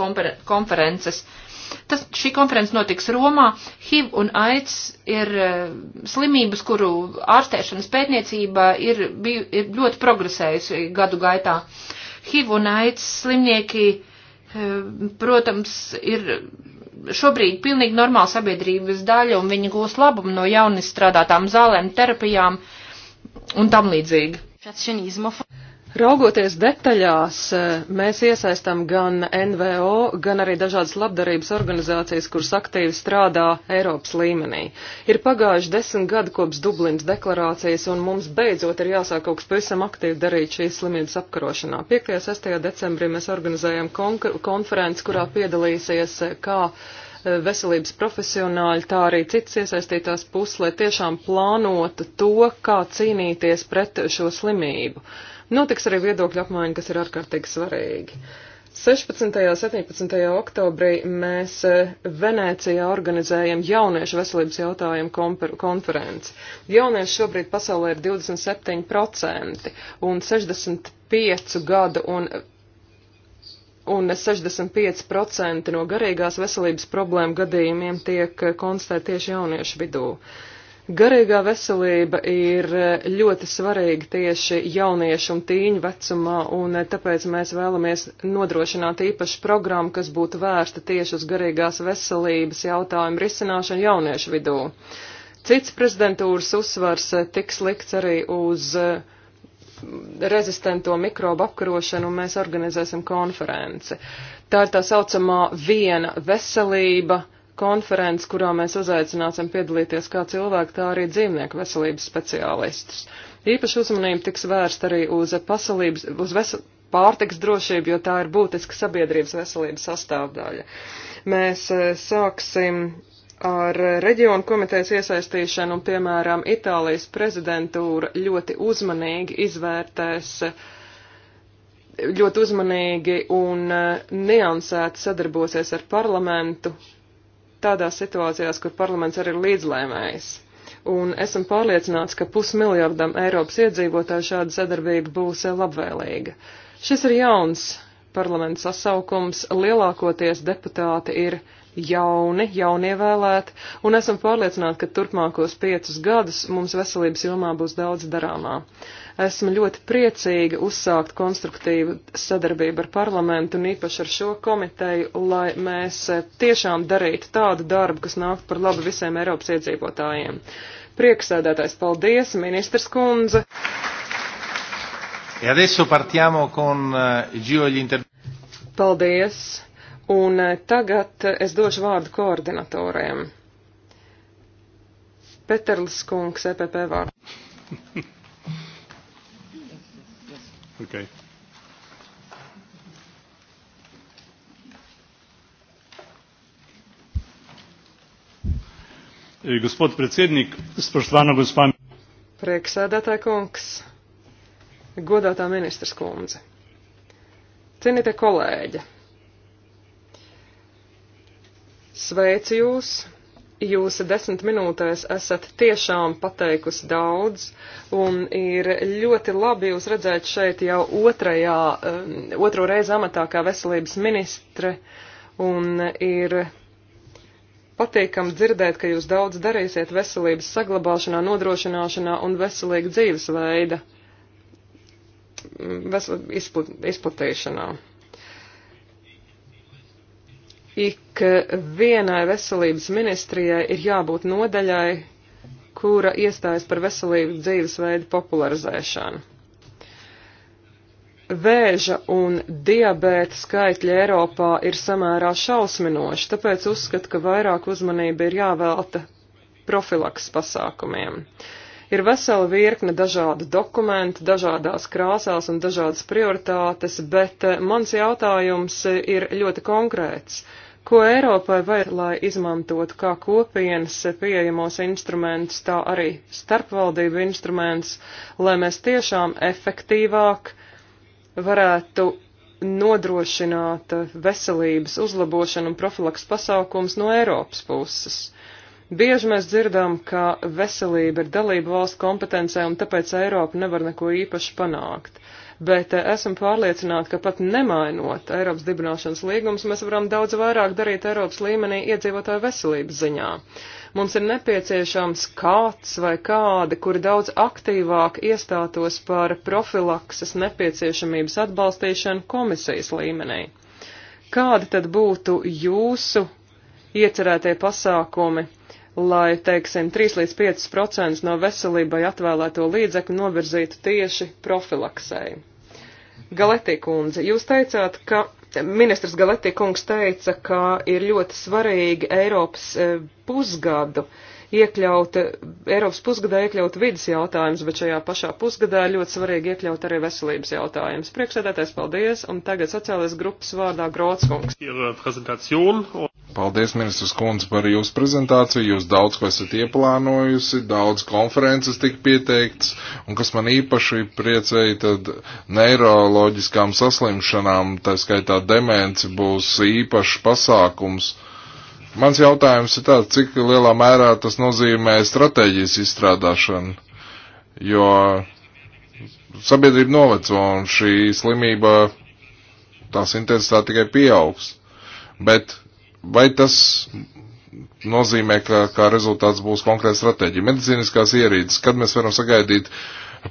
konferences. Tas, šī konference notiks Romā. HIV un AIDS ir slimības, kuru ārstēšanas pētniecība ir, bij, ir ļoti progresējusi gadu gaitā. HIV un AIDS slimnieki uh, Ehm, protams, ir šobrīd pilnīgi normāla sabiedrības daļa, un viņi gūs labumu no jaunizstrādātām zālēm, terapijām un tam līdzīgi. Raugoties detaļās, e, mēs iesaistam gan NVO, gan arī dažādas labdarības organizācijas, kuras aktīvi strādā Eiropas līmenī. Ir pagājuši desmit gadi kopš Dublinas deklarācijas, un mums beidzot ir jāsāk kaut kas pavisam aktīvi darīt šīs slimības apkarošanā. 5. un 6. decembrī mēs organizējam konferenci, kurā piedalīsies e, kā e, veselības profesionāļi, tā arī citas iesaistītās puses, lai tiešām plānotu to, kā cīnīties pret šo slimību. Notiks arī viedokļu apmaiņa, kas ir ārkārtīgi svarīgi. 16. un 17. oktobrī mēs e, Venēcijā organizējam jauniešu veselības jautājumu konferenci. Jaunieši šobrīd pasaulē ir 27% un 65 gadu un un 65% no garīgās veselības problēmu gadījumiem tiek e, konstatēti tieši jauniešu vidū. Uh, Garīgā veselība ir eh, ļoti svarīga tieši jauniešu un tīņu vecumā, un eh, tāpēc mēs vēlamies nodrošināt īpašu programmu, kas būtu vērsta tieši uz garīgās veselības jautājumu risināšanu jauniešu vidū. Cits prezidentūras uzsvars eh, tiks likts arī uz rezistento mikrobu apkarošanu, un mēs organizēsim konferenci. Tā ir tā saucamā viena veselība konferences, kurā mēs uzaicināsim piedalīties kā cilvēku, tā arī dzīvnieku veselības speciālistus. Īpaši uzmanība tiks vērsta arī uz, pasalības, uz vesel, pārtiks drošību, jo tā ir būtiska sabiedrības veselības sastāvdaļa. Mēs eh, sāksim ar reģionu komitejas iesaistīšanu un, piemēram, Itālijas prezidentūra ļoti uzmanīgi izvērtēs ļoti uzmanīgi un eh, niansēti sadarbosies ar parlamentu, tādās situācijās, kur parlaments arī ir līdzlēmējs. Un esam pārliecināts, ka pusmiljardam Eiropas iedzīvotāju šāda sadarbība būs labvēlīga. Šis ir jauns parlaments sasaukums, lielākoties deputāti ir jauni, jaunievēlēti, un esam pārliecināti, ka turpmākos piecus gadus mums veselības jomā būs daudz darāmā. Esmu ļoti priecīga uzsākt konstruktīvu sadarbību ar parlamentu un īpaši ar šo komiteju, lai mēs eh, tiešām darītu tādu darbu, kas nāk par labu visiem Eiropas iedzīvotājiem. Prieksēdētājs, paldies, ministrs kundze! E adesso partiamo con uh, il giro degli interventi. Paldies! Un eh, tagad eh, es došu vārdu koordinatoriem. Peterlis Kungs, EPP vārdu. okay. Eh, gospod predsednik, spoštovana gospa. Prieksēdētāja kungs, godātā ministrs kundze, cienītie kolēģi, Sveicu jūs! Jūs desmit minūtēs esat tiešām pateikusi daudz, un ir ļoti labi jūs redzēt šeit jau otrajā, um, otro reizi amatā kā veselības ministre, un ir Patīkam dzirdēt, ka jūs daudz darīsiet veselības saglabāšanā, nodrošināšanā un veselīga dzīvesveida mm, Vesel... izpl... izplatīšanā. Ik vienai veselības ministrijai ir jābūt nodaļai, kura iestājas par veselīgu dzīvesveidu popularizēšanu. Vēža un diabēta skaitļi Eiropā ir samērā šausminoši, tāpēc uzskatu, ka vairāk uzmanība ir jāvelta profilaks pasākumiem. Ir vesela virkne dažādu dokumentu, dažādās krāsās un dažādas prioritātes, bet eh, mans jautājums eh, ir ļoti konkrēts ko Eiropai vajag, lai izmantotu kā kopienas pieejamos instrumentus, tā arī starpvaldību instrumentus, lai mēs tiešām efektīvāk varētu nodrošināt veselības uzlabošanu un profilaks pasākums no Eiropas puses. Bieži mēs dzirdam, ka veselība ir dalība valsts kompetencē un tāpēc Eiropa nevar neko īpaši panākt bet eh, esam pārliecināti, ka pat nemainot Eiropas dibināšanas līgumus, mēs varam daudz vairāk darīt Eiropas līmenī iedzīvotāju veselības ziņā. Mums ir nepieciešams kāds vai kādi, kuri daudz aktīvāk iestātos par profilakses nepieciešamības atbalstīšanu komisijas līmenī. Kādi tad būtu jūsu iecerētie pasākumi? lai, teiksim, 3 līdz 5% no veselībai atvēlēto līdzekļu novirzītu tieši profilaksēji. Galetī kundze, jūs teicāt, ka ministrs Galetī kungs teica, ka ir ļoti svarīgi Eiropas eh, pusgadu uh, iekļaut, Eiropas pusgadā iekļaut vidas jautājumus, bet šajā pašā pusgadā ļoti svarīgi iekļaut arī veselības jautājumus. Priekšsēdētājs paldies, un tagad sociālais grupas vārdā Grotskungs. Paldies, ministrs Kunds, par jūsu prezentāciju. Jūs daudz ko esat ieplānojusi, daudz konferences tika pieteikts, un kas man īpaši priecēja, tad neiroloģiskām saslimšanām, tā skaitā demenci, būs īpašs pasākums Mans jautājums ir tāds, cik lielā mērā tas nozīmē stratēģijas izstrādāšanu, jo sabiedrība noveco un šī slimība, tās intensitāte tikai pieaugs. Bet vai tas nozīmē, ka kā rezultāts būs konkrēta stratēģija? Medicīniskās ierīces, kad mēs varam sagaidīt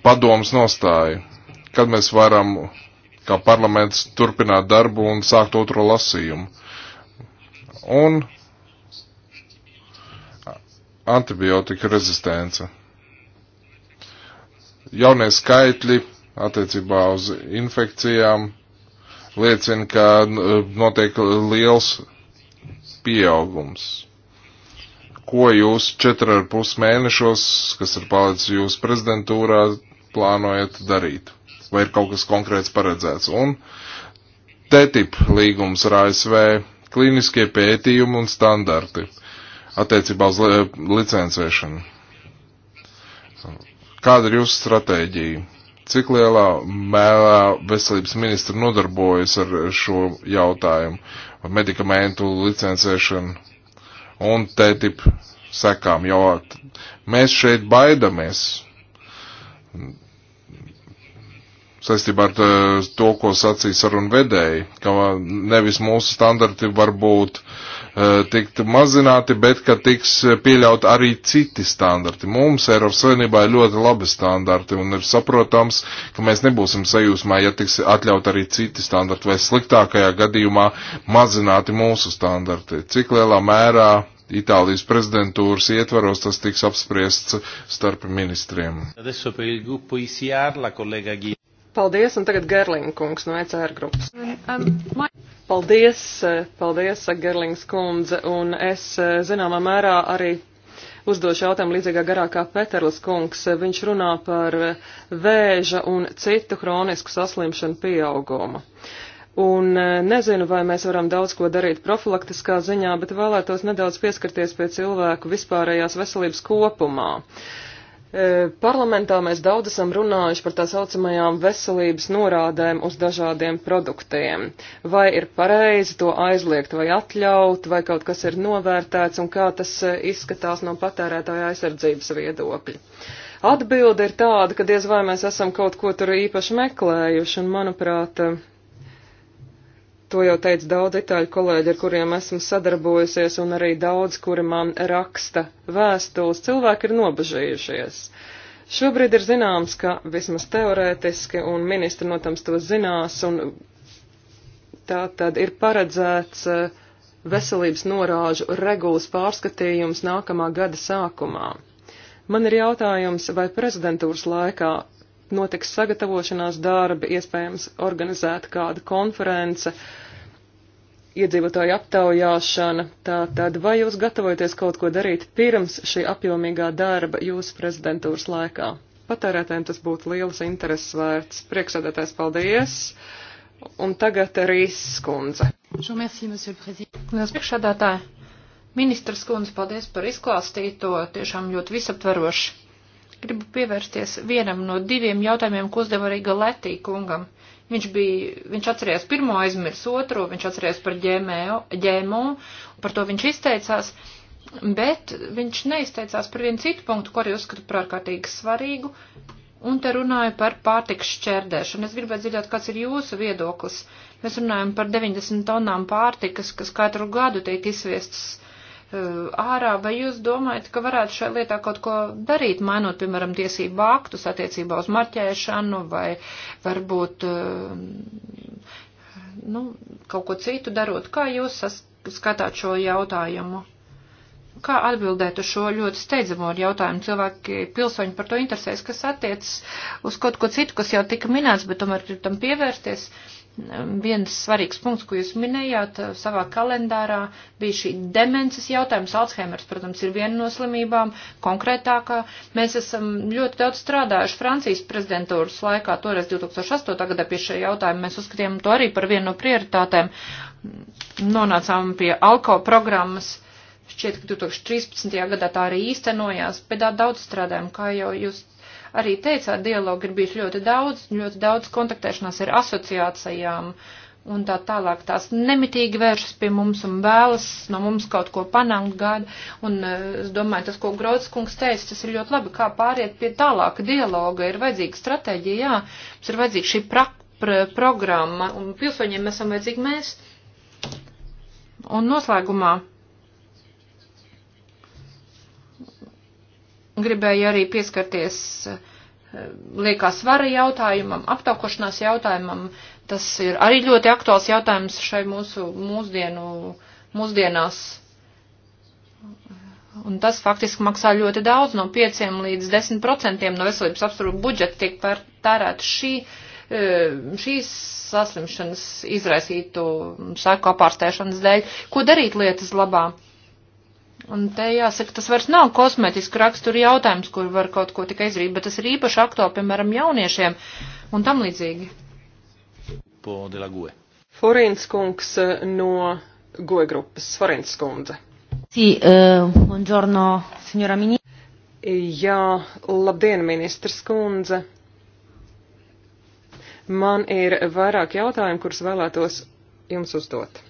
padomus nostāju, kad mēs varam kā parlaments turpināt darbu un sākt otro lasījumu. Un antibiotika rezistence. Jaunie skaitļi attiecībā uz infekcijām liecina, ka notiek liels pieaugums. Ko jūs 4,5 mēnešos, kas ir palicis jūsu prezidentūrā, plānojat darīt? Vai ir kaut kas konkrēts paredzēts? Un TTIP līgums ar ASV, klīniskie pētījumi un standarti attiecībā uz licencēšanu. Kāda ir jūsu stratēģija? Cik lielā mērā veselības ministra nodarbojas ar šo jautājumu, medikamentu licencēšanu un tētip sekām, jo mēs šeit baidamies saistībā ar eh, to, ko sacīja sarunu vedēji, ka nevis mūsu standarti var būt Eh, tiktu mazināti, bet ka tiks pieļaut arī citi standarti. Mums Eiropas Savienībā ir ļoti labi standarti un ir saprotams, ka mēs nebūsim sajūsmā, ja tiks atļaut arī citi standarti vai sliktākajā gadījumā mazināti mūsu standarti. Cik lielā mērā Itālijas prezidentūras ietvaros tas tiks apspriests starp ministriem. Paldies, un tagad Gerlinga kungs no ECR grupas. Um, paldies, eh, paldies, saka Gerlings kundze, un es eh, zināmā mērā arī uzdošu jautājumu līdzīgā garā kā Peterlis kungs. Viņš runā par eh, vēža un citu hronisku saslimšanu pieaugumu. Un nezinu, vai mēs varam daudz ko darīt profilaktiskā ziņā, bet vēlētos nedaudz pieskarties pie cilvēku vispārējās veselības kopumā. Uh, E, parlamentā mēs daudz esam runājuši par tā saucamajām veselības norādēm uz dažādiem produktiem. Vai ir pareizi to aizliegt vai atļaut, vai kaut kas ir novērtēts un kā tas e, izskatās no patērētāja aizsardzības viedokļa. Atbilde ir tāda, ka diez vai mēs esam kaut ko tur īpaši meklējuši un, manuprāt, e, To jau teica daudz itāļu kolēģi, ar kuriem esmu sadarbojusies, un arī daudz, kuri man raksta vēstules. Cilvēki ir nobežījušies. Šobrīd ir zināms, ka vismaz teorētiski, un ministri notams to zinās, un tā tad ir paredzēts eh, veselības norāžu regulas pārskatījums nākamā gada sākumā. Man ir jautājums, vai prezidentūras laikā notiks sagatavošanās darbi, iespējams organizēta kāda konference, iedzīvotāju aptaujāšana. Tātad, vai jūs gatavojaties kaut ko darīt pirms šī apjomīgā darba jūsu prezidentūras laikā? Patērētājiem tas būtu liels intereses vērts. Priekšsēdētājs, paldies! Un tagad Rīs skundze. Lielas priekšsēdētāji, ministra skundze, paldies par izklāstīto, tiešām ļoti visaptveroši. Gribu pievērsties vienam no diviem jautājumiem, ko uzdeva arī Galetī kungam. Uh, Viņš, bija, viņš atcerējās pirmo, aizmirs otro, viņš atcerējās par ģēmēo, ģēmo, par to viņš izteicās, bet viņš neizteicās par vienu citu punktu, ko arī uzskatu par ārkārtīgi svarīgu, un te runāju par pārtikas šķērdēšanu. Es gribētu dzirdēt, kāds ir jūsu viedoklis. Mēs runājam par 90 tonām pārtikas, kas katru gadu tiek izviestas Uh, ārā, vai jūs domājat, ka varētu šajā lietā kaut ko darīt, mainot, piemēram, tiesību aktus attiecībā uz marķēšanu vai varbūt, uh, nu, kaut ko citu darot? Kā jūs skatāt šo jautājumu? Kā atbildēt uz šo ļoti steidzamo jautājumu? Cilvēki, pilsoņi par to interesēs, kas attiecas uz kaut ko citu, kas jau tika minēts, bet tomēr grib tam pievērsties. Uh, viens svarīgs punkts, ko jūs minējāt uh, savā kalendārā, bija šī demences jautājums. Alzheimers, protams, ir viena no slimībām konkrētākā. Mēs esam ļoti daudz strādājuši Francijas prezidentūras laikā, toreiz 2008. gadā pie šī jautājuma. Mēs uzskatījām to arī par vienu no prioritātēm. Nonācām pie alko programmas. Šķiet, ka 2013. gadā tā arī īstenojās, bet tā daudz strādājām, kā jau jūs arī teicāt, dialogu ir bijis ļoti daudz, ļoti daudz kontaktēšanās ar asociācijām un tā tālāk tās nemitīgi vēršas pie mums un vēlas no mums kaut ko panākt gadu. Un eh, es domāju, tas, ko Grods kungs teica, tas ir ļoti labi, kā pāriet pie tālāka dialoga. Ir vajadzīga stratēģija, jā, mums ir vajadzīga šī pra, pra, programma un pilsoņiem esam vajadzīgi mēs. Un noslēgumā gribēju arī pieskarties eh, liekā svara jautājumam, aptaukošanās jautājumam. Tas ir arī ļoti aktuāls jautājums šai mūsu mūsdienu, mūsdienās. Un tas faktiski maksā ļoti daudz, no 5 līdz 10 procentiem no veselības apsardzes budžeta tiek tērēta šī, eh, šīs saslimšanas izraisītu seku apārstēšanas dēļ. Ko darīt lietas labā? Un te jāsaka, tas vairs nav kosmētiski rakstura jautājums, kur var kaut ko tikai izrīt, bet tas ir īpaši aktuāli, piemēram, jauniešiem un tam līdzīgi. E. Forins kungs eh, no goja e grupas. Forins kundze. Sì, uh, eh, buongiorno, signora ministra. Jā, labdien, ministrs kundze. Man ir vairāk jautājumu, kurus vēlētos jums uzdot.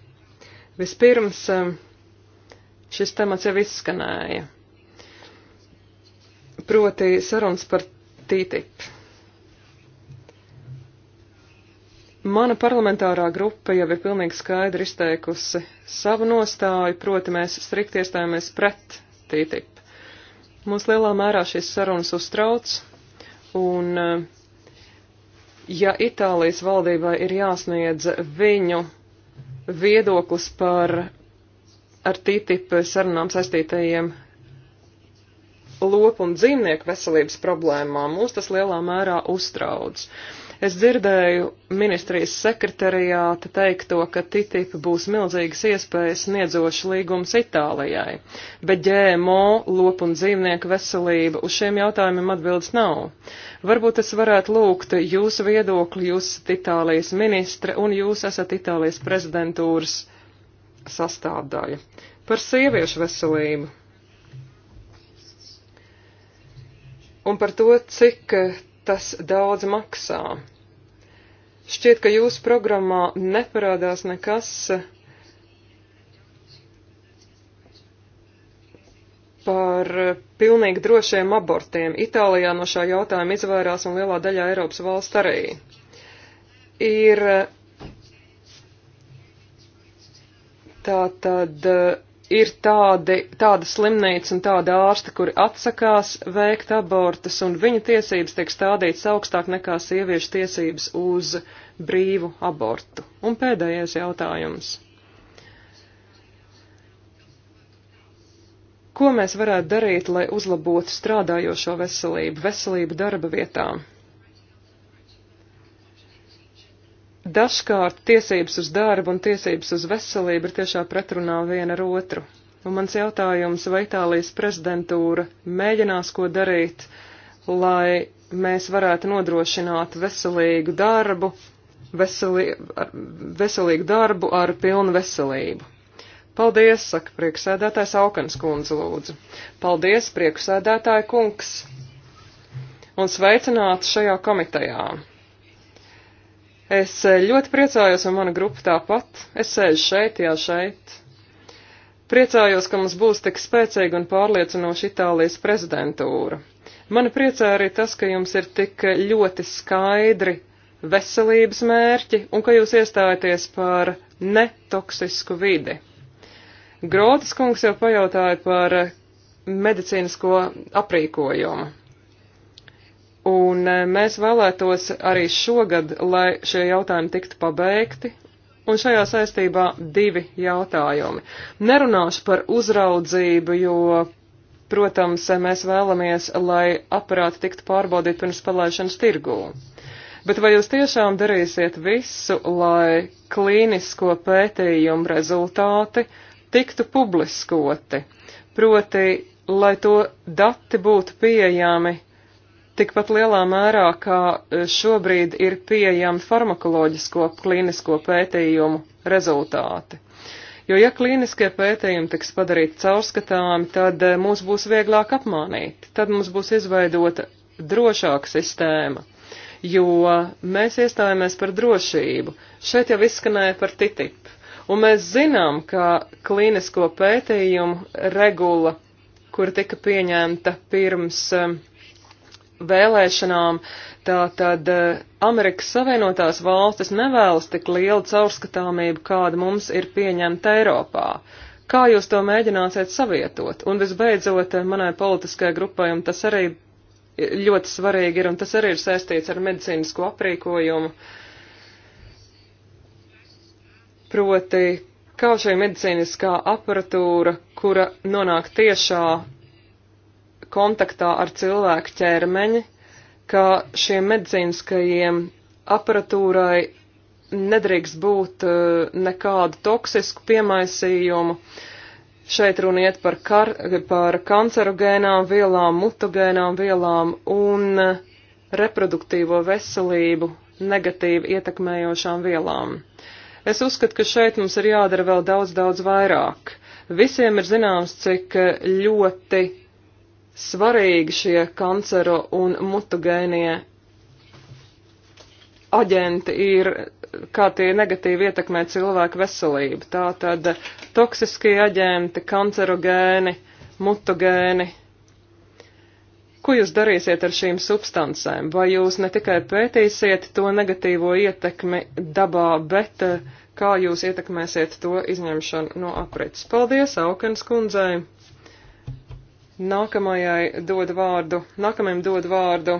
Vispirms, uh, šis temats jau izskanēja. Proti sarunas par TTIP. Mana parlamentārā grupa jau ir pilnīgi skaidri izteikusi savu nostāju, proti mēs strikt iestājāmies pret TTIP. Mums lielā mērā šīs sarunas uztrauc, un eh, ja Itālijas valdībai ir jāsniedz viņu viedoklis par ar TTIP sarunām saistītajiem lopu un dzīvnieku veselības problēmām mūs tas lielā mērā uztrauc. Es dzirdēju ministrijas sekretariāta teikto, ka TTIP būs milzīgas iespējas sniedzoši līgums Itālijai, bet GMO, lopu un dzīvnieku veselība uz šiem jautājumiem atbildes nav. Varbūt es varētu lūgt jūsu viedokli, jūs esat Itālijas ministre un jūs esat Itālijas prezidentūras sastāvdaļa. Par sieviešu veselību. Un par to, cik eh, tas daudz maksā. Šķiet, ka jūsu programmā neparādās nekas eh, par eh, pilnīgi drošiem abortiem. Itālijā no šā jautājuma izvairās un lielā daļā Eiropas valsts arī. Ir Tā tad eh, ir tādi, tāda slimnīca un tāda ārsta, kuri atsakās veikt abortus, un viņa tiesības tiek stādītas augstāk nekā sieviešu tiesības uz brīvu abortu. Un pēdējais jautājums. Ko mēs varētu darīt, lai uzlabotu strādājošo veselību, veselību darba vietām? dažkārt tiesības uz darbu un tiesības uz veselību ir tiešā pretrunā viena ar otru. Un mans jautājums, vai Itālijas prezidentūra mēģinās ko darīt, lai mēs varētu nodrošināt veselīgu darbu, veseli, veselīgu darbu ar pilnu veselību? Paldies, saka prieksēdētājs Aukans kundze lūdzu. Paldies, prieksēdētāja kungs. Un sveicināt šajā komitejā. Es ļoti priecājos, un mana grupa tāpat. Es sēžu šeit, jā, šeit. Priecājos, ka mums būs tik spēcīga un pārliecinoša Itālijas prezidentūra. Mani priecē arī tas, ka jums ir tik ļoti skaidri veselības mērķi un ka jūs iestājaties par netoksisku vidi. Grotas kungs jau pajautāja par medicīnisko aprīkojumu. Un eh, mēs vēlētos arī šogad, lai šie jautājumi tiktu pabeigti. Un šajā saistībā divi jautājumi. Nerunāšu par uzraudzību, jo, protams, mēs vēlamies, lai aparāti tiktu pārbaudīti pirms palaišanas tirgū. Bet vai jūs tiešām darīsiet visu, lai klīnisko pētījumu rezultāti tiktu publiskoti? Proti, lai to dati būtu pieejami tikpat lielā mērā, kā e, šobrīd ir pieejami farmakoloģisko klīnisko pētījumu rezultāti. Jo, ja klīniskie pētījumi tiks padarīti caurskatāmi, tad e, mūs būs vieglāk apmānīt, tad mums būs izveidota drošāka sistēma, jo mēs iestājāmies par drošību. Šeit jau izskanēja par TTIP, un mēs zinām, ka klīnisko pētījumu regula, kur tika pieņemta pirms um, vēlēšanām, tātad eh, Amerikas Savienotās valstis nevēlas tik lielu caurskatāmību, kāda mums ir pieņemta Eiropā. Kā jūs to mēģināsiet savietot? Un visbeidzot, eh, manai politiskajai grupai, un tas arī ļoti svarīgi ir, un tas arī ir saistīts ar medicīnisko aprīkojumu, proti, kā šī medicīniskā aparatūra, kura nonāk tiešā kontaktā ar cilvēku ķermeņi, ka šiem medicīniskajiem aparatūrai nedrīkst būt eh, nekādu toksisku piemaisījumu. Šeit runa iet par, kar, par kancerogēnām vielām, mutagēnām vielām un eh, reproduktīvo veselību negatīvi ietekmējošām vielām. Es uzskatu, ka šeit mums ir jādara vēl daudz, daudz vairāk. Visiem ir zināms, cik eh, ļoti svarīgi šie kancero un mutagēnie aģenti ir, kā tie negatīvi ietekmē cilvēku veselību. Tā tad toksiskie aģenti, kancerogēni, mutagēni. Ko jūs darīsiet ar šīm substancēm? Vai jūs ne tikai pētīsiet to negatīvo ietekmi dabā, bet eh, kā jūs ietekmēsiet to izņemšanu no aprits? Paldies, Aukens kundzei! Nākamajai dod vārdu, nākamajam dod vārdu.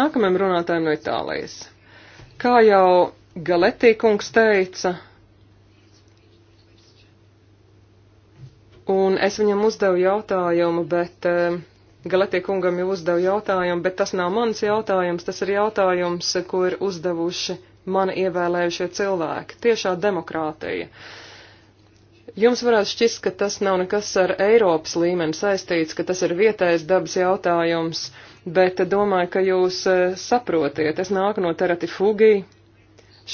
Nākamajam runātājam no Itālijas. Kā jau Galetī kungs teica, un es viņam uzdevu jautājumu, bet uh, eh, Galetī kungam jau uzdevu jautājumu, bet tas nav mans jautājums, tas ir jautājums, ko ir uzdevuši mani ievēlējušie cilvēki. Tiešā demokrātija. Uh, Jums varētu šķist, ka tas nav nekas ar Eiropas līmeni saistīts, ka tas ir vietējais dabas jautājums, bet domāju, ka jūs e, saprotiet. Es nāku no Terati Fugī,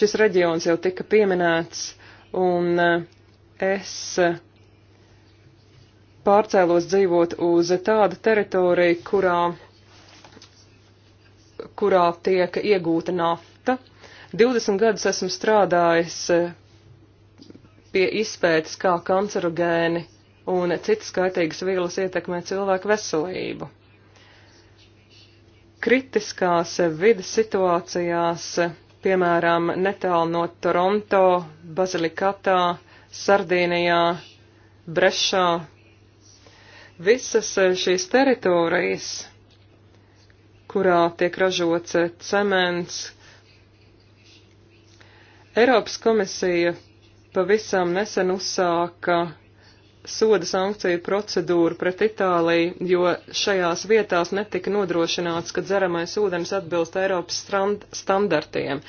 šis reģions jau tika pieminēts, un e, es e, pārcēlos dzīvot uz tādu teritoriju, kurā, kurā tiek iegūta nafta. 20 gadus esmu strādājis pie izpētes, kā kancerogēni un citas skaitīgas vielas ietekmē cilvēku veselību. Kritiskās vidas situācijās, piemēram, netālu no Toronto, Bazilikatā, Sardīnijā, Brešā, visas šīs teritorijas, kurā tiek ražots cements, Eiropas komisija pavisam nesen uzsāka soda sankciju procedūru pret Itāliju, jo šajās vietās netika nodrošināts, ka dzeramais ūdens atbilst Eiropas standartiem.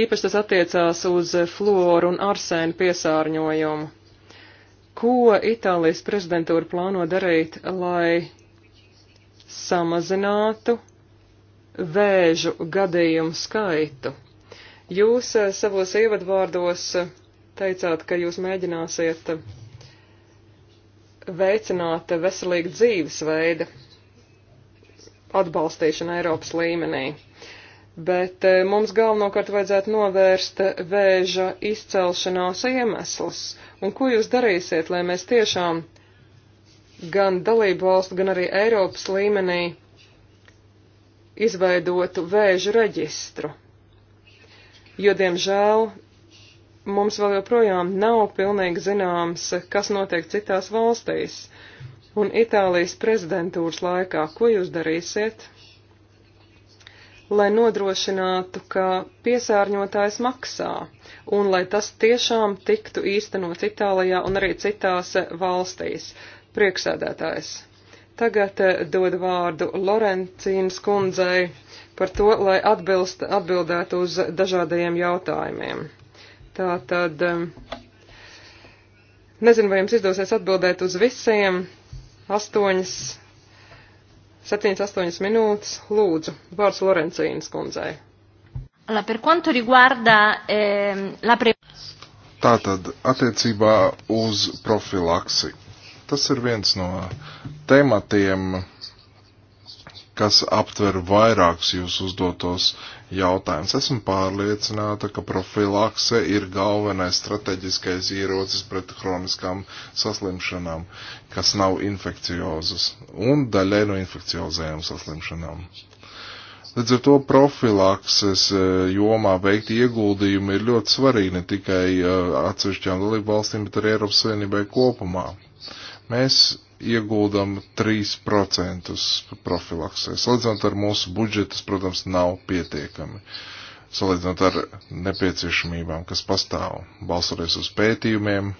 Īpaši tas attiecās uz floru un arsēnu piesārņojumu. Ko Itālijas prezidentūra plāno darīt, lai samazinātu vēžu gadījumu skaitu? Jūs eh, savos ievadvārdos teicāt, ka jūs mēģināsiet veicināt veselīgu dzīvesveidu atbalstīšanu Eiropas līmenī. Bet eh, mums galvenokārt vajadzētu novērst vēža izcelšanās iemeslus. Un ko jūs darīsiet, lai mēs tiešām gan dalību valstu, gan arī Eiropas līmenī izveidotu vēža reģistru? Jo, diemžēl, mums vēl joprojām nav pilnīgi zināms, kas notiek citās valstīs. Un Itālijas prezidentūras laikā, ko jūs darīsiet, lai nodrošinātu, ka piesārņotājs maksā, un lai tas tiešām tiktu īstenots Itālijā un arī citās valstīs? Prieksēdētājs. Tagad eh, dodu vārdu Lorencīnas kundzei par to, lai atbilst, atbildētu uz dažādajiem jautājumiem. Tā tad um, nezinu, vai jums izdosies atbildēt uz visiem. Astoņas, septiņas, astoņas minūtes. Lūdzu, vārds Lorencīnas kundzei. La per quanto riguarda eh, la pre... Tātad attiecībā uz profilaksi. Tas ir viens no tematiem, kas aptver vairākus jūs uzdotos jautājumus. Esmu pārliecināta, ka profilakse ir galvenais strateģiskais ierocis pret kroniskām saslimšanām, kas nav infekciozas un daļai no infekciozējām saslimšanām. Līdz ar to profilakses e, jomā veikt ieguldījumi ir ļoti svarīgi ne tikai e, atsevišķām dalību valstīm, bet arī Eiropas Savienībai kopumā. Mēs ieguldam 3% profilaksē. Salīdzinot ar mūsu budžetu, tas, protams, nav pietiekami. Salīdzinot ar nepieciešamībām, kas pastāv, balsoties uz pētījumiem,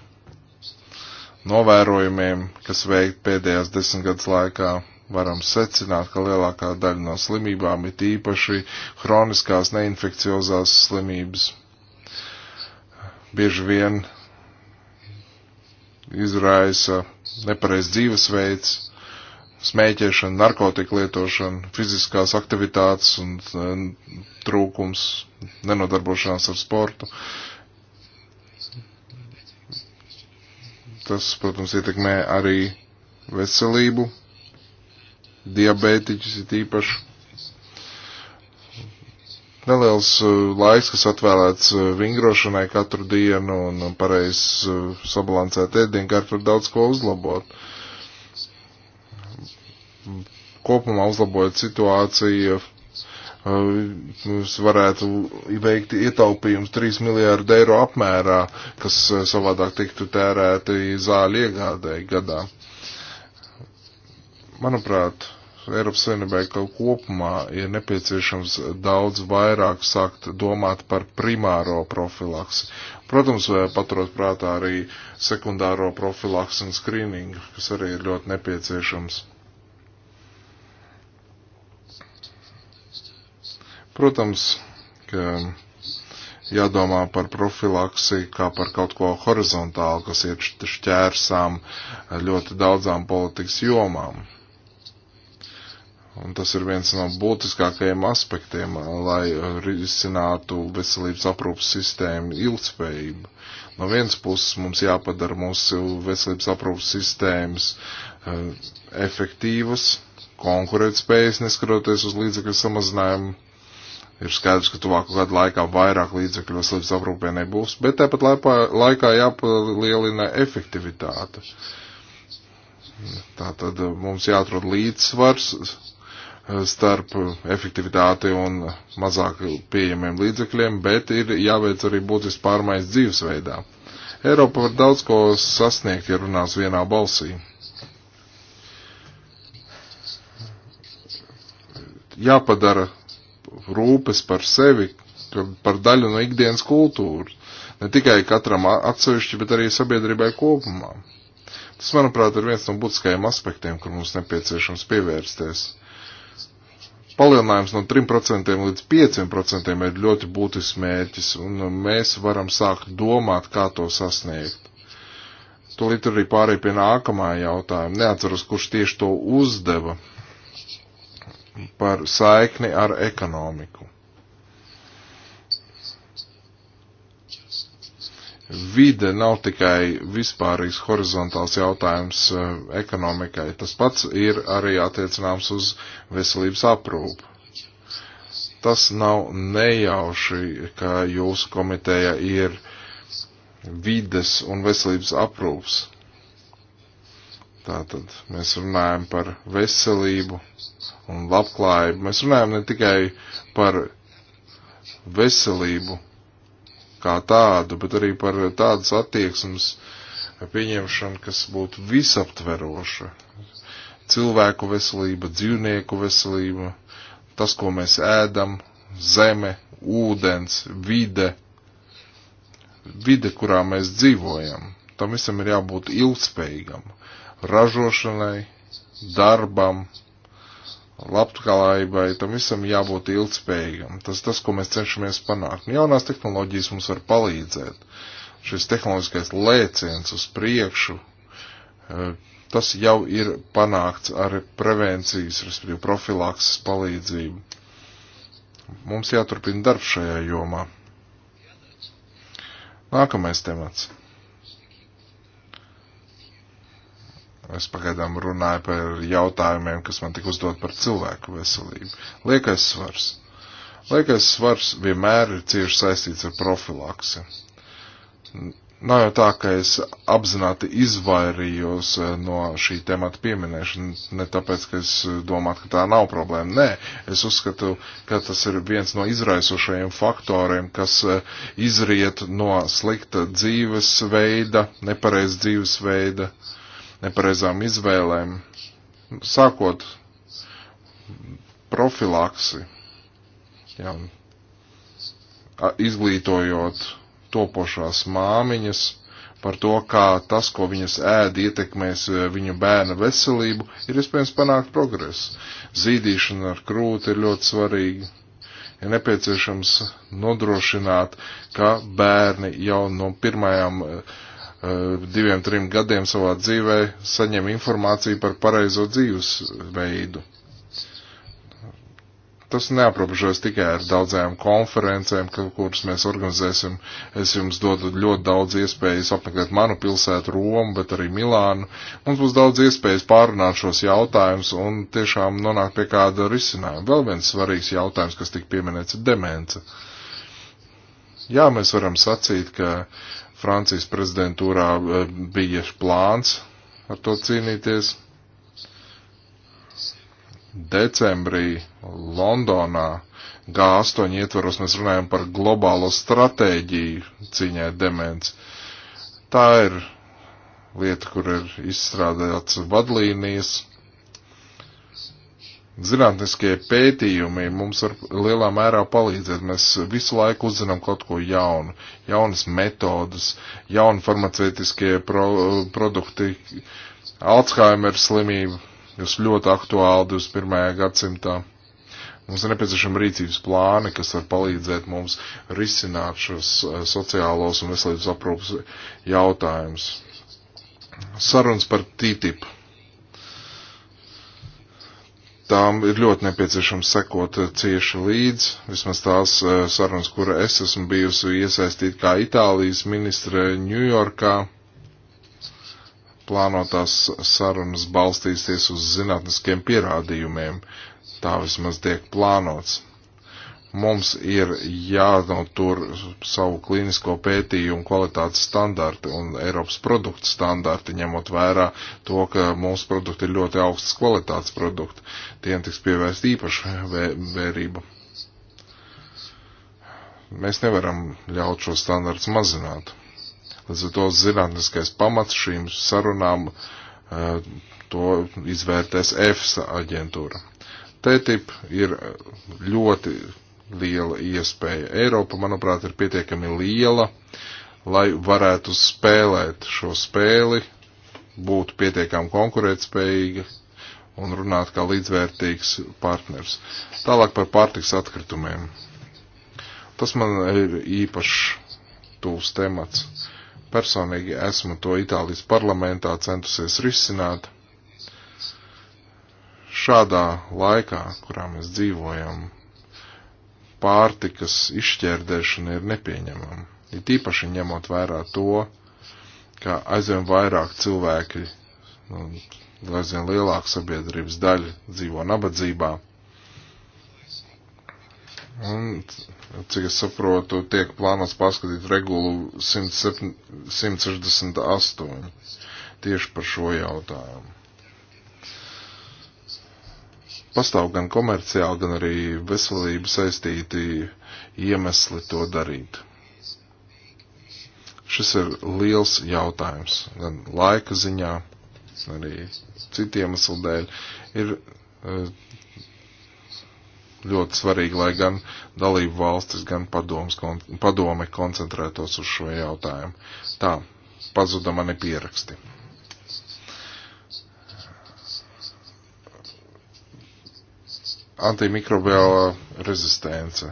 novērojumiem, kas veikt pēdējās desmit gadus laikā, varam secināt, ka lielākā daļa no slimībām ir īpaši hroniskās neinfekciozās slimības. Bieži vien izraisa nepareizs dzīvesveids, smēķēšana, narkotika lietošana, fiziskās aktivitātes un trūkums, nenodarbošanās ar sportu. Tas, protams, ietekmē arī veselību, diabētiķis ir īpaši neliels uh, laiks, kas atvēlēts uh, vingrošanai katru dienu un pareiz uh, sabalansēt ēdienkārt var daudz ko uzlabot. Kopumā uzlabojot situāciju, varētu veikt ietaupījums 3 miljārdu eiro apmērā, kas savādāk tiktu tērēti zāļu iegādēji gadā. Manuprāt, Eiropas Savienībai kopumā ir nepieciešams daudz vairāk sākt domāt par primāro profilaksi. Protams, paturot prātā arī sekundāro profilaksi un skrīningu, kas arī ir ļoti nepieciešams. Protams, ka jādomā par profilaksi kā par kaut ko horizontālu, kas iet šķērsām ļoti daudzām politikas jomām. Un tas ir viens no būtiskākajiem aspektiem, lai risinātu veselības aprūpas sistēmu ilgspējību. No vienas puses mums jāpadara mūsu veselības aprūpas sistēmas e, efektīvas, konkurētspējas, neskatoties uz līdzekļu samazinājumu. Ir skaidrs, ka tuvāku gadu laikā vairāk līdzekļu veselības aprūpē nebūs, bet tāpat laipā, laikā jāpalielina efektivitāte. Tātad mums jāatrod līdzsvars starp efektivitāti un mazāk pieejamiem līdzekļiem, bet ir jāveic arī būtisks pārmaiņas dzīvesveidā. Eiropa var daudz ko sasniegt, ja runās vienā balsī. Jāpadara rūpes par sevi, par daļu no ikdienas kultūras. Ne tikai katram atsevišķi, bet arī sabiedrībai kopumā. Tas, manuprāt, ir viens no būtiskajiem aspektiem, kur mums nepieciešams pievērsties palielinājums no 3% līdz 5% ir ļoti būtisks mērķis, un mēs varam sākt domāt, kā to sasniegt. Tolīt arī pārēj pie nākamā jautājuma. Neatceros, kurš tieši to uzdeva par saikni ar ekonomiku. vide nav tikai vispārīgs horizontāls jautājums eh, ekonomikai. Tas pats ir arī attiecināms uz veselības aprūpu. Tas nav nejauši, ka jūsu komiteja ir vides un veselības aprūps. Tātad mēs runājam par veselību un labklājību. Mēs runājam ne tikai par veselību kā tādu, bet arī par tādas attieksmes pieņemšanu, kas būtu visaptveroša. Cilvēku veselība, dzīvnieku veselība, tas, ko mēs ēdam, zeme, ūdens, vide, vide, kurā mēs dzīvojam. Tam visam ir jābūt ilgspējīgam. Ražošanai, darbam, labklājībai, tam visam jābūt ilgspējīgam. Tas tas, ko mēs cenšamies panākt. Un jaunās tehnoloģijas mums var palīdzēt. Šis tehnoloģiskais lēciens uz priekšu, e, tas jau ir panākts ar prevencijas, respektīvi profilakses palīdzību. Mums jāturpina darbs šajā jomā. Nākamais temats. Es pagaidām runāju par jautājumiem, kas man tika uzdot par cilvēku veselību. Liekais svars. Liekais svars vienmēr ir cieši saistīts ar profilaksi. Nav jau tā, ka es apzināti izvairījos eh, no šī temata pieminēšanas, ne tāpēc, ka es eh, domātu, ka tā nav problēma. Nē, es uzskatu, ka tas ir viens no izraisošajiem faktoriem, kas eh, izriet no slikta dzīvesveida, nepareiz dzīvesveida. Uh, nepareizām izvēlēm, sākot profilaksi, jā, izglītojot topošās māmiņas par to, kā tas, ko viņas ēd, ietekmēs e, viņu bērna veselību, ir iespējams panākt progresu. Zīdīšana ar krūti ir ļoti svarīga. Ir nepieciešams nodrošināt, ka bērni jau no pirmajām uh, Eh, diviem, trim gadiem savā dzīvē saņem informāciju par pareizo dzīves veidu. Tas neaprobežojas tikai ar daudzajām konferencēm, kuras mēs organizēsim. Es jums dodu ļoti daudz iespējas apmeklēt manu pilsētu Romu, bet arī Milānu. Mums būs daudz iespējas pārunāt šos jautājumus un tiešām nonākt pie kāda risinājuma. Vēl viens svarīgs jautājums, kas tika pieminēts, ir demence. Jā, mēs varam sacīt, ka uh, Francijas prezidentūrā eh, bija plāns ar to cīnīties. Decembrī Londonā G8 ietvaros mēs runājam par globālo stratēģiju cīņai demens. Tā ir lieta, kur ir izstrādāts vadlīnijas Zinātniskie pētījumi mums var lielā mērā palīdzēt. Mēs visu laiku uzzinām kaut ko jaunu, jaunas metodas, jauni farmaceitiskie pro, produkti, Alzheimer slimība, jūs ļoti aktuāli 21. gadsimtā. Mums ir nepieciešama rīcības plāni, kas var palīdzēt mums risināt šos eh, sociālos un veselības aprūpas jautājumus. Sarunas par TTIP tām ir ļoti nepieciešams sekot eh, cieši līdz, vismaz tās eh, sarunas, kura es esmu bijusi iesaistīta kā Itālijas ministre Ņujorkā. Plānotās sarunas balstīsies uz zinātniskiem pierādījumiem. Tā vismaz tiek plānots mums ir jānotur savu klīnisko pētījumu kvalitātes standarti un Eiropas produktu standarti, ņemot vērā to, ka mūsu produkti ir ļoti augstas kvalitātes produkti. Tiem tiks pievērst īpaša vē vērība. Mēs nevaram ļaut šo standartu mazināt. Līdz ar to zinātniskais pamats šīm sarunām eh, to izvērtēs EFSA aģentūra. TTIP ir ļoti liela iespēja. Eiropa, manuprāt, ir pietiekami liela, lai varētu spēlēt šo spēli, būt pietiekami konkurētspējīga un runāt kā līdzvērtīgs partners. Tālāk par pārtiks atkritumiem. Tas man ir īpašs tūs temats. Personīgi esmu to Itālijas parlamentā centusies risināt. Šādā laikā, kurā mēs dzīvojam, pārtikas izšķērdēšana ir nepieņemama. Ir tīpaši ņemot vērā to, ka aizvien vairāk cilvēki, nu, aizvien lielāka sabiedrības daļa dzīvo nabadzībā. Un, cik es saprotu, tiek plānots paskatīt regulu 107, 168 tieši par šo jautājumu pastāv gan komerciāli, gan arī veselību saistīti iemesli to darīt. Šis ir liels jautājums, gan laika ziņā, arī citiem iemeslu dēļ. Ir e, ļoti svarīgi, lai gan dalību valstis, gan padoms, kon, padome koncentrētos uz šo jautājumu. Tā, pazuda mani pieraksti. antimikrobiālā rezistence.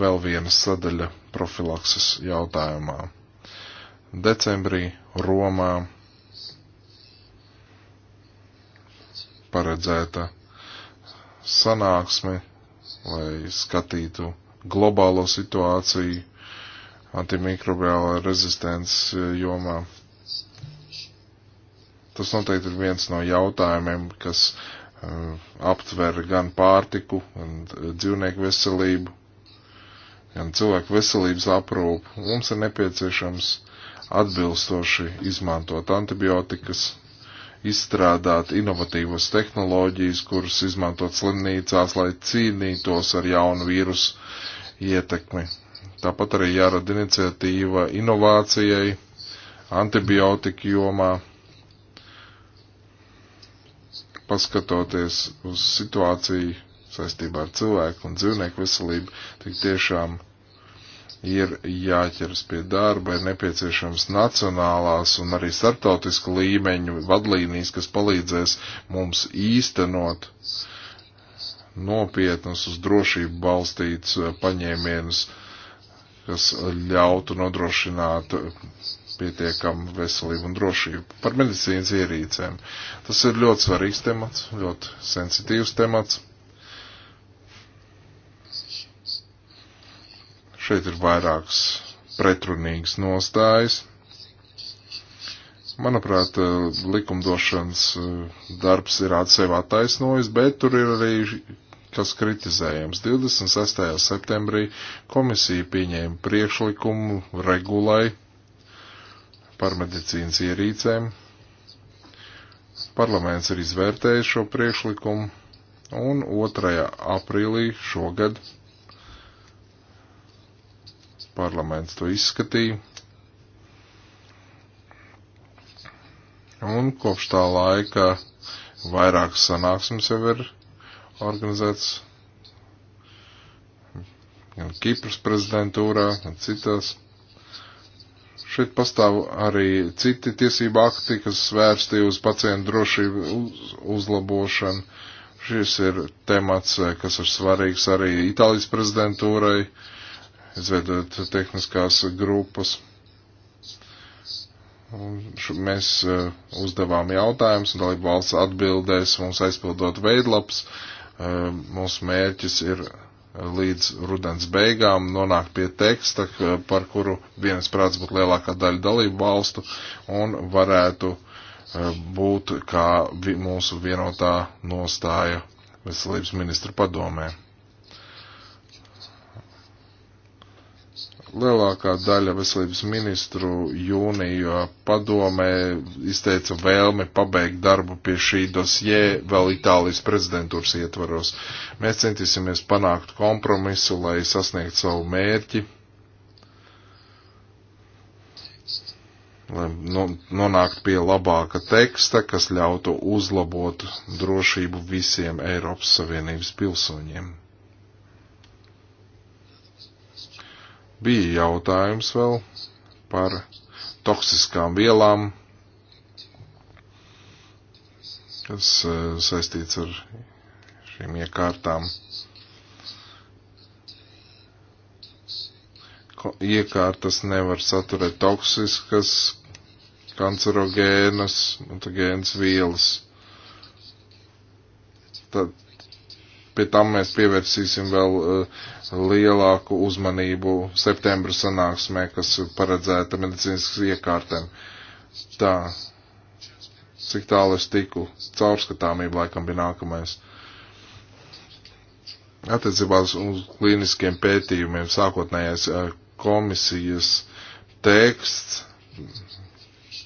Vēl viena sadaļa profilakses jautājumā. Decembrī Romā paredzēta sanāksme, lai skatītu globālo situāciju antimikrobiālā rezistences jomā. Tas noteikti ir viens no jautājumiem, kas uh, aptver gan pārtiku, gan eh, dzīvnieku veselību, gan cilvēku veselības aprūpu. Mums ir nepieciešams atbilstoši izmantot antibiotikas, izstrādāt inovatīvas tehnoloģijas, kuras izmantot slimnīcās, lai cīnītos ar jaunu vīrusu ietekmi. Tāpat arī jārada iniciatīva inovācijai antibiotika jomā paskatoties uz situāciju saistībā ar cilvēku un dzīvnieku veselību, tik tiešām ir jāķeras pie darba, ir nepieciešams nacionālās un arī starptautisku līmeņu vadlīnijas, kas palīdzēs mums īstenot nopietnus uz drošību balstītus eh, paņēmienus, kas ļautu nodrošināt pietiekamu veselību un drošību, par medicīnas ierīcēm. Tas ir ļoti svarīgs temats, ļoti sensitīvs temats. Šeit ir vairākas pretrunīgas nostājas. Manuprāt, likumdošanas eh, darbs ir atsevi attaisnojis, bet tur ir arī kas kritizējams. 26. septembrī komisija pieņēma priekšlikumu regulai par medicīnas ierīcēm. Parlaments ir izvērtējis šo priekšlikumu un 2. aprīlī šogad parlaments to izskatīja. Un kopš tā laika vairākas sanāksmes jau ir organizētas gan Kipras prezidentūrā, gan citās. Šeit pastāv arī citi tiesība akti, kas svērsti uz pacientu drošību uz, uzlabošanu. Šis ir temats, eh, kas ir svarīgs arī Itālijas prezidentūrai, izveidot tehniskās grupas. Mēs eh, uzdevām jautājumus, un dalību valsts atbildēs mums aizpildot veidlaps. Eh, mūsu mērķis ir līdz rudens beigām nonāk pie teksta, par kuru vienas prāts būtu lielākā daļa dalību valstu un varētu e, būt kā mūsu vienotā nostāja veselības ministru padomē. Lielākā daļa veselības ministru jūnija padomē izteica vēlmi pabeigt darbu pie šī dosjē vēl Itālijas prezidentūras ietvaros. Mēs centīsimies panākt kompromisu, lai sasniegtu savu mērķi. lai nonāktu pie labāka teksta, kas ļautu uzlabot drošību visiem Eiropas Savienības pilsoņiem. Bija jautājums vēl par toksiskām vielām, kas e, saistīts ar šīm iekārtām. Iekārtas nevar saturēt toksiskas, kancerogēnas, mutagēnas vielas. Tad pie tam mēs pievērsīsim vēl eh, lielāku uzmanību septembra sanāksmē, kas paredzēta medicīnas iekārtēm. Tā, cik tālu es tiku, caurskatāmība laikam bija nākamais. Attiecībās uz klīniskiem pētījumiem sākotnējais eh, komisijas teksts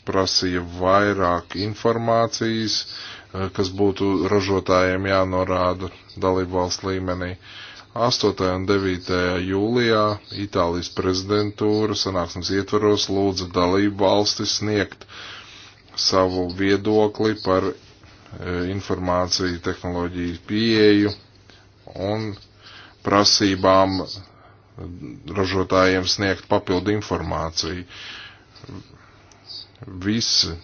prasīja vairāk informācijas, uh, Eh, kas būtu ražotājiem jānorāda dalību valsts līmenī. 8. un 9. jūlijā Itālijas prezidentūra sanāksmes ietvaros lūdza dalību valsti sniegt savu viedokli par eh, informāciju tehnoloģiju pieeju un prasībām eh, ražotājiem sniegt papildu informāciju. Visi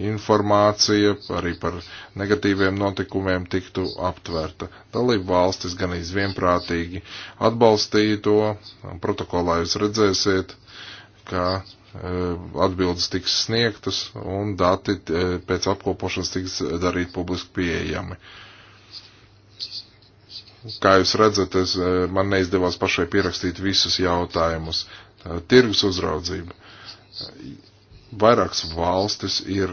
informācija arī par negatīviem notikumiem tiktu aptverta. Dalību valstis gan izvienprātīgi atbalstīja to, protokolā jūs redzēsiet, ka e, atbildes tiks sniegtas un dati e, pēc apkopošanas tiks darīt publiski pieejami. Kā jūs redzat, es, e, man neizdevās pašai pierakstīt visus jautājumus. Tirgus uzraudzība Vairākas valstis ir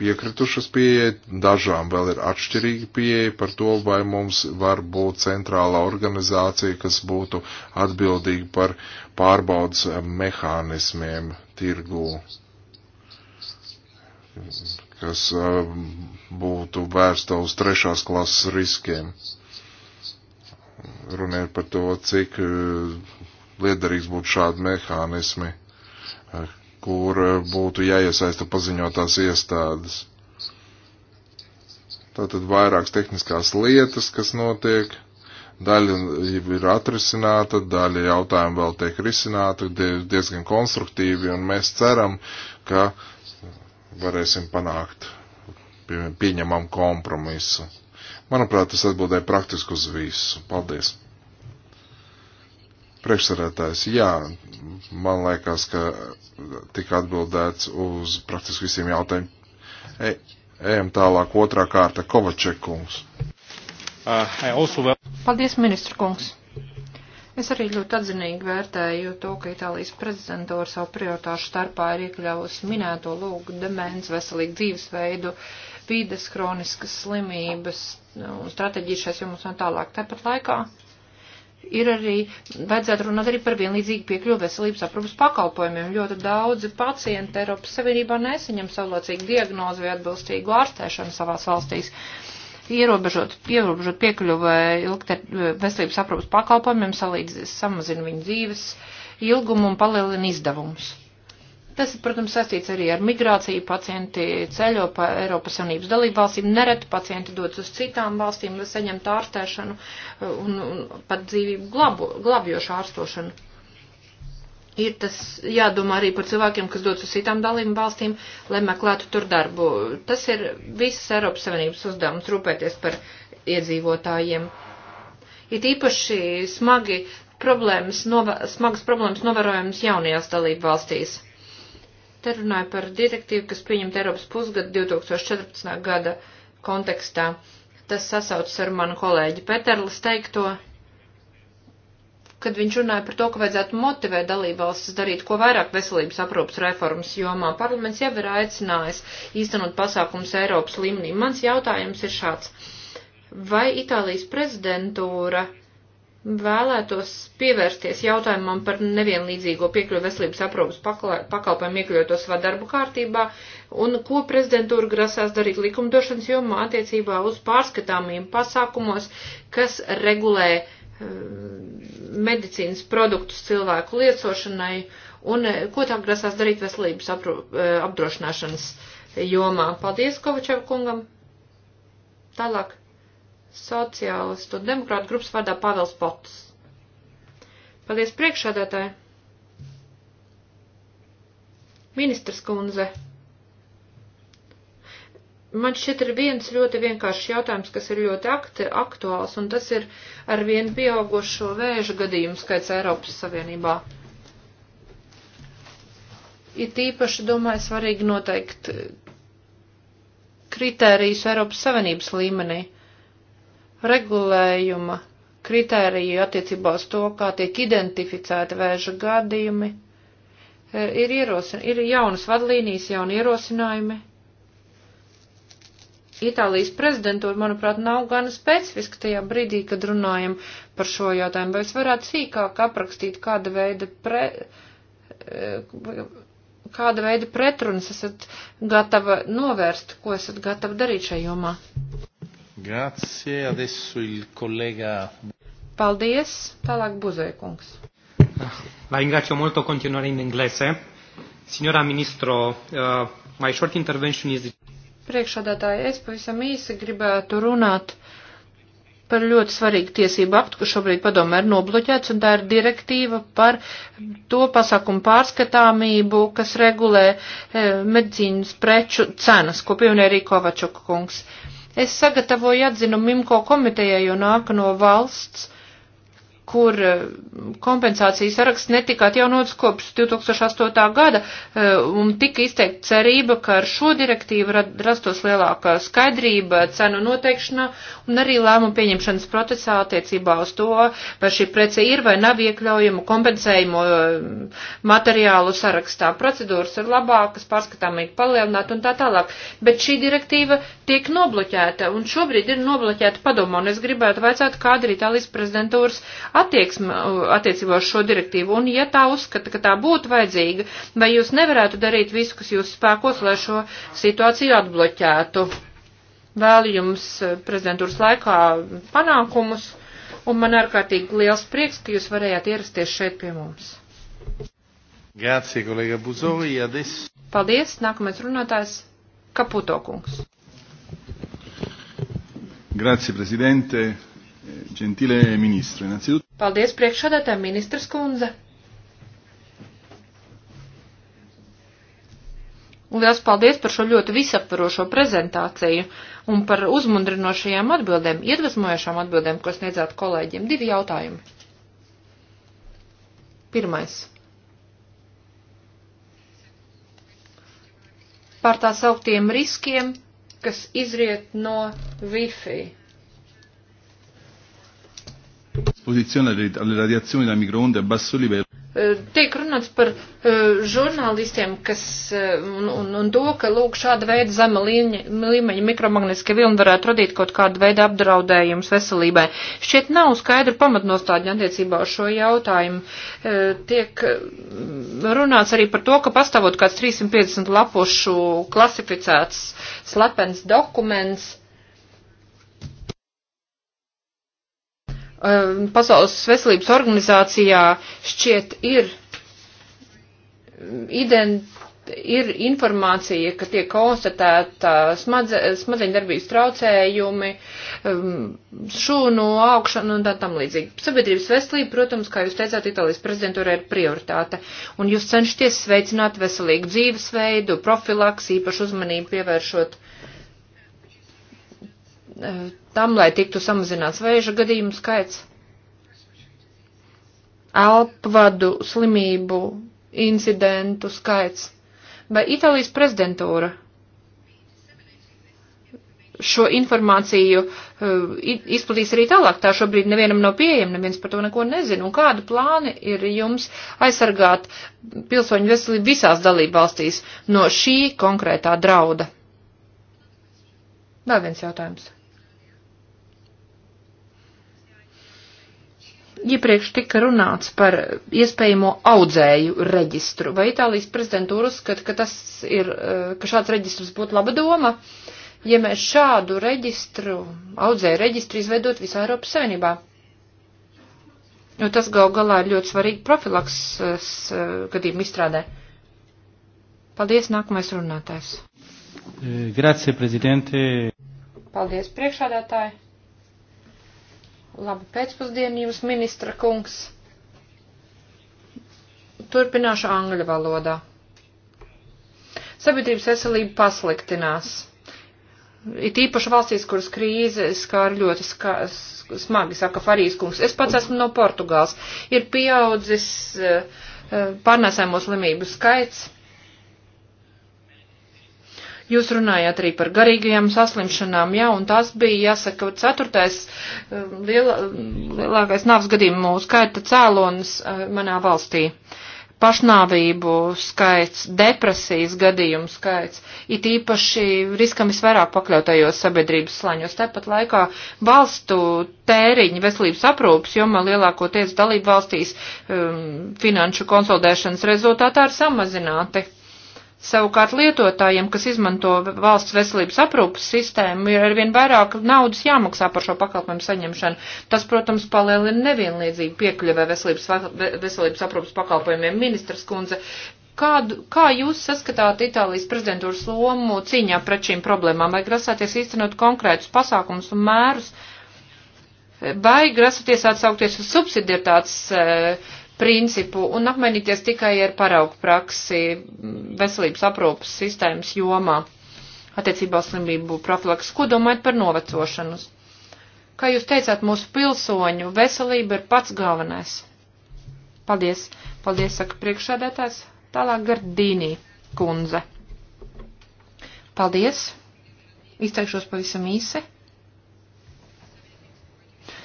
piekritušas pieeja, dažām vēl ir atšķirīga pieeja par to, vai mums var būt centrāla organizācija, kas būtu atbildīga par pārbaudas mehānismiem tirgū kas uh, būtu vērsta uz trešās klases riskiem. Runiet par to, cik uh, liederīgs būtu šādi mehānismi, uh, kur eh, būtu jāiesaista paziņotās iestādes. Tātad vairākas tehniskās lietas, kas notiek. Daļa ir atrisināta, daļa jautājumu vēl tiek risināta diezgan konstruktīvi, un mēs ceram, ka varēsim panākt pieņemam kompromisu. Manuprāt, tas atbildēja praktiski uz visu. Paldies! Priekšsarētājs, jā, man liekas, ka tika atbildēts uz praktiski visiem jautājumiem. E, ejam tālāk, otrā kārta, Kovačekungs. Uh, Paldies, ministra kungs. Es arī ļoti atzinīgi vērtēju to, ka Itālijas prezidentūra savu prioritāšu starpā ir iekļāvusi minēto lūgu demens, veselīgu dzīvesveidu, vīdes, kroniskas slimības nu, un stratēģijas šais jums un tālāk. Tāpat laikā ir arī, vajadzētu runāt arī par vienlīdzīgu piekļuvu veselības aprūpas pakalpojumiem. Ļoti daudzi pacienti Eiropas Savienībā nesaņem savlaicīgu diagnozi vai atbilstīgu ārstēšanu savās valstīs. Ierobežot, ierobežot piekļuvē veselības aprūpas pakalpojumiem, salīdz, samazina viņu dzīves ilgumu un palielina izdevumus. Tas, protams, saistīts arī ar migrāciju. Pacienti ceļo pa Eiropas Savienības dalību valstīm. Nereti pacienti dodas uz citām valstīm, lai saņemtu ārstēšanu uh, un, un pat dzīvību glabu, glabjošu ārstošanu. Ir tas jādomā arī par cilvēkiem, kas dodas uz citām dalību valstīm, lai meklētu tur darbu. Tas ir visas Eiropas Savienības uzdevums rūpēties par iedzīvotājiem. Ir īpaši smagi problēmas, nova, smagas problēmas novērojams jaunajās dalību valstīs Te runāju par direktīvu, kas pieņemta Eiropas pusgada 2014. gada kontekstā. Tas sasaucas ar manu kolēģi Peterlis teikto, kad viņš runāja par to, ka vajadzētu motivēt dalībvalstis darīt ko vairāk veselības aprūpas reformas jomā. Parlaments jau ir aicinājis īstenot pasākums Eiropas līmenī. Mans jautājums ir šāds. Vai Itālijas prezidentūra vēlētos pievērsties jautājumam par nevienlīdzīgo piekļuvu veselības aprūpas pakalpojumu iekļautos savā darbu kārtībā un ko prezidentūra grasās darīt likumdošanas jomā attiecībā uz pārskatāmiem pasākumos, kas regulē uh, medicīnas produktus cilvēku liecošanai un uh, ko tā grasās darīt veselības apru, uh, apdrošināšanas jomā. Paldies Kovačev kungam. Tālāk sociālistu un demokrātu grupas vārdā Pāvils Pots. Paldies priekšādātāji. Ministrs kundze. Man šķiet ir viens ļoti vienkāršs jautājums, kas ir ļoti akti, aktuāls, un tas ir ar vien pieaugušo vēža gadījumu skaits Eiropas Savienībā. Ir tīpaši, domāju, svarīgi noteikt kritērijus Eiropas Savienības līmenī regulējuma kritēriju attiecībā uz to, kā tiek identificēti vēža gadījumi, e, ir, ierosin, ir jaunas vadlīnijas, jauni ierosinājumi. Itālijas prezidentūra, manuprāt, nav gana specifiska tajā brīdī, kad runājam par šo jautājumu, vai es varētu sīkāk aprakstīt, kāda veida, pre, e, kāda veida pretrunas esat gatava novērst, ko esat gatava darīt šajā jomā. Grazie, adesso il collega. Paldies, tālāk Buzēkungs. La ringrazio molto, continuare in inglese. Signora Ministro, uh, my short intervention is... Priekšādātāji, es pavisam īsi gribētu runāt par ļoti svarīgu tiesību aktu, kas šobrīd padomē ir nobloķēts, un tā ir direktīva par to pasākumu pārskatāmību, kas regulē eh, medicīnas preču cenas, ko pieminēja arī Kovačuk kungs. Uh, Es sagatavoju atzinumu IMCO komitejai, jo nāka no valsts, kur eh, kompensācijas saraksts netika atjaunots kopš 2008. gada, eh, un tika izteikta cerība, ka ar šo direktīvu rastos lielākā skaidrība cenu noteikšanā un arī lēmumu pieņemšanas procesā attiecībā uz to, vai šī prece ir vai nav iekļaujama kompensējumu eh, materiālu sarakstā. Procedūras ir labākas, pārskatāmīgi palielināt un tā tālāk, bet šī direktīva tiek nobloķēta, un šobrīd ir nobloķēta padomā, un es gribētu vaicāt, kāda ir Itālijas prezidentūras attieksme attiecībā uz šo direktīvu, un ja tā uzskata, ka tā būtu vajadzīga, vai jūs nevarētu darīt visu, kas jūs spēkos, lai šo situāciju atbloķētu? Vēlu jums eh, prezidentūras laikā panākumus, un man ārkārtīgi liels prieks, ka jūs varējāt ierasties šeit pie mums. Grazie, kolēģa Buzovi, adis. Paldies, nākamais runātājs Kaputo kungs. Grazie, prezidente. Gentile ministre, innanzitutto. Paldies priekšādātā ministras kundze. Un liels paldies par šo ļoti visaptvarošo prezentāciju un par uzmundrinošajām atbildēm, iedvesmojošām atbildēm, ko sniedzāt kolēģiem. Divi jautājumi. Pirmais. Par tā sauktiem riskiem, kas izriet no Wi-Fi Eh, tiek runāts par uh, žurnālistiem, kas, eh, un, un, un to, ka, lūk, šāda veida zema līmeņa mikromagnetiska vilna varētu radīt kaut kādu veidu apdraudējumus veselībai. Šķiet nav skaidru pamatnostādņu attiecībā uz šo jautājumu. Uh, tiek mm, runāts arī par to, ka pastāvot kāds 350 lapušu klasificēts slepens dokuments, Ehm, Pasaules veselības organizācijā šķiet ir, ehm, ident, ir informācija, ka tiek konstatēta smadze, smadzeņdarbības traucējumi, ehm, šūnu augšana un tā tam līdzīgi. Sabiedrības veselība, protams, kā jūs teicāt, Itālijas prezidentūra ir prioritāte, un jūs cenšaties veicināt veselīgu dzīvesveidu, profilaks, īpašu uzmanību pievēršot uh, E, tam, lai tiktu samazināts vēža gadījumu skaits, elpvadu slimību incidentu skaits, vai Itālijas prezidentūra šo informāciju e, izplatīs arī tālāk. Tā šobrīd nevienam nav pieejama, neviens par to neko nezina. Un kādu plāni ir jums aizsargāt pilsoņu veselību visās dalībvalstīs no šī konkrētā drauda? Vēl viens jautājums. iepriekš tika runāts par iespējamo audzēju reģistru. Vai Itālijas prezidentūra uzskata, ka, ir, eh, ka šāds reģistrs būtu laba doma, ja mēs šādu reģistru, audzēju reģistru izveidot visā Eiropas Savienībā? Jo tas gal galā ir ļoti svarīgi profilakses eh, gadījumu izstrādē. Paldies, nākamais runātājs. Eh, grazie, prezidente. Paldies, priekšādātāji. Labu pēcpusdienu jums, ministra kungs. Turpināšu angļu valodā. Sabiedrības veselība pasliktinās. It īpaši valstīs, kuras krīze skār ļoti skā, smagi, saka Farijas kungs. Es pats esmu no Portugāls. Ir pieaudzis uh, pārnēsāmo slimību skaits Jūs runājāt arī par garīgajām saslimšanām, jā, un tas bija, jāsaka, ceturtais um, lielā, lielākais nāves gadījumu skaita cēlonis uh, manā valstī. Pašnāvību skaits, depresijas gadījumu skaits, it īpaši riskam visvairāk pakļautajos sabiedrības slaņos. Tāpat laikā valstu tēriņi veselības aprūpas jomā lielākoties dalību valstīs um, finanšu konsolidēšanas rezultātā ir samazināti Savukārt lietotājiem, kas izmanto valsts veselības aprūpas sistēmu, ir arvien vairāk naudas jāmaksā par šo pakalpojumu saņemšanu. Tas, protams, palielina nevienlīdzību piekļuvē veselības, veselības aprūpas pakalpojumiem. Ministrs kundze, kādu, kā jūs saskatāt Itālijas prezidentūras lomu cīņā pret šīm problēmām? Vai grasāties īstenot konkrētus pasākumus un mērus? Vai grasaties atsaukties uz subsidiertāts? Uh, eh, principu un apmainīties tikai ar paraugu praksi veselības aprūpas sistēmas jomā attiecībā uz slimību profilaks. Ko domājat par novecošanos? Kā jūs teicāt, mūsu pilsoņu veselība ir pats galvenais. Paldies. Paldies, saka priekšsādētājs. Tālāk Gardīnī kundze. Paldies. Izteikšos pavisam īsi.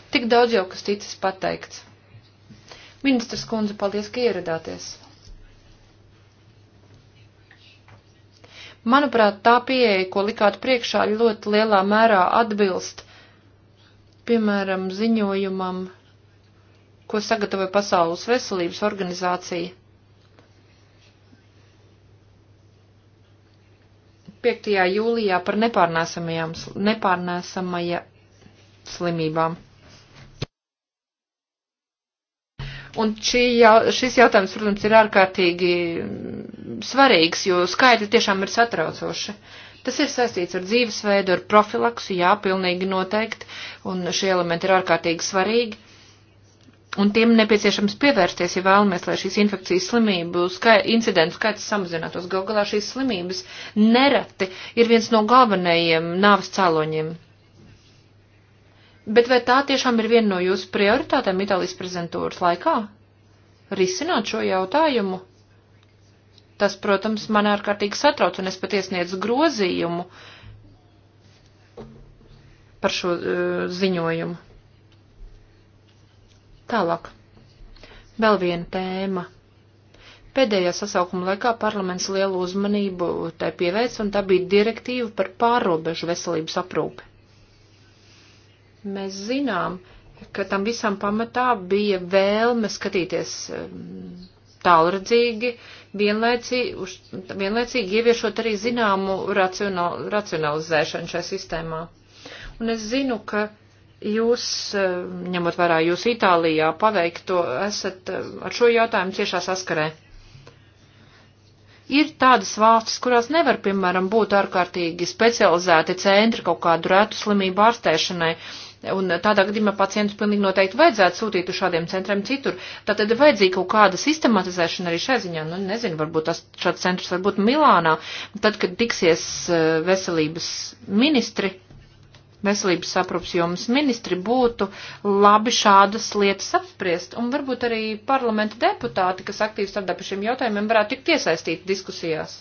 Tik daudz jau, kas ticis pateikts. Ministrs kundze, paldies, ka ieradāties. Manuprāt, tā pieeja, ko likāt priekšā, ļoti lielā mērā atbilst, piemēram, ziņojumam, ko sagatavoja Pasaules veselības organizācija. 5. jūlijā par nepārnēsamajām nepārnēsamaja slimībām. Un šī, šis jautājums, protams, ir ārkārtīgi svarīgs, jo skaitļi tiešām ir satraucoši. Tas ir saistīts ar dzīvesveidu, ar profilaksu, jā, pilnīgi noteikti, un šie elementi ir ārkārtīgi svarīgi. Un tiem nepieciešams pievērsties, ja vēlamies, lai šīs infekcijas slimību skai, incidentu skaits samazinātos. Gal galā šīs slimības nereti ir viens no galvenajiem nāves cēloņiem Bet vai tā tiešām ir viena no jūsu prioritātēm Itālijas prezentūras laikā? Risināt šo jautājumu? Tas, protams, man ārkārtīgi satrauc, un es pat iesniedzu grozījumu par šo uh, ziņojumu. Tālāk. Vēl viena tēma. Pēdējā sasaukuma laikā parlaments lielu uzmanību tai pievērsa, un tā bija direktīva par pārobežu veselības aprūpi. Mēs zinām, ka tam visam pamatā bija vēlme skatīties um, tālredzīgi, vienlaicīgi, uz, vienlaicīgi ieviešot arī zināmu racional, racionalizēšanu šajā sistēmā. Un es zinu, ka jūs, um, ņemot vērā jūs Itālijā paveikto, esat um, ar šo jautājumu ciešā saskarē. Ir tādas valstis, kurās nevar, piemēram, būt ārkārtīgi specializēti centri kaut kādu rētu slimību ārstēšanai, Un tādā gadījumā pacientus pilnīgi noteikti vajadzētu sūtīt uz šādiem centriem citur. Tātad ir vajadzīga kaut kāda sistematizēšana arī šai ziņā. Nu, nezinu, varbūt tas šāds centrs var būt Milānā. Tad, kad tiksies eh, veselības ministri, veselības aprūpas jomas ministri, būtu labi šādas lietas apspriest. Un varbūt arī parlamenta deputāti, kas aktīvi strādā pie šiem jautājumiem, varētu tikt iesaistīti diskusijās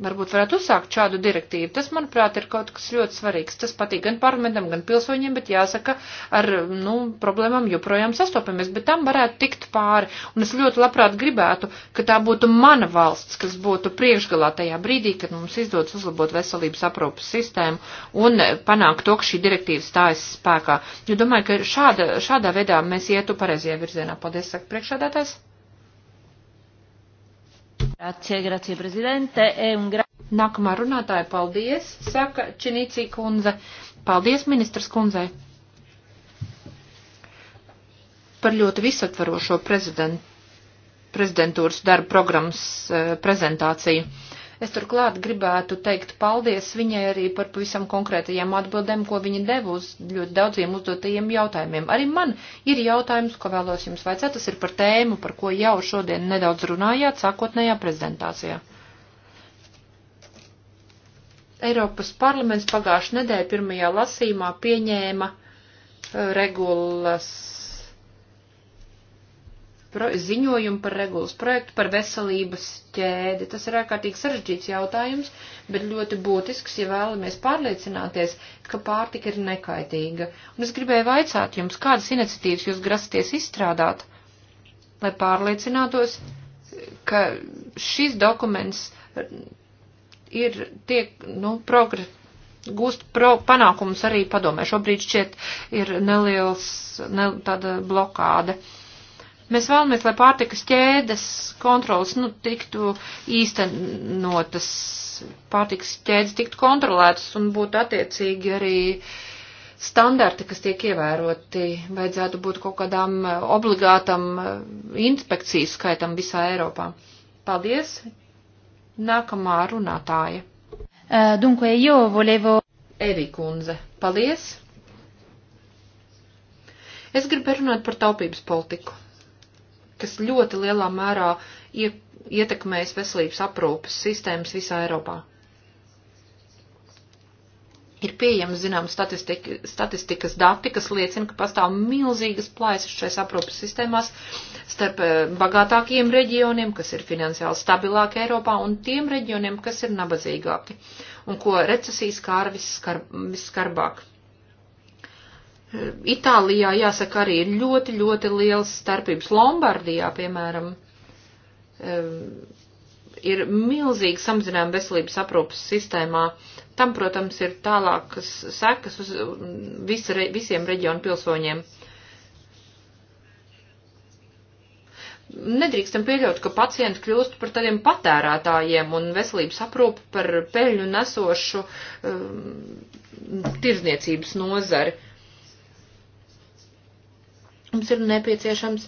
varbūt varētu uzsākt šādu direktīvu. Tas, manuprāt, ir kaut kas ļoti svarīgs. Tas patīk gan parlamentam, gan pilsoņiem, bet jāsaka, ar nu, problēmām joprojām sastopamies, bet tam varētu tikt pāri. Un es ļoti labprāt gribētu, ka tā būtu mana valsts, kas būtu priekšgalā tajā brīdī, kad mums izdodas uzlabot veselības aprūpas sistēmu un panākt to, ka šī direktīva stājas spēkā. Jo domāju, ka šāda, šādā veidā mēs ietu pareizajā virzienā. Paldies, saka priekšādātājs. Grazie, grazie, prezidente. E un gra... Nākamā runātāja paldies, saka Činīcija kundze. Paldies, ministras kundzei, par ļoti visatvarošo prezident, prezidentūras darba programmas eh, prezentāciju. Uh, Es turklāt gribētu teikt paldies viņai arī par pavisam konkrētajām atbildēm, ko viņa deva uz ļoti daudziem uzdotajiem jautājumiem. Arī man ir jautājums, ko vēlos jums vaicāt. Tas ir par tēmu, par ko jau šodien nedaudz runājāt sākotnējā prezentācijā. Eiropas parlaments pagājušajā nedēļā pirmajā lasīmā pieņēma eh, regulas pro, ziņojumu par regulas projektu, par veselības ķēdi. Tas ir ārkārtīgi sarežģīts jautājums, bet ļoti būtisks, ja vēlamies pārliecināties, ka pārtika ir nekaitīga. Un es gribēju vaicāt jums, kādas iniciatīvas jūs grasties izstrādāt, lai pārliecinātos, ka šis dokuments ir tiek, nu, progress gūst pro, panākumus arī padomē. Šobrīd šķiet ir neliels, ne, tāda blokāde. Uh, Mēs vēlamies, lai pārtikas ķēdes kontrolas, nu, tiktu īstenotas, pārtikas ķēdes tiktu kontrolētas un būtu attiecīgi arī standarti, kas tiek ievēroti. Vajadzētu būt kaut kādām eh, obligātam eh, inspekciju skaitam visā Eiropā. Paldies! Nākamā runātāja. Uh, dunque, io volevo. Evi kundze, paldies! Es gribu runāt par taupības politiku kas ļoti lielā mērā ietekmēs veselības aprūpas sistēmas visā Eiropā. Ir pieejama zinām statistika, statistikas dati, kas liecina, ka pastāv milzīgas plaisas šais aprūpas sistēmās starp eh, bagātākajiem reģioniem, kas ir finansiāli stabilāki Eiropā, un tiem reģioniem, kas ir nabadzīgāki un ko recesijas kāra visskar, visskarbāk. Vis Itālijā, jāsaka, arī ir ļoti, ļoti liels starpības. Lombardijā, piemēram, ir milzīgi samazinājumi veselības aprūpas sistēmā. Tam, protams, ir tālākas sekas uz visa, visiem reģionu pilsoņiem. Nedrīkstam pieļaut, ka pacienti kļūst par tādiem patērētājiem un veselības aprūpu par peļņu nesošu um, tirzniecības nozari. Uh, Mums ir nepieciešams,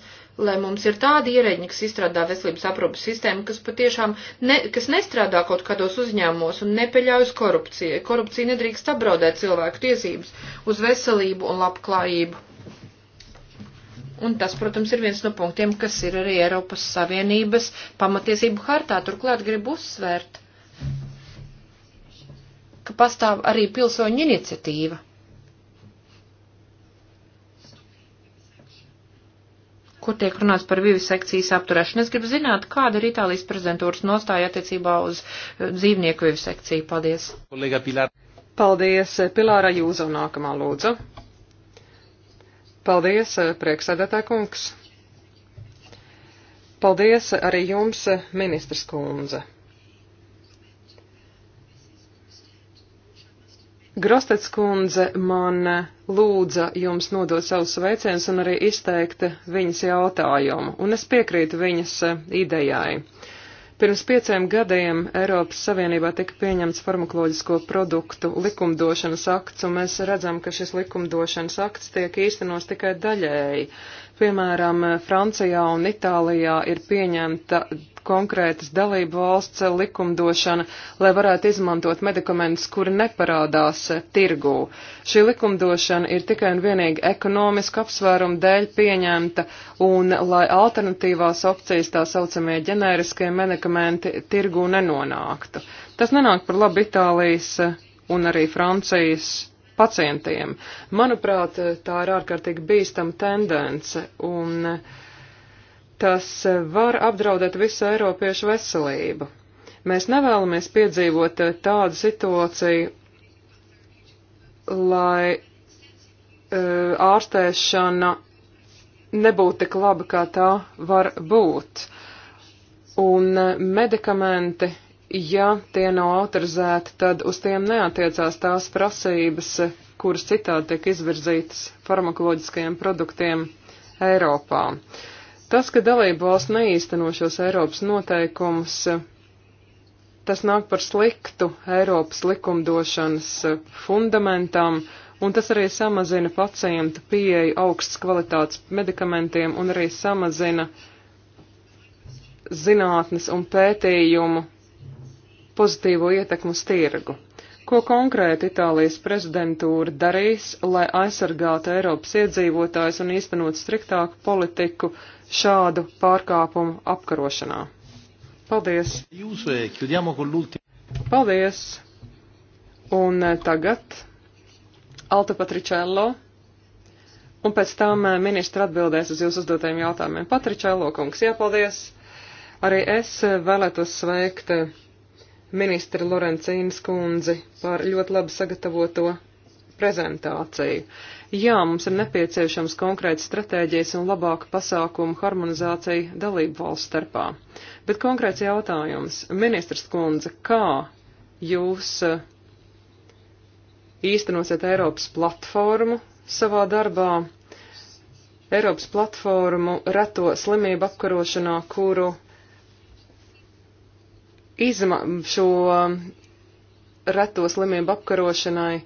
lai mums ir tādi ierēģi, kas izstrādā veselības aprūpas sistēmu, kas patiešām ne, kas nestrādā kaut kādos uzņēmumos un nepeļaujas korupcijai. Korupcija nedrīkst apdraudēt cilvēku tiesības uz veselību un labklājību. Un tas, protams, ir viens no punktiem, kas ir arī Eiropas Savienības pamatiesību hartā. Turklāt gribu uzsvērt, ka pastāv arī pilsoņu iniciatīva kur tiek runāts par vivis sekcijas apturēšanu. Es gribu zināt, kāda ir Itālijas prezidentūras nostāja attiecībā uz eh, dzīvnieku vivis sekciju. Paldies. Paldies, eh, Pilāra Jūza un nākamā lūdzu. Paldies, eh, prieksēdētā kungs. Paldies arī jums, ministrs kundze. Grostets kundze man lūdza jums nodot savus sveicienus un arī izteikt viņas jautājumu, un es piekrītu viņas eh, idejai. Pirms pieciem gadiem Eiropas Savienībā tika pieņemts farmakoloģisko produktu likumdošanas akts, un mēs redzam, ka šis likumdošanas akts tiek īstenos tikai daļēji. Piemēram, Francijā un Itālijā ir pieņemta konkrētas dalību valsts likumdošana, lai varētu izmantot medikamentus, kuri neparādās eh, tirgū. Šī likumdošana ir tikai un vienīgi ekonomiska apsvēruma dēļ pieņemta, un lai alternatīvās opcijas tā saucamie ģenēriskie medikamenti tirgū nenonāktu. Tas nenāk par labu Itālijas eh, un arī Francijas pacientiem. Manuprāt, eh, tā ir ārkārtīgi bīstama tendence, un uh, tas var apdraudēt visu Eiropiešu veselību. Mēs nevēlamies piedzīvot tādu situāciju, lai uh, ārstēšana nebūtu tik laba, kā tā var būt. Un e, medikamenti, ja tie nav autorizēti, tad uz tiem neatiecās tās prasības, kuras citādi tiek izvirzītas farmakoloģiskajiem produktiem Eiropā. Uh, Tas, ka dalību valsts neīsteno šos Eiropas noteikumus, tas nāk par sliktu Eiropas likumdošanas fundamentam, un tas arī samazina pacientu pieeju augsts kvalitātes medikamentiem un arī samazina zinātnes un pētījumu pozitīvo ietekmu uz tirgu. Ko konkrēti Itālijas prezidentūra darīs, lai aizsargātu Eiropas iedzīvotājs un īstenot striktāku politiku šādu pārkāpumu apkarošanā. Paldies! E paldies! Un eh, tagad Alta Patričello, un pēc tam eh, ministra atbildēs uz jūsu uzdotajiem jautājumiem. Patričello kungs, jāpaldies! Arī es eh, vēlētos sveikt ministri Lorencīnas kundzi par ļoti labi sagatavoto prezentāciju. Jā, mums ir nepieciešams konkrēts stratēģijas un labāka pasākuma harmonizācija dalību valsts starpā. Bet konkrēts jautājums, ministrs kundze, kā jūs eh, īstenosiet Eiropas platformu savā darbā, Eiropas platformu reto slimību apkarošanā, kuru izma šo eh, reto slimību apkarošanai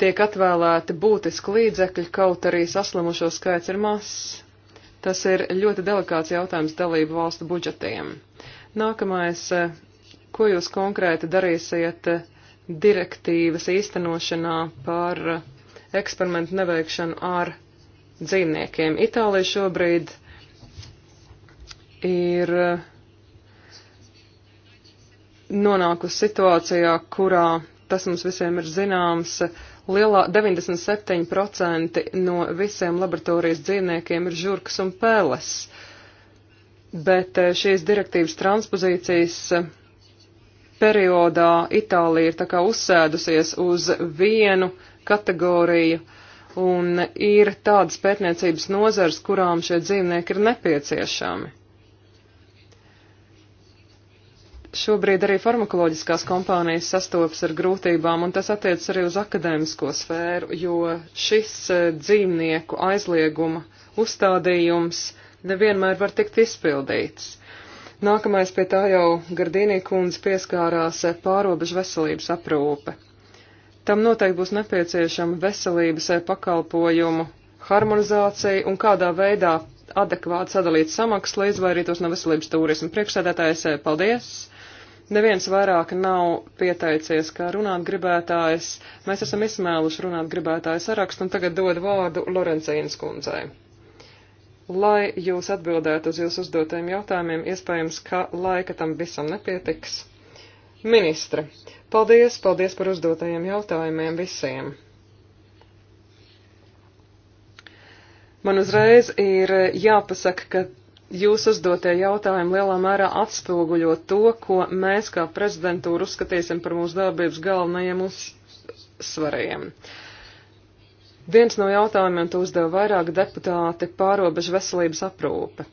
tiek atvēlēti būtiski līdzekļi, kaut arī saslimušo skaits ir mazs. Tas ir ļoti delikāts jautājums dalību valstu budžetiem. Nākamais, eh, ko jūs konkrēti darīsiet eh, direktīvas īstenošanā par eh, eksperimentu neveikšanu ar dzīvniekiem? Itālija šobrīd ir nonākusi situācijā, kurā tas mums visiem ir zināms, Lielā 97% no visiem laboratorijas dzīvniekiem ir žurkas un pēles, bet eh, šīs direktīvas transpozīcijas eh, periodā Itālija ir tā kā uzsēdusies uz vienu kategoriju, un ir tādas pētniecības nozars, kurām šie dzīvnieki ir nepieciešami. Šobrīd arī farmakoloģiskās kompānijas sastopas ar grūtībām, un tas attiecas arī uz akadēmisko sfēru, jo šis eh, dzīvnieku aizlieguma uzstādījums nevienmēr var tikt izpildīts. Nākamais pie tā jau Gardīnī kundze pieskārās eh, pārobežu veselības aprūpe. Tam noteikti būs nepieciešama veselības eh, pakalpojumu harmonizācija un kādā veidā adekvāti sadalīt samaksas līdzvairītos no veselības turismu. Priekšsēdētājs, paldies! Neviens vairāk nav pieteicies, kā runāt gribētājs. Mēs esam izsmēluši runāt gribētāju sarakstu un tagad dod vārdu Lorencīnas kundzei. Lai jūs atbildētu uz jūsu uzdotajiem jautājumiem, iespējams, ka laika tam visam nepietiks. Ministre, paldies, paldies par uzdotajiem jautājumiem visiem. Man uzreiz ir jāpasaka, ka jūs uzdotie jautājumi lielā mērā atspoguļo to, ko mēs kā prezidentūra uzskatīsim par mūsu darbības galvenajiem uzsvariem. Viens no jautājumiem to uzdeva vairāk deputāti - pārobežu veselības aprūpe.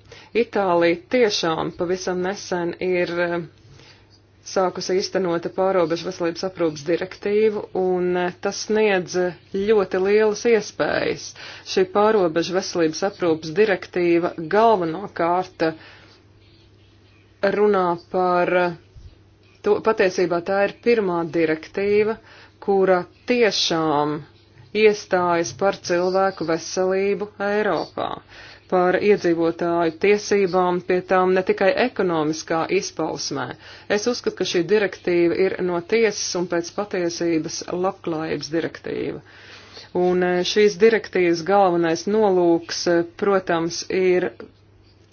Itālija tiešām pavisam nesen ir eh, sākus īstenota pārobežu veselības aprūpas direktīvu, un eh, tas sniedz ļoti lielas iespējas. Šī pārobežu veselības aprūpas direktīva galvenokārt runā par to, patiesībā tā ir pirmā direktīva, kura tiešām iestājas par cilvēku veselību Eiropā. Uh, par iedzīvotāju tiesībām, pie tām ne tikai ekonomiskā izpausmē. Es uzskatu, ka šī direktīva ir no tiesas un pēc patiesības labklājības direktīva. Un e, šīs direktīvas galvenais nolūks, e, protams, ir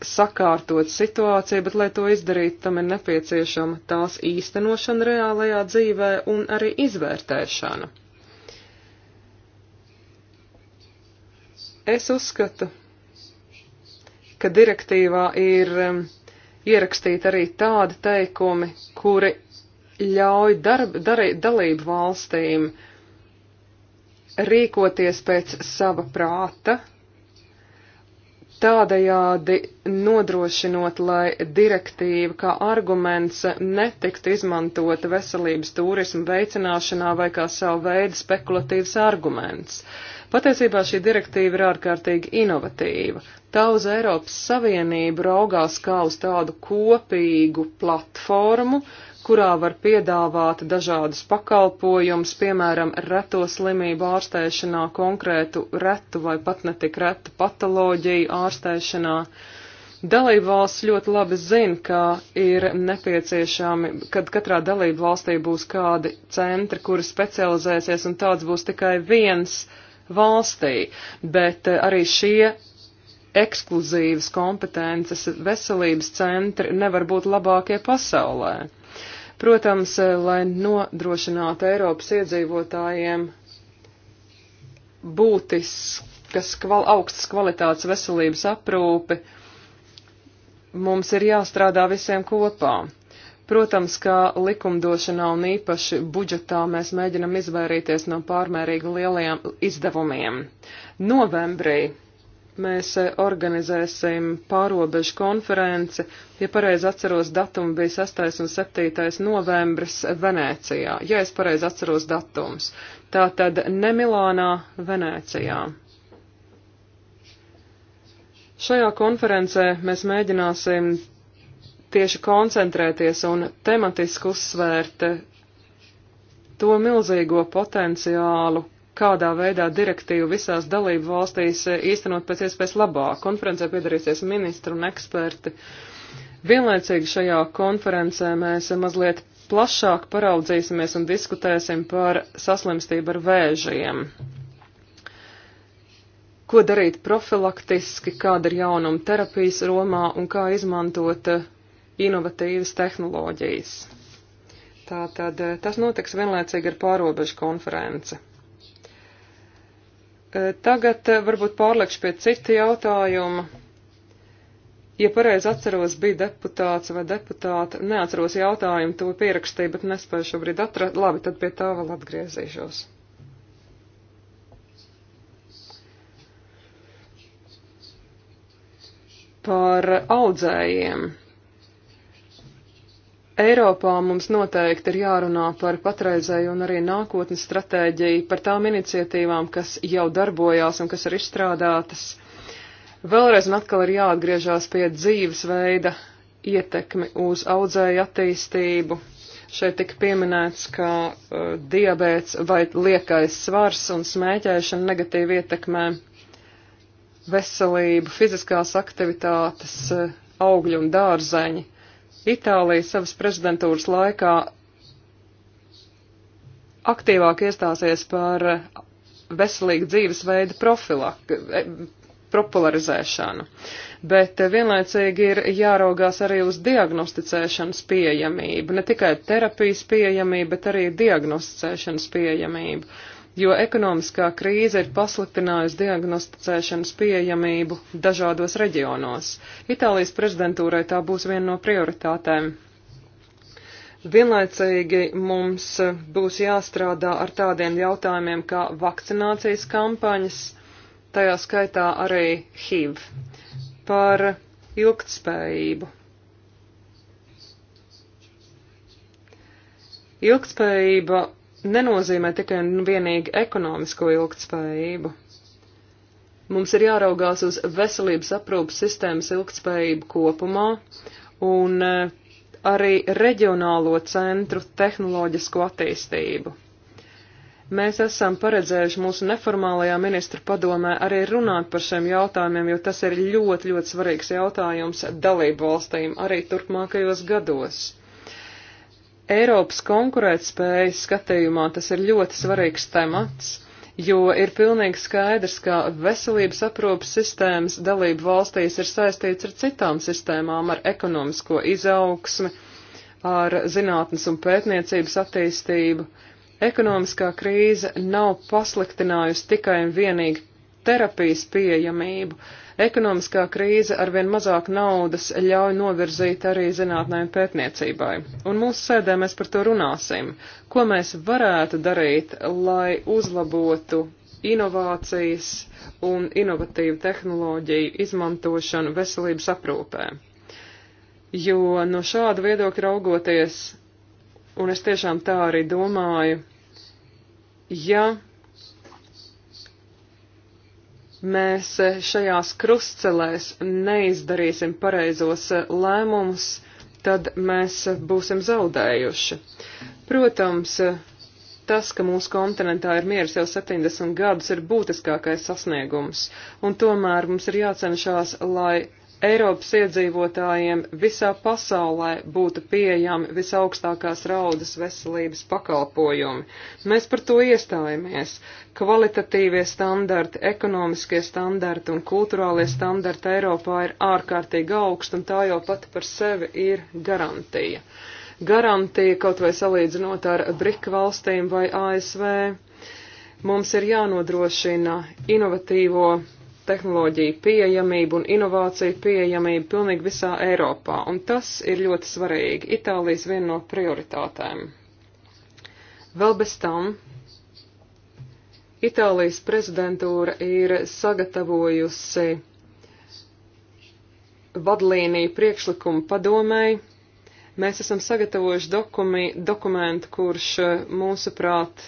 sakārtot situāciju, bet, lai to izdarītu, tam ir nepieciešama tās īstenošana reālajā dzīvē un arī izvērtēšana. Es uzskatu, ka direktīvā ir um, ierakstīti arī tādi teikumi, kuri ļauj darb, darī, dalību valstīm rīkoties pēc sava prāta, tādējādi nodrošinot, lai direktīva kā arguments netiktu izmantota veselības turismu veicināšanā vai kā savu veidu spekulatīvs arguments. Uh, Patiesībā šī direktīva ir ārkārtīgi inovatīva. Tā uz Eiropas Savienību raugās kā uz tādu kopīgu platformu, kurā var piedāvāt dažādus pakalpojumus, piemēram, reto slimību ārstēšanā, konkrētu retu vai pat netik retu patoloģiju ārstēšanā. Dalībvalsts ļoti labi zina, ka ir nepieciešami, kad katrā dalībvalstī būs kādi centri, kuri specializēsies, un tāds būs tikai viens uh, valstī, bet eh, arī šie ekskluzīvas kompetences veselības centri nevar būt labākie pasaulē. Protams, eh, lai nodrošinātu Eiropas iedzīvotājiem būtiskas kval, augstas kvalitātes veselības aprūpi, mums ir jāstrādā visiem kopā. Protams, kā likumdošanā un īpaši budžetā mēs mēģinam izvairīties no pārmērīgi lielajiem izdevumiem. Novembrī mēs organizēsim pārobežu konferenci, ja pareizi atceros datumu bija 6. un 7. novembris Venēcijā, ja es pareizi atceros datums. Tā tad ne Milānā, Venēcijā. Šajā konferencē mēs mēģināsim tieši koncentrēties un tematiski uzsvērt to milzīgo potenciālu, kādā veidā direktīvu visās dalību valstīs īstenot pēc iespējas labāk. Konferencē piedalīsies ministri un eksperti. Vienlaicīgi šajā konferencē mēs mazliet plašāk paraudzīsimies un diskutēsim par saslimstību ar vēžiem. Ko darīt profilaktiski, kāda ir jaunuma terapijas Romā un kā izmantot inovatīvas tehnoloģijas. Tātad eh, tas notiks vienlaicīgi ar pārobežu konferenci. Eh, tagad eh, varbūt pārlikšu pie cita jautājuma. Ja pareizi atceros, bija deputāts vai deputāta, neatceros jautājumu, to pierakstīju, bet nespēju šobrīd atrast. Labi, tad pie tā vēl atgriezīšos. Par audzējiem. Eiropā mums noteikti ir jārunā par patreizēju un arī nākotnes stratēģiju, par tām iniciatīvām, kas jau darbojās un kas ir izstrādātas. Vēlreiz un atkal ir jāatgriežās pie dzīvesveida ietekmi uz audzēju attīstību. Šeit tika pieminēts, ka uh, diabēts vai liekais svars un smēķēšana negatīvi ietekmē veselību, fiziskās aktivitātes, uh, augļu un dārzeņi. Itālija savas prezidentūras laikā aktīvāk iestāsies par veselīgu dzīvesveidu profilak, e, popularizēšanu, bet e, vienlaicīgi ir jāraugās arī uz diagnosticēšanas pieejamību, ne tikai terapijas pieejamību, bet arī diagnosticēšanas pieejamību jo ekonomiskā krīze ir pasliktinājusi diagnosticēšanas pieejamību dažādos reģionos. Itālijas prezidentūrai tā būs viena no prioritātēm. Vienlaicīgi mums būs jāstrādā ar tādiem jautājumiem kā vakcinācijas kampaņas, tajā skaitā arī HIV, par ilgtspējību. Ilgtspējība nenozīmē tikai un vienīgi ekonomisko ilgtspējību. Mums ir jāraugās uz veselības aprūpas sistēmas ilgtspējību kopumā un eh, arī reģionālo centru tehnoloģisko attīstību. Mēs esam paredzējuši mūsu neformālajā ministru padomē arī runāt par šiem jautājumiem, jo tas ir ļoti, ļoti svarīgs jautājums dalību valstīm arī turpmākajos gados. Eiropas konkurētspējas skatījumā tas ir ļoti svarīgs temats, jo ir pilnīgi skaidrs, ka veselības aprūpas sistēmas dalību valstīs ir saistīts ar citām sistēmām, ar ekonomisko izaugsmi, ar zinātnes un pētniecības attīstību. Ekonomiskā krīze nav pasliktinājusi tikai un vienīgi terapijas pieejamību, uh, Ekonomiskā krīze ar vien mazāk naudas ļauj novirzīt arī zinātnē un pētniecībai. Un mūsu sēdē mēs par to runāsim. Ko mēs varētu darīt, lai uzlabotu inovācijas un inovatīvu tehnoloģiju izmantošanu veselības aprūpē? Jo no šāda viedokļa raugoties, un es tiešām tā arī domāju, ja mēs eh, šajās krustcelēs neizdarīsim pareizos eh, lēmumus, tad mēs eh, būsim zaudējuši. Protams, tas, ka mūsu kontinentā ir miers jau 70 gadus, ir būtiskākais sasniegums, un tomēr mums ir jācenšas, lai Eiropas iedzīvotājiem visā pasaulē būtu pieejami visaugstākās raudas veselības pakalpojumi. Mēs par to iestājamies. Kvalitatīvie standarti, ekonomiskie standarti un kulturālie standarti Eiropā ir ārkārtīgi augsti un tā jau pati par sevi ir garantija. Garantija kaut vai salīdzinot ar Brika valstīm vai ASV. Mums ir jānodrošina inovatīvo tehnoloģiju pieejamību un inovāciju pieejamību pilnīgi visā Eiropā, un tas ir ļoti svarīgi. Itālijas viena no prioritātēm. Vēl bez tam Itālijas prezidentūra ir sagatavojusi vadlīniju priekšlikumu padomēji. Mēs esam sagatavojuši dokumi, dokumentu, kurš mūsuprāt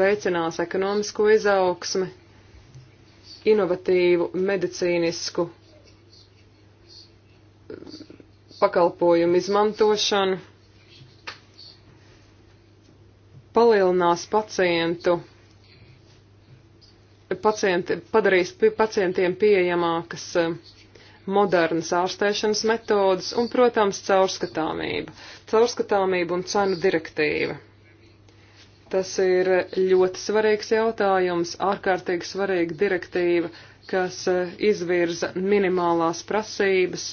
veicinās ekonomisko izaugsmi, inovatīvu medicīnisku pakalpojumu izmantošanu, palielinās pacientu, pacienti, padarīs pacientiem pieejamākas eh, modernas ārstēšanas metodas un, protams, caurskatāmība. Caurskatāmība un cenu direktīva. Tas ir ļoti svarīgs jautājums, ārkārtīgi svarīga direktīva, kas eh, izvirza minimālās prasības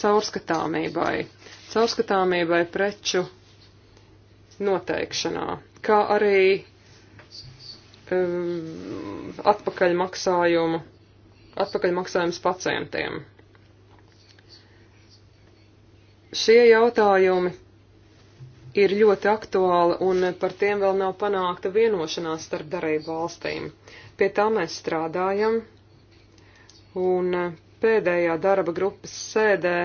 caurskatāmībai, caurskatāmībai preču noteikšanā, kā arī um, eh, atpakaļmaksājumu, atpakaļmaksājums pacientiem. Šie jautājumi ir ļoti aktuāli un par tiem vēl nav panākta vienošanās starp darību valstīm. Pie tā mēs strādājam un pēdējā darba grupas sēdē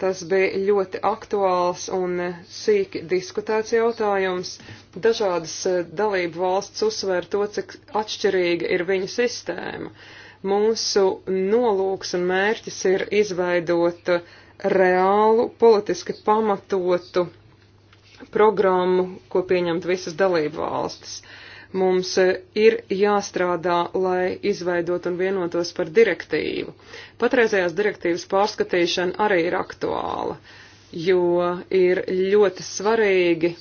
tas bija ļoti aktuāls un sīki diskutēts jautājums. Dažādas eh, dalību valsts uzsver to, cik atšķirīga ir viņa sistēma. Mūsu nolūks un mērķis ir izveidot uh, reālu, politiski pamatotu programmu, ko pieņemt visas dalību valstis. Mums e, ir jāstrādā, lai izveidot un vienotos par direktīvu. Patreizējās direktīvas pārskatīšana arī ir aktuāla, jo ir ļoti svarīgi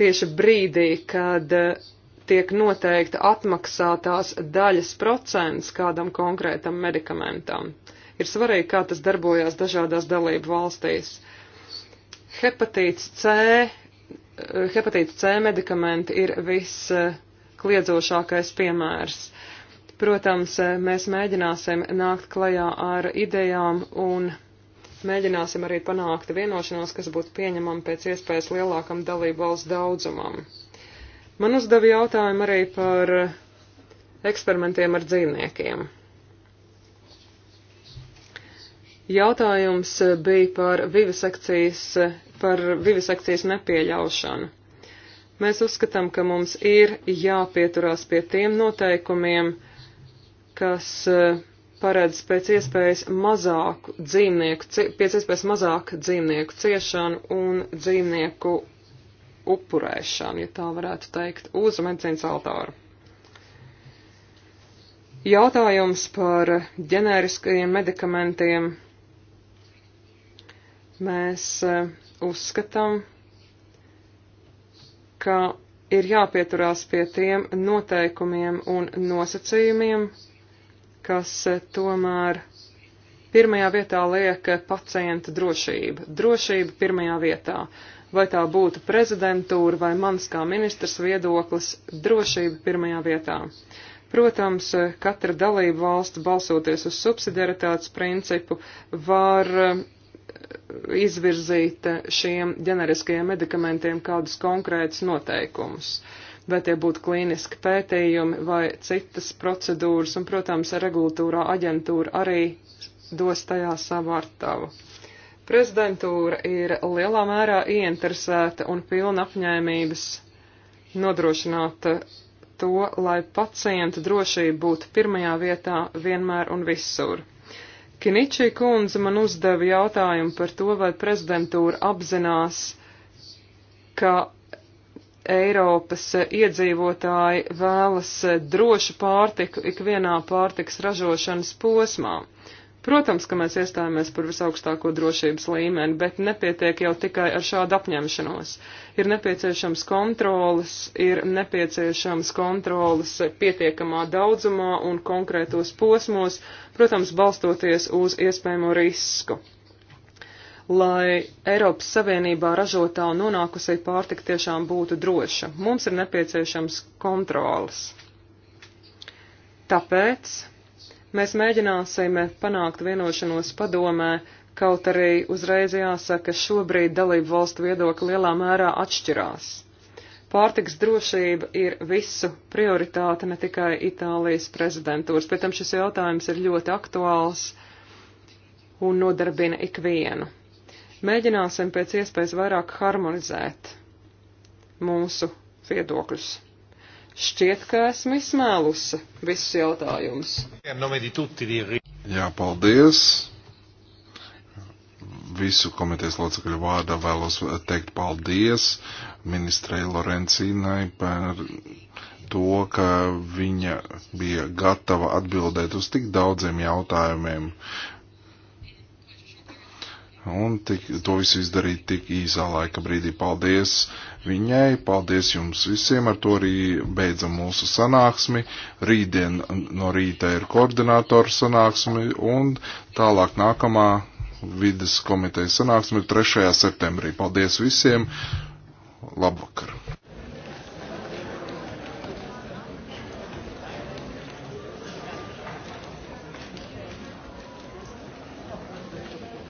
tieši brīdī, kad e, tiek noteikta atmaksātās daļas procents kādam konkrētam medikamentam. Uh, ir svarīgi, kā tas darbojās dažādās dalību valstīs. Hepatīts C, hepatīts C medikamenti ir viskliedzošākais piemērs. Protams, mēs mēģināsim nākt klajā ar idejām un mēģināsim arī panākt vienošanos, kas būtu pieņemama pēc iespējas lielākam dalību valsts daudzumam. Man uzdeva jautājumu arī par eksperimentiem ar dzīvniekiem. Jautājums eh, bija par vivisekcijas, eh, par vivisekcijas nepieļaušanu. Mēs uzskatām, ka mums ir jāpieturās pie tiem noteikumiem, kas eh, paredz pēc iespējas mazāku dzīvnieku, pēc iespējas mazāk dzīvnieku ciešanu un dzīvnieku upurēšanu, ja tā varētu teikt, uz medicīnas altāru. Jautājums par ģenēriskajiem medikamentiem Mēs e, uzskatām, ka ir jāpieturās pie tiem noteikumiem un nosacījumiem, kas e, tomēr pirmajā vietā liek pacienta drošība. Drošība pirmajā vietā. Vai tā būtu prezidentūra vai mans kā ministrs viedoklis, drošība pirmajā vietā. Protams, e, katra dalība valsts balsoties uz subsidiaritātes principu var izvirzīt šiem ģeneriskajiem medikamentiem kādus konkrētus noteikumus. Vai tie būtu klīniski pētījumi vai citas procedūras, un, protams, regulatūrā aģentūra arī dos tajā savu artavu. Prezidentūra ir lielā mērā ieinteresēta un pilna apņēmības nodrošināt to, lai pacienta drošība būtu pirmajā vietā vienmēr un visur. Kiničī kundze man uzdeva jautājumu par to, vai prezidentūra apzinās, ka Eiropas iedzīvotāji vēlas drošu pārtiku ikvienā pārtiks ražošanas posmā. Protams, ka mēs iestājāmies par visaugstāko drošības līmeni, bet nepietiek jau tikai ar šādu apņemšanos. Ir nepieciešams kontrolas, ir nepieciešams kontrolas pietiekamā daudzumā un konkrētos posmos, protams, balstoties uz iespējamo risku. Lai Eiropas Savienībā ražotā un nonākusī pārtika tiešām būtu droša, mums ir nepieciešams kontrolas. Tāpēc Mēs mēģināsim panākt vienošanos padomē, kaut arī uzreiz jāsaka, šobrīd dalību valstu viedokļi lielā mērā atšķirās. Pārtiks drošība ir visu prioritāte, ne tikai Itālijas prezidentūras. Pēc tam šis jautājums ir ļoti aktuāls un nodarbina ikvienu. Mēģināsim pēc iespējas vairāk harmonizēt mūsu viedokļus. Šķiet, ka esmu izsmēlusi visus jautājumus. Jā, paldies. Visu komitejas locekļu vārdā vēlos teikt paldies ministrei Lorencīnai par to, ka viņa bija gatava atbildēt uz tik daudziem jautājumiem. Un tik, to visu izdarīt tik īsā laika brīdī. Paldies viņai, paldies jums visiem. Ar to arī beidzam mūsu sanāksmi. Rītdien no rīta ir koordinātoru sanāksmi un tālāk nākamā vidas komitejas sanāksme 3. septembrī. Paldies visiem! Labvakar!